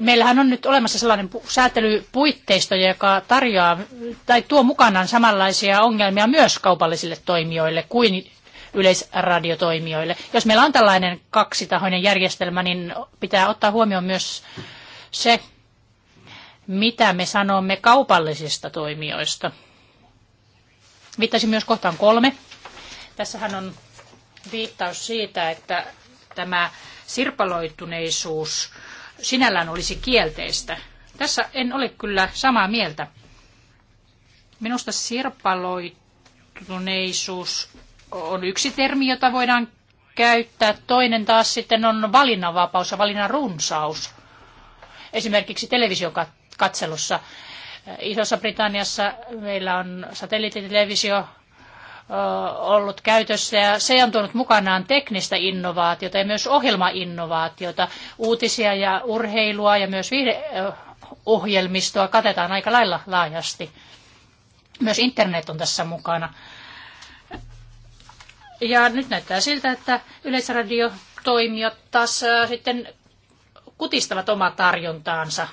Meillähän on nyt olemassa sellainen säätelypuitteisto, joka tarjoaa tai tuo mukanaan samanlaisia ongelmia myös kaupallisille toimijoille kuin yleisradiotoimijoille. Jos meillä on tällainen kaksitahoinen järjestelmä, niin pitää ottaa huomioon myös se, mitä me sanomme kaupallisista toimijoista. Viittasin myös kohtaan kolme. Tässähän on viittaus siitä, että tämä sirpaloituneisuus sinällään olisi kielteistä. Tässä en ole kyllä samaa mieltä. Minusta sirpaloituneisuus on yksi termi, jota voidaan käyttää. Toinen taas sitten on valinnanvapaus ja valinnan runsaus. Esimerkiksi televisiokatselussa Isossa Britanniassa meillä on satelliittitelevisio, ollut käytössä ja se on tuonut mukanaan teknistä innovaatiota ja myös ohjelmainnovaatiota. Uutisia ja urheilua ja myös ohjelmistoa katetaan aika lailla laajasti. Myös internet on tässä mukana. Ja nyt näyttää siltä, että yleisradio toimijat taas sitten kutistavat omaa tarjontaansa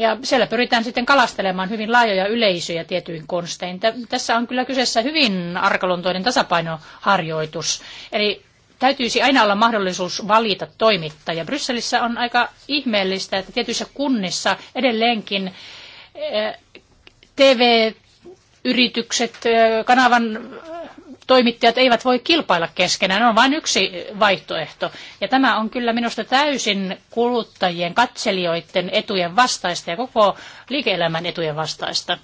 ja siellä pyritään sitten kalastelemaan hyvin laajoja yleisöjä tietyin konstein. Tässä on kyllä kyseessä hyvin arkaluontoinen tasapainoharjoitus. Eli täytyisi aina olla mahdollisuus valita toimittaja. Brysselissä on aika ihmeellistä, että tietyissä kunnissa edelleenkin eh, TV-yritykset, eh, kanavan toimittajat eivät voi kilpailla keskenään, on vain yksi vaihtoehto. Ja tämä on kyllä minusta täysin kuluttajien, katselijoiden etujen vastaista ja koko liike-elämän etujen vastaista.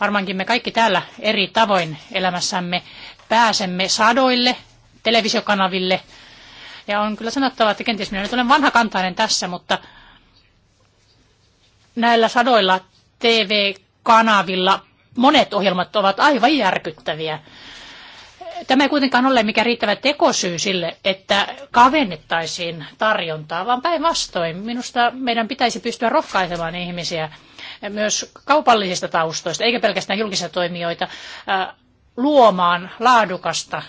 Varmaankin me kaikki täällä eri tavoin elämässämme pääsemme sadoille televisiokanaville. Ja on kyllä sanottava, että kenties minä nyt olen vanhakantainen tässä, mutta näillä sadoilla TV-kanavilla monet ohjelmat ovat aivan järkyttäviä. Tämä ei kuitenkaan ole mikään riittävä tekosyy sille, että kavennettaisiin tarjontaa, vaan päinvastoin. Minusta meidän pitäisi pystyä rohkaisemaan ihmisiä myös kaupallisista taustoista, eikä pelkästään julkisia toimijoita, luomaan laadukasta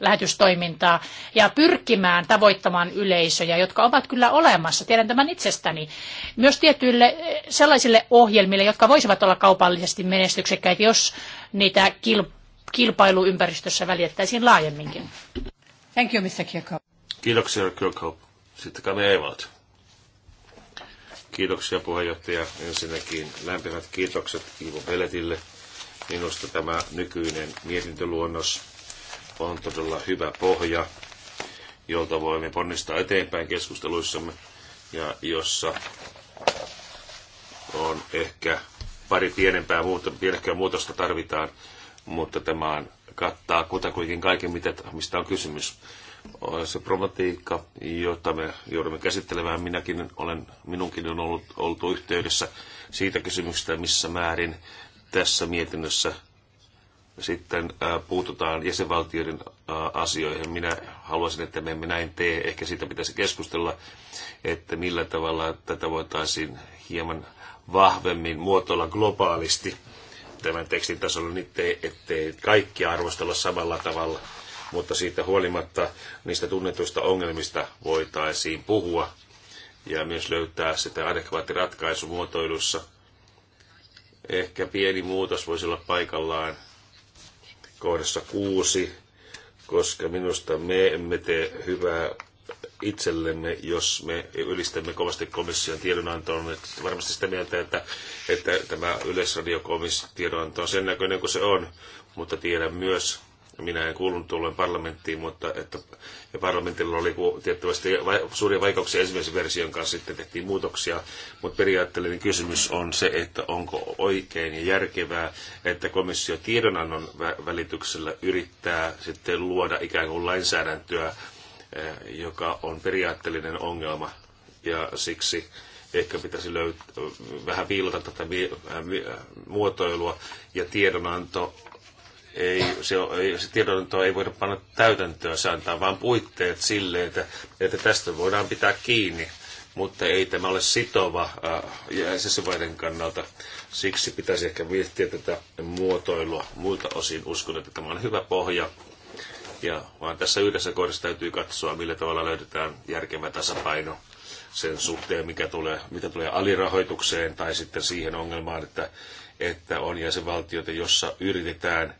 lähetystoimintaa ja pyrkimään tavoittamaan yleisöjä, jotka ovat kyllä olemassa. Tiedän tämän itsestäni. Myös tietyille sellaisille ohjelmille, jotka voisivat olla kaupallisesti menestyksekkäitä, jos niitä kilpailuja kilpailuympäristössä väljettäisiin laajemminkin. Thank you, Mr. Kiitoksia, Kirkhope. Sitten Kami Eivalt. Kiitoksia puheenjohtaja. Ensinnäkin lämpimät kiitokset Ivo Veletille. Minusta tämä nykyinen mietintöluonnos on todella hyvä pohja, jolta voimme ponnistaa eteenpäin keskusteluissamme ja jossa on ehkä pari pienempää muuta, muutosta tarvitaan mutta tämä kattaa kutakuinkin kaiken, mitä, mistä on kysymys. Se problematiikka, jota me joudumme käsittelemään, minäkin olen, minunkin on ollut, oltu yhteydessä siitä kysymyksestä, missä määrin tässä mietinnössä sitten puututaan jäsenvaltioiden asioihin. Minä haluaisin, että me emme näin tee. Ehkä siitä pitäisi keskustella, että millä tavalla tätä voitaisiin hieman vahvemmin muotoilla globaalisti tämän tekstin tasolla, niin te, ettei kaikkia arvostella samalla tavalla, mutta siitä huolimatta niistä tunnetuista ongelmista voitaisiin puhua ja myös löytää sitä adekvaatti ratkaisu muotoilussa. Ehkä pieni muutos voisi olla paikallaan kohdassa kuusi, koska minusta me emme tee hyvää itsellemme, jos me ylistämme kovasti komission tiedonantoon. Että varmasti sitä mieltä, että, että tämä yleisradiokomission tiedonanto on sen näköinen kuin se on, mutta tiedän myös, minä en kuulunut tuolloin parlamenttiin, mutta että, ja parlamentilla oli tiettävästi suuria vaikeuksia ensimmäisen version kanssa, sitten tehtiin muutoksia, mutta periaatteellinen kysymys on se, että onko oikein ja järkevää, että komissio tiedonannon välityksellä yrittää sitten luoda ikään kuin lainsäädäntöä Eh, joka on periaatteellinen ongelma ja siksi ehkä pitäisi löytää vähän viilata tätä muotoilua ja tiedonanto ei, se, ei, se tiedonanto ei voida panna täytäntöön, se antaa vain puitteet sille, että, että tästä voidaan pitää kiinni, mutta ei tämä ole sitova jäsenvaiden kannalta. Siksi pitäisi ehkä miettiä tätä muotoilua muilta osin. Uskon, että tämä on hyvä pohja takia, vaan tässä yhdessä kohdassa täytyy katsoa, millä tavalla löydetään järkevä tasapaino sen suhteen, mikä tulee, mitä tulee alirahoitukseen tai sitten siihen ongelmaan, että, että on jäsenvaltioita, jossa yritetään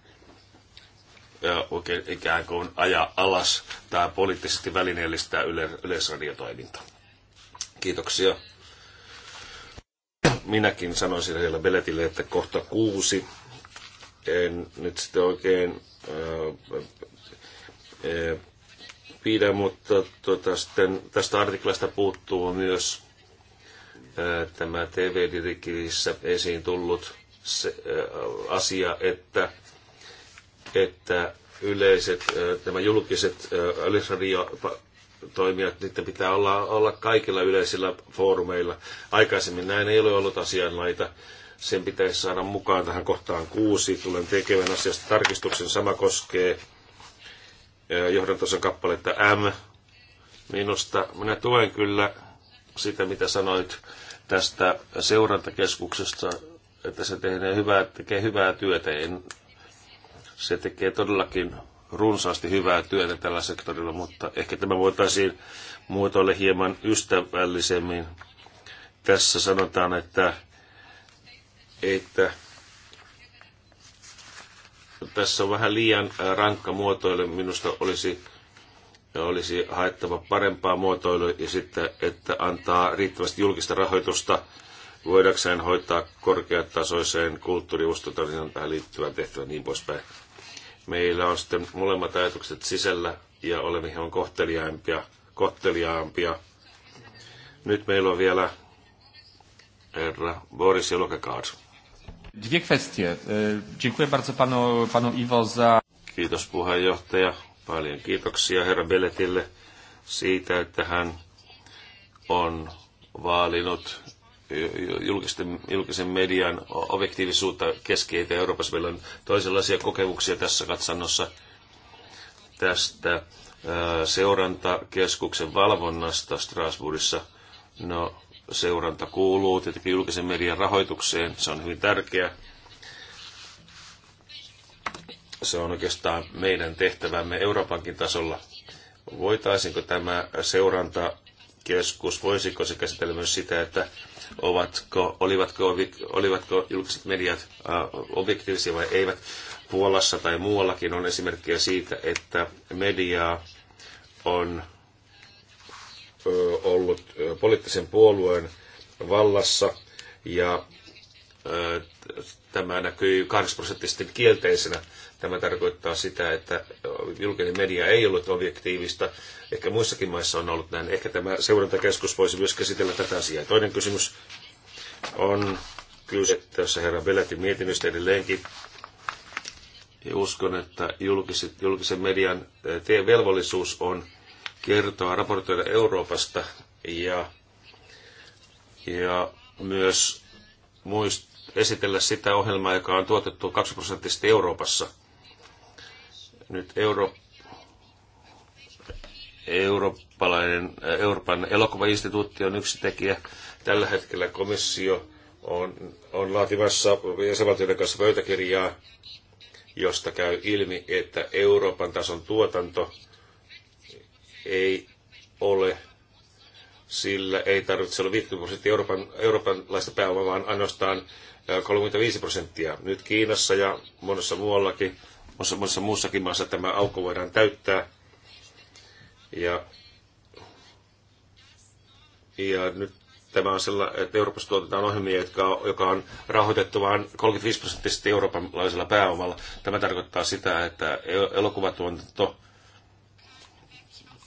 oikein ikään kuin ajaa alas tämä poliittisesti välineellistää yle, yleisradiotoiminta. Kiitoksia. Minäkin sanoisin heille, Beletille, että kohta kuusi. En nyt sitten oikein pidä, mutta tuota, sitten tästä artiklasta puuttuu myös tämä TV-direktiivissä esiin tullut se, asia, että, että yleiset, tämä julkiset yleisradiotoimijat, niiden pitää olla, olla kaikilla yleisillä foorumeilla. Aikaisemmin näin ei ole ollut asianlaita. Sen pitäisi saada mukaan tähän kohtaan kuusi. Tulen tekemään asiasta tarkistuksen. Sama koskee Eh, johdantoson kappaletta M. Minusta minä tuen kyllä sitä, mitä sanoit tästä seurantakeskuksesta, että se tekee hyvää, tekee hyvää työtä. En, se tekee todellakin runsaasti hyvää työtä tällä sektorilla, mutta ehkä tämä voitaisiin muotoille hieman ystävällisemmin. Tässä sanotaan, että, että tässä on vähän liian äh, rankka muotoilu. Minusta olisi, äh, olisi haettava parempaa muotoilua ja sitten, että antaa riittävästi julkista rahoitusta voidakseen hoitaa korkeatasoiseen tähän liittyvää tehtävän niin poispäin. Meillä on sitten molemmat ajatukset sisällä ja olemme hieman kohteliaampia. kohteliaampia. Nyt meillä on vielä herra Boris Jelokakaus. Dwie kwestie. E, dziękuję bardzo panu, panu Iwo za... Kiitos puheenjohtaja. Paljon kiitoksia herra Beletille siitä, että hän on vaalinut julkisten, julkisen median objektiivisuutta keskeitä Euroopassa. Meillä on toisenlaisia kokemuksia tässä katsannossa tästä seurantakeskuksen valvonnasta Strasbourgissa. No, seuranta kuuluu tietenkin julkisen median rahoitukseen. Se on hyvin tärkeä. Se on oikeastaan meidän tehtävämme Euroopankin tasolla. Voitaisinko tämä seurantakeskus, voisiko se käsitellä myös sitä, että ovatko, olivatko, olivatko julkiset mediat objektiivisia vai eivät. Puolassa tai muuallakin on esimerkkejä siitä, että mediaa on ollut poliittisen puolueen vallassa ja tämä näkyy 8 prosenttisesti kielteisenä. Tämä tarkoittaa sitä, että julkinen media ei ollut objektiivista. Ehkä muissakin maissa on ollut näin. Ehkä tämä seurantakeskus voisi myös käsitellä tätä asiaa. Toinen kysymys on kyse tässä herran Veletin mietinnöstä edelleenkin. Ja uskon, että julkiset, julkisen median velvollisuus on kertoa, raportoida Euroopasta ja, ja myös muist, esitellä sitä ohjelmaa, joka on tuotettu 2 prosenttisesti Euroopassa. Nyt Euro, eurooppalainen, Euroopan elokuvainstituutti on yksi tekijä. Tällä hetkellä komissio on, on laatimassa jäsenvaltioiden kanssa pöytäkirjaa, josta käy ilmi, että Euroopan tason tuotanto ei ole, sillä ei tarvitse olla 50 prosenttia Euroopan, eurooppalaista pääomaa, vaan ainoastaan 35 prosenttia. Nyt Kiinassa ja monessa muuallakin, monessa, monessa muussakin maassa tämä aukko voidaan täyttää. Ja, ja nyt tämä on sellainen, että Euroopassa tuotetaan ohjelmia, jotka, joka on rahoitettu vain 35 prosenttisesti eurooppalaisella pääomalla. Tämä tarkoittaa sitä, että e-, elokuvatuotanto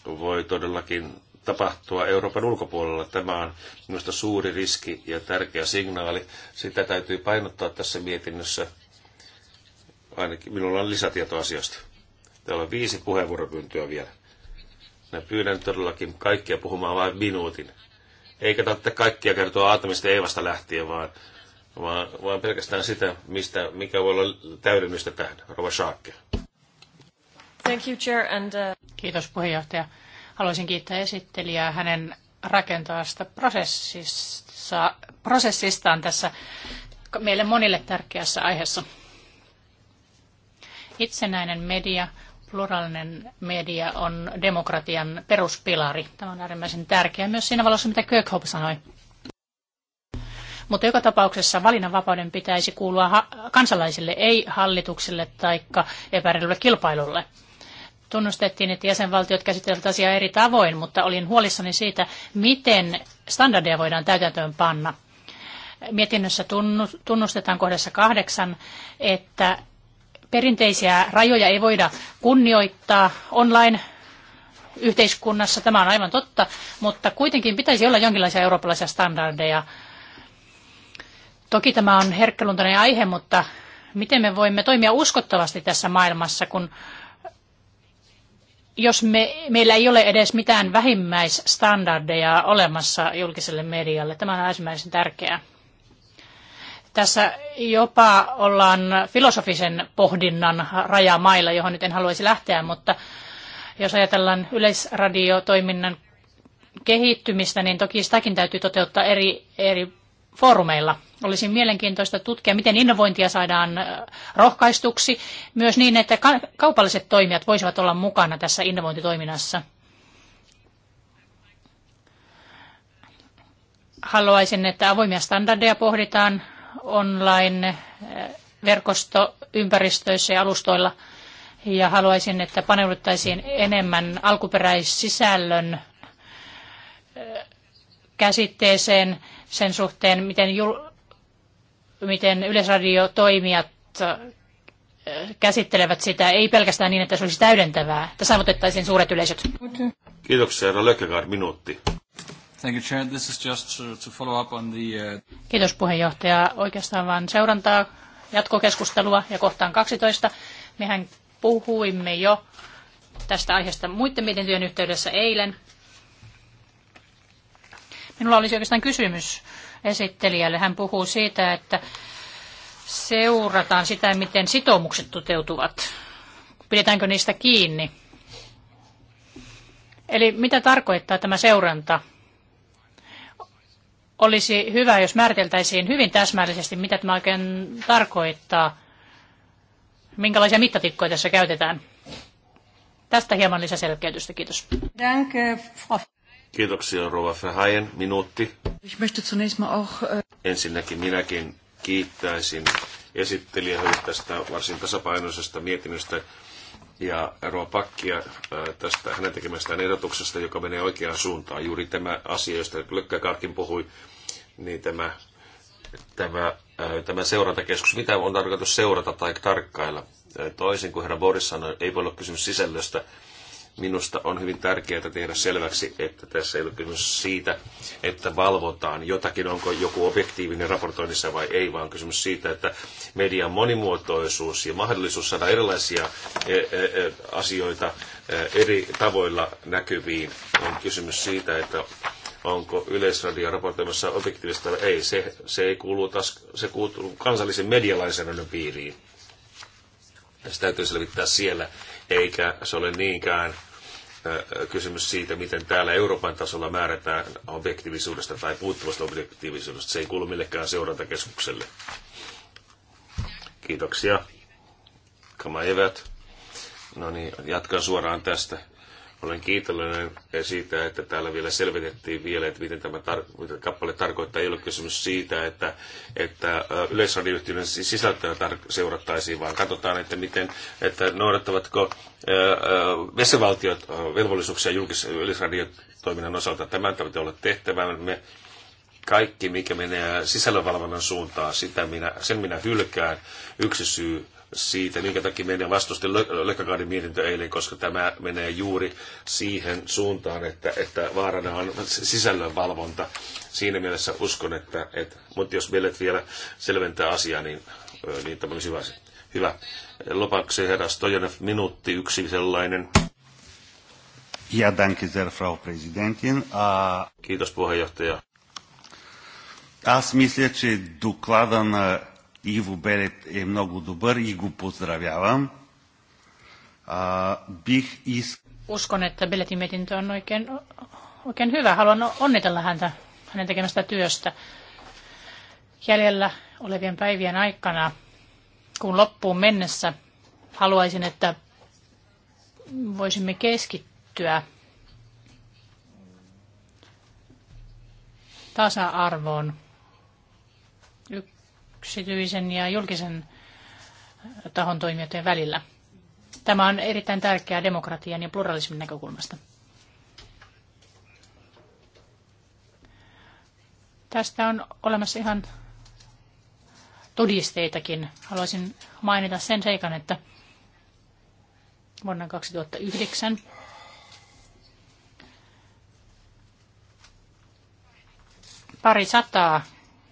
voi todellakin tapahtua Euroopan ulkopuolella. Tämä on minusta suuri riski ja tärkeä signaali. Sitä täytyy painottaa tässä mietinnössä. Ainakin minulla on lisätieto asiasta. Täällä on viisi puheenvuoropyyntöä vielä. Mä pyydän todellakin kaikkia puhumaan vain minuutin. Eikä tarvitse kaikkia kertoa Aatamista Eivasta lähtien, vaan, vaan, vaan pelkästään sitä, mistä, mikä voi olla täydennystä tähän. Rova Schaakke. Thank you, Chair, and, uh... Kiitos puheenjohtaja. Haluaisin kiittää esittelijää hänen rakentavasta prosessissa, prosessistaan tässä meille monille tärkeässä aiheessa. Itsenäinen media, pluralinen media on demokratian peruspilari. Tämä on äärimmäisen tärkeää myös siinä valossa, mitä Kirkhope sanoi. Mutta joka tapauksessa valinnanvapauden pitäisi kuulua kansalaisille, ei hallitukselle tai epäreilulle kilpailulle tunnustettiin, että jäsenvaltiot käsittelevät asiaa eri tavoin, mutta olin huolissani siitä, miten standardeja voidaan täytäntöön panna. Mietinnössä tunnustetaan kohdassa kahdeksan, että perinteisiä rajoja ei voida kunnioittaa online yhteiskunnassa, tämä on aivan totta, mutta kuitenkin pitäisi olla jonkinlaisia eurooppalaisia standardeja. Toki tämä on herkkeluntainen aihe, mutta miten me voimme toimia uskottavasti tässä maailmassa, kun jos me, meillä ei ole edes mitään vähimmäisstandardeja olemassa julkiselle medialle. Tämä on äärimmäisen tärkeää. Tässä jopa ollaan filosofisen pohdinnan rajamailla, johon nyt en haluaisi lähteä, mutta jos ajatellaan yleisradiotoiminnan kehittymistä, niin toki sitäkin täytyy toteuttaa eri, eri foorumeilla. Olisi mielenkiintoista tutkia, miten innovointia saadaan rohkaistuksi, myös niin, että kaupalliset toimijat voisivat olla mukana tässä innovointitoiminnassa. Haluaisin, että avoimia standardeja pohditaan online verkostoympäristöissä ja alustoilla. Ja haluaisin, että paneuduttaisiin enemmän alkuperäissisällön käsitteeseen sen suhteen, miten, jul, miten yleisradiotoimijat käsittelevät sitä, ei pelkästään niin, että se olisi täydentävää, että saavutettaisiin suuret yleisöt. Kiitoksia, herra Lökegaard, minuutti. Uh, Kiitos puheenjohtaja. Oikeastaan vain seurantaa, jatkokeskustelua ja kohtaan 12. Mehän puhuimme jo tästä aiheesta muiden mietintöjen yhteydessä eilen. Minulla olisi oikeastaan kysymys esittelijälle. Hän puhuu siitä, että seurataan sitä, miten sitoumukset toteutuvat. Pidetäänkö niistä kiinni? Eli mitä tarkoittaa tämä seuranta? Olisi hyvä, jos määriteltäisiin hyvin täsmällisesti, mitä tämä oikein tarkoittaa, minkälaisia mittatikkoja tässä käytetään. Tästä hieman lisäselkeytystä. Kiitos. Kiitoksia Rova Fehajen. Minuutti. Ich möchte zunächst mal auch, äh... Ensinnäkin minäkin kiittäisin esittelijä tästä varsin tasapainoisesta mietinnöstä ja Rova Pakkia äh, tästä hänen tekemästään ehdotuksesta, joka menee oikeaan suuntaan. Juuri tämä asia, josta Karkin puhui, niin tämä, tämä, äh, tämä seurantakeskus, mitä on tarkoitus seurata tai tarkkailla. Äh, toisin kuin herra Boris sanoi, ei voi olla kysymys sisällöstä, Minusta on hyvin tärkeää tehdä selväksi, että tässä ei ole kysymys siitä, että valvotaan jotakin, onko joku objektiivinen raportoinnissa vai ei, vaan on kysymys siitä, että median monimuotoisuus ja mahdollisuus saada erilaisia e, e, e, asioita eri tavoilla näkyviin on kysymys siitä, että onko Yleisradio raportoimassa objektiivista vai ei. Se, se ei kuulu, taas, se kuulu kansallisen medialainsäädännön piiriin. Ja sitä täytyy selvittää siellä eikä se ole niinkään kysymys siitä, miten täällä Euroopan tasolla määrätään objektiivisuudesta tai puuttuvasta objektiivisuudesta. Se ei kuulu millekään seurantakeskukselle. Kiitoksia. Kama evät. No niin, jatkan suoraan tästä. Olen kiitollinen siitä, että täällä vielä selvitettiin vielä, että miten tämä tar- mitä kappale tarkoittaa. Ei ole kysymys siitä, että, että yleisradioyhtiön sisältöä tar- seurattaisiin, vaan katsotaan, että, miten, että noudattavatko vesivaltiot velvollisuuksia yleisradiotoiminnan osalta. tämän tavoite olla tehtävämme. Kaikki, mikä menee sisällönvalvonnan suuntaan, sitä minä, sen minä hylkään. Yksi syy siitä, minkä takia meidän vastusti Lekkakaadin mietintö eilen, koska tämä menee juuri siihen suuntaan, että, että vaarana on sisällönvalvonta. Siinä mielessä uskon, että, että mutta jos Bellet vielä selventää asiaa, niin, niin tämä olisi hyvä. hyvä. Lopaksi herra Stojanev, minuutti yksi sellainen. Ja danke sehr, Frau Präsidentin. Uh... Kiitos puheenjohtaja. Аз мисля, че доклада на Иво Белет е много добър и го поздравявам. А, бих искал... Uskon, että Beletin mietintö on oikein, oikein hyvä. Haluan onnitella häntä hänen tekemästä työstä. Jäljellä olevien päivien aikana, kun loppuun mennessä, haluaisin, että voisimme keskittyä tasa-arvoon yksityisen ja julkisen tahon toimijoiden välillä. Tämä on erittäin tärkeää demokratian ja pluralismin näkökulmasta. Tästä on olemassa ihan todisteitakin. Haluaisin mainita sen seikan, että vuonna 2009 pari sataa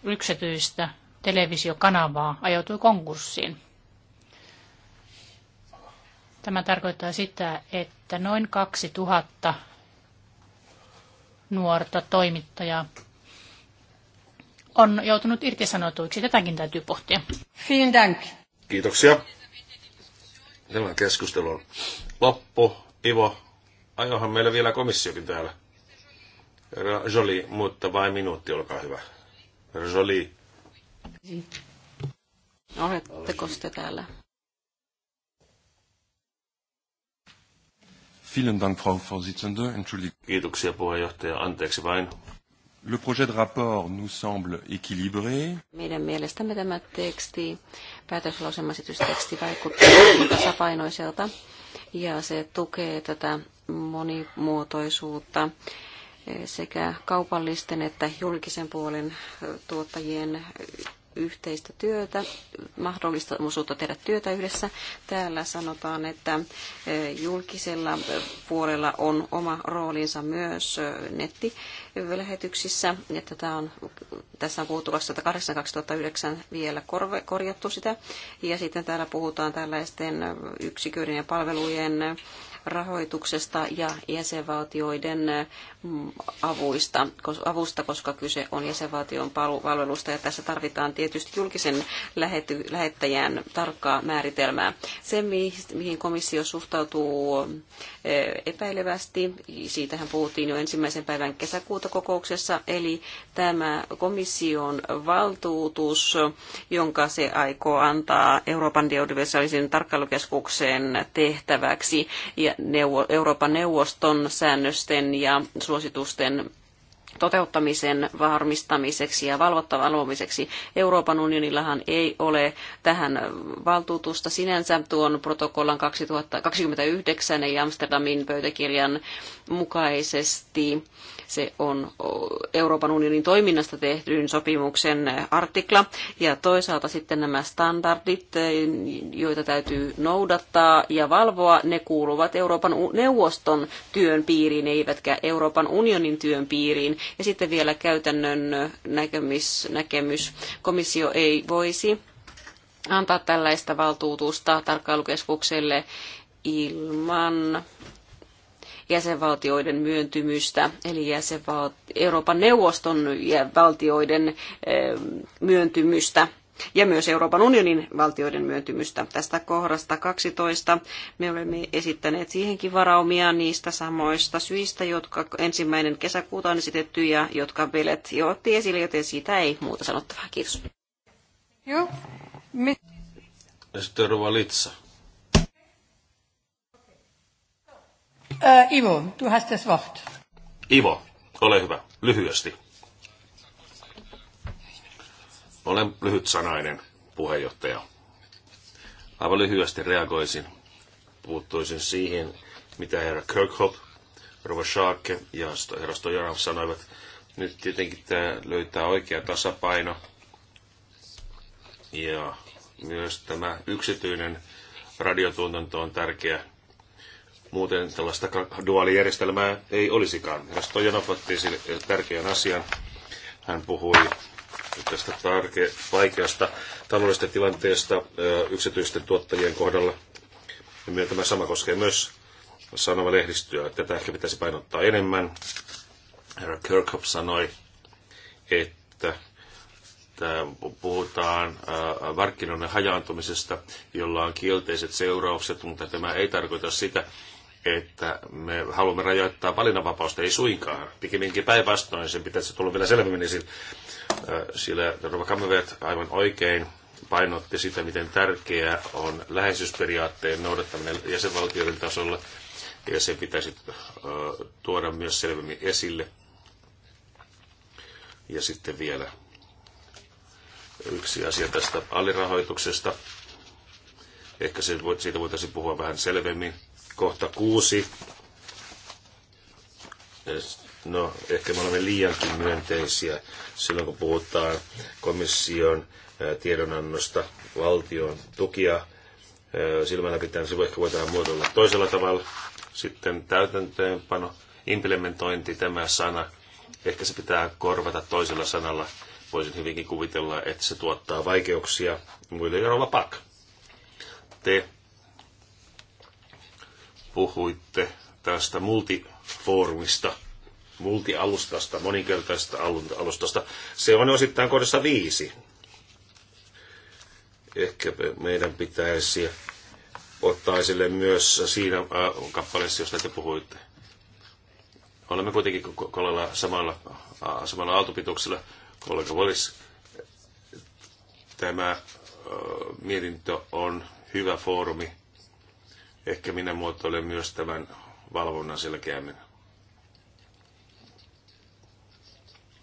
yksityistä televisiokanavaa ajautui konkurssiin. Tämä tarkoittaa sitä, että noin 2000 nuorta toimittajaa on joutunut irtisanotuiksi. Tätäkin täytyy pohtia. Kiitoksia. Tämä keskustelu on loppu. Ivo, ajohan meillä vielä komissiokin täällä. Joli, mutta vain minuutti, olkaa hyvä. Joli. Oletteko te täällä? Vielen Dank, Frau Vorsitzende. Kiitoksia puheenjohtaja. Anteeksi vain. Le projet de rapport nous semble équilibré. Meidän mielestämme tämä teksti, päätöslausemasitysteksti vaikuttaa tasapainoiselta ja se tukee tätä monimuotoisuutta sekä kaupallisten että julkisen puolen tuottajien yhteistä työtä, mahdollisuutta tehdä työtä yhdessä. Täällä sanotaan, että julkisella puolella on oma roolinsa myös nettilähetyksissä. Ja tämä on, tässä on puhuttu 2008-2009 vielä korjattu sitä. Ja sitten täällä puhutaan tällaisten yksiköiden ja palvelujen rahoituksesta ja jäsenvaltioiden mm, avuista, avusta, koska kyse on jäsenvaltion palvelusta ja tässä tarvitaan tietysti julkisen lähety, lähettäjän tarkkaa määritelmää. Se, mihin komissio suhtautuu eh, epäilevästi, siitähän puhuttiin jo ensimmäisen päivän kesäkuuta kokouksessa, eli tämä komission valtuutus, jonka se aikoo antaa Euroopan biodiversiaalisen tarkkailukeskuksen tehtäväksi ja Euroopan neuvoston säännösten ja suositusten toteuttamisen varmistamiseksi ja valvottavan luomiseksi. Euroopan unionillahan ei ole tähän valtuutusta sinänsä tuon protokollan 2029 ja Amsterdamin pöytäkirjan mukaisesti se on Euroopan unionin toiminnasta tehdyn sopimuksen artikla. Ja toisaalta sitten nämä standardit, joita täytyy noudattaa ja valvoa, ne kuuluvat Euroopan neuvoston työn piiriin, eivätkä Euroopan unionin työn piiriin. Ja sitten vielä käytännön näkemys, näkemys. komissio ei voisi antaa tällaista valtuutusta tarkkailukeskukselle ilman jäsenvaltioiden myöntymystä, eli jäsenval- Euroopan neuvoston valtioiden eh, myöntymystä ja myös Euroopan unionin valtioiden myöntymystä. Tästä kohdasta 12 me olemme esittäneet siihenkin varaumia niistä samoista syistä, jotka ensimmäinen kesäkuuta on esitetty ja jotka Belet jo otti esille, joten siitä ei muuta sanottavaa. Kiitos. Joo. Me... Sitten Litsa. Äh, Ivo, du hast das Wort. Ivo, ole hyvä, lyhyesti. Olen lyhyt sanainen puheenjohtaja. Aivan lyhyesti reagoisin. Puuttuisin siihen, mitä herra Kirkhope, Rova Sharke ja herra Stojanov sanoivat. Nyt tietenkin tämä löytää oikea tasapaino. Ja myös tämä yksityinen radiotuotanto on tärkeä Muuten tällaista duaalijärjestelmää ei olisikaan. Rasto Janov otti tärkeän asian. Hän puhui tästä tarke, vaikeasta taloudellisesta tilanteesta yksityisten tuottajien kohdalla. Ja tämä sama koskee myös lehdistyä, Tätä ehkä pitäisi painottaa enemmän. Herra Kirkhoff sanoi, että puhutaan markkinoiden hajaantumisesta, jolla on kielteiset seuraukset, mutta tämä ei tarkoita sitä, että me haluamme rajoittaa valinnanvapausta, ei suinkaan. Pikemminkin päinvastoin, sen pitäisi tulla vielä selvemmin esiin. Sillä Rova Kammevet aivan oikein painotti sitä, miten tärkeää on läheisyysperiaatteen noudattaminen jäsenvaltioiden tasolla, ja se pitäisi tuoda myös selvemmin esille. Ja sitten vielä yksi asia tästä alirahoituksesta. Ehkä siitä voitaisiin puhua vähän selvemmin Kohta kuusi. No, ehkä me olemme liiankin myönteisiä silloin, kun puhutaan komission tiedonannosta valtion tukia silmällä pitää, se ehkä voidaan muodolla toisella tavalla. Sitten täytäntöönpano, implementointi, tämä sana, ehkä se pitää korvata toisella sanalla. Voisin hyvinkin kuvitella, että se tuottaa vaikeuksia muille. on Pak, te puhuitte tästä multifoorumista, multialustasta, moninkertaisesta alustasta. Se on osittain kohdassa viisi. Ehkä meidän pitäisi ottaa esille myös siinä äh, kappaleessa, josta te puhuitte. Olemme kuitenkin kolella samalla, äh, samalla aaltopituksella, kollega Wallis. Tämä äh, mietintö on hyvä foorumi Ehkä minä muotoilen myös tämän valvonnan selkeämmin.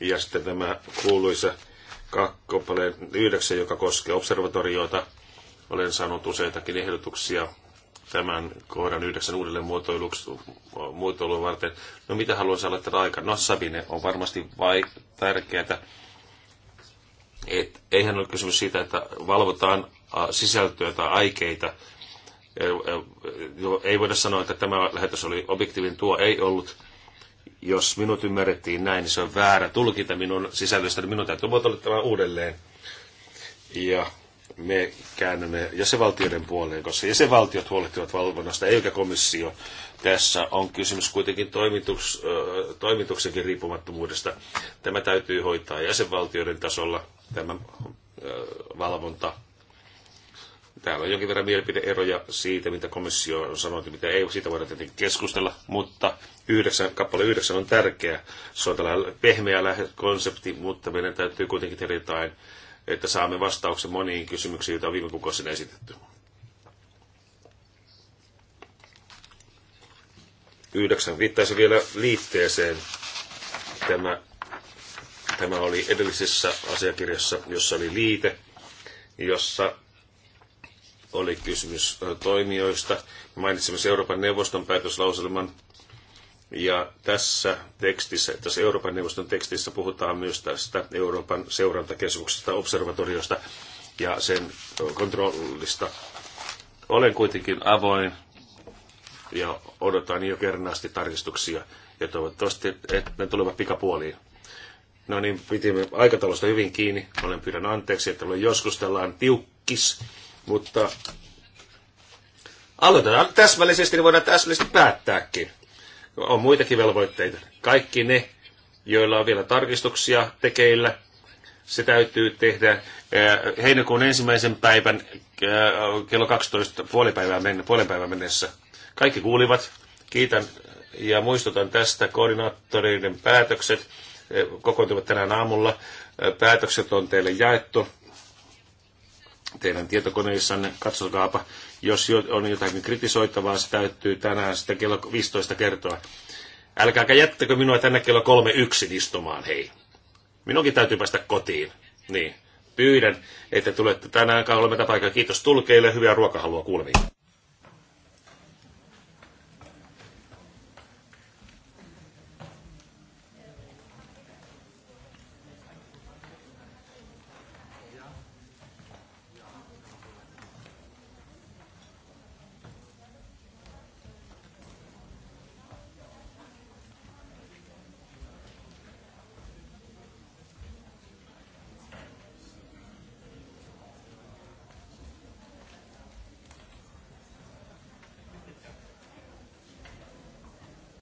Ja sitten tämä kuuluisa kakkopaleen yhdeksän, joka koskee observatorioita. Olen saanut useitakin ehdotuksia tämän kohdan yhdeksän uudelleen muotoilua varten. No mitä haluaisin olla tätä aikaa? No Sabine on varmasti vai tärkeää. Et, eihän ole kysymys siitä, että valvotaan sisältöä tai aikeita, ei voida sanoa, että tämä lähetys oli objektiivinen, tuo ei ollut. Jos minut ymmärrettiin näin, niin se on väärä tulkinta minun sisällöstä, niin minun täytyy muotoilla tämä uudelleen. Ja me käännämme jäsenvaltioiden puoleen, koska jäsenvaltiot huolehtivat valvonnasta, eikä komissio. Tässä on kysymys kuitenkin toimituks, toimituksenkin riippumattomuudesta. Tämä täytyy hoitaa jäsenvaltioiden tasolla, tämä valvonta. Täällä on jonkin verran mielipideeroja siitä, mitä komissio on sanonut, mitä ei, siitä voida tietenkin keskustella, mutta yhdeksän, kappale yhdeksän on tärkeä. Se on tällainen pehmeä konsepti, mutta meidän täytyy kuitenkin tehdä jotain, että saamme vastauksen moniin kysymyksiin, joita on viime kuukausina esitetty. Yhdeksän viittaisi vielä liitteeseen. Tämä, tämä oli edellisessä asiakirjassa, jossa oli liite, jossa oli kysymys toimijoista. Mainitsimme Euroopan neuvoston päätöslauselman. Ja tässä tekstissä, tässä Euroopan neuvoston tekstissä puhutaan myös tästä Euroopan seurantakeskuksesta, observatoriosta ja sen kontrollista. Olen kuitenkin avoin ja odotan jo kernaasti tarkistuksia ja toivottavasti, että ne tulevat pikapuoliin. No niin, pitimme aikataulusta hyvin kiinni. Olen pyydän anteeksi, että joskus tällainen tiukkis mutta aloitetaan täsmällisesti, niin voidaan täsmällisesti päättääkin. On muitakin velvoitteita. Kaikki ne, joilla on vielä tarkistuksia tekeillä, se täytyy tehdä eh, heinäkuun ensimmäisen päivän eh, kello 12 puolipäivää mennessä. Puolipäivää mennessä. Kaikki kuulivat. Kiitän ja muistutan tästä koordinaattoreiden päätökset. Eh, kokoontuvat tänään aamulla. Päätökset on teille jaettu teidän tietokoneissanne. Katsokaapa, jos on jotakin kritisoitavaa, se täytyy tänään sitten kello 15 kertoa. Älkääkä jättäkö minua tänne kello kolme yksin istumaan, hei. Minunkin täytyy päästä kotiin. Niin. Pyydän, että tulette tänään kolme tapaikaa. Kiitos tulkeille. Hyviä ruokahalua kuulemiin.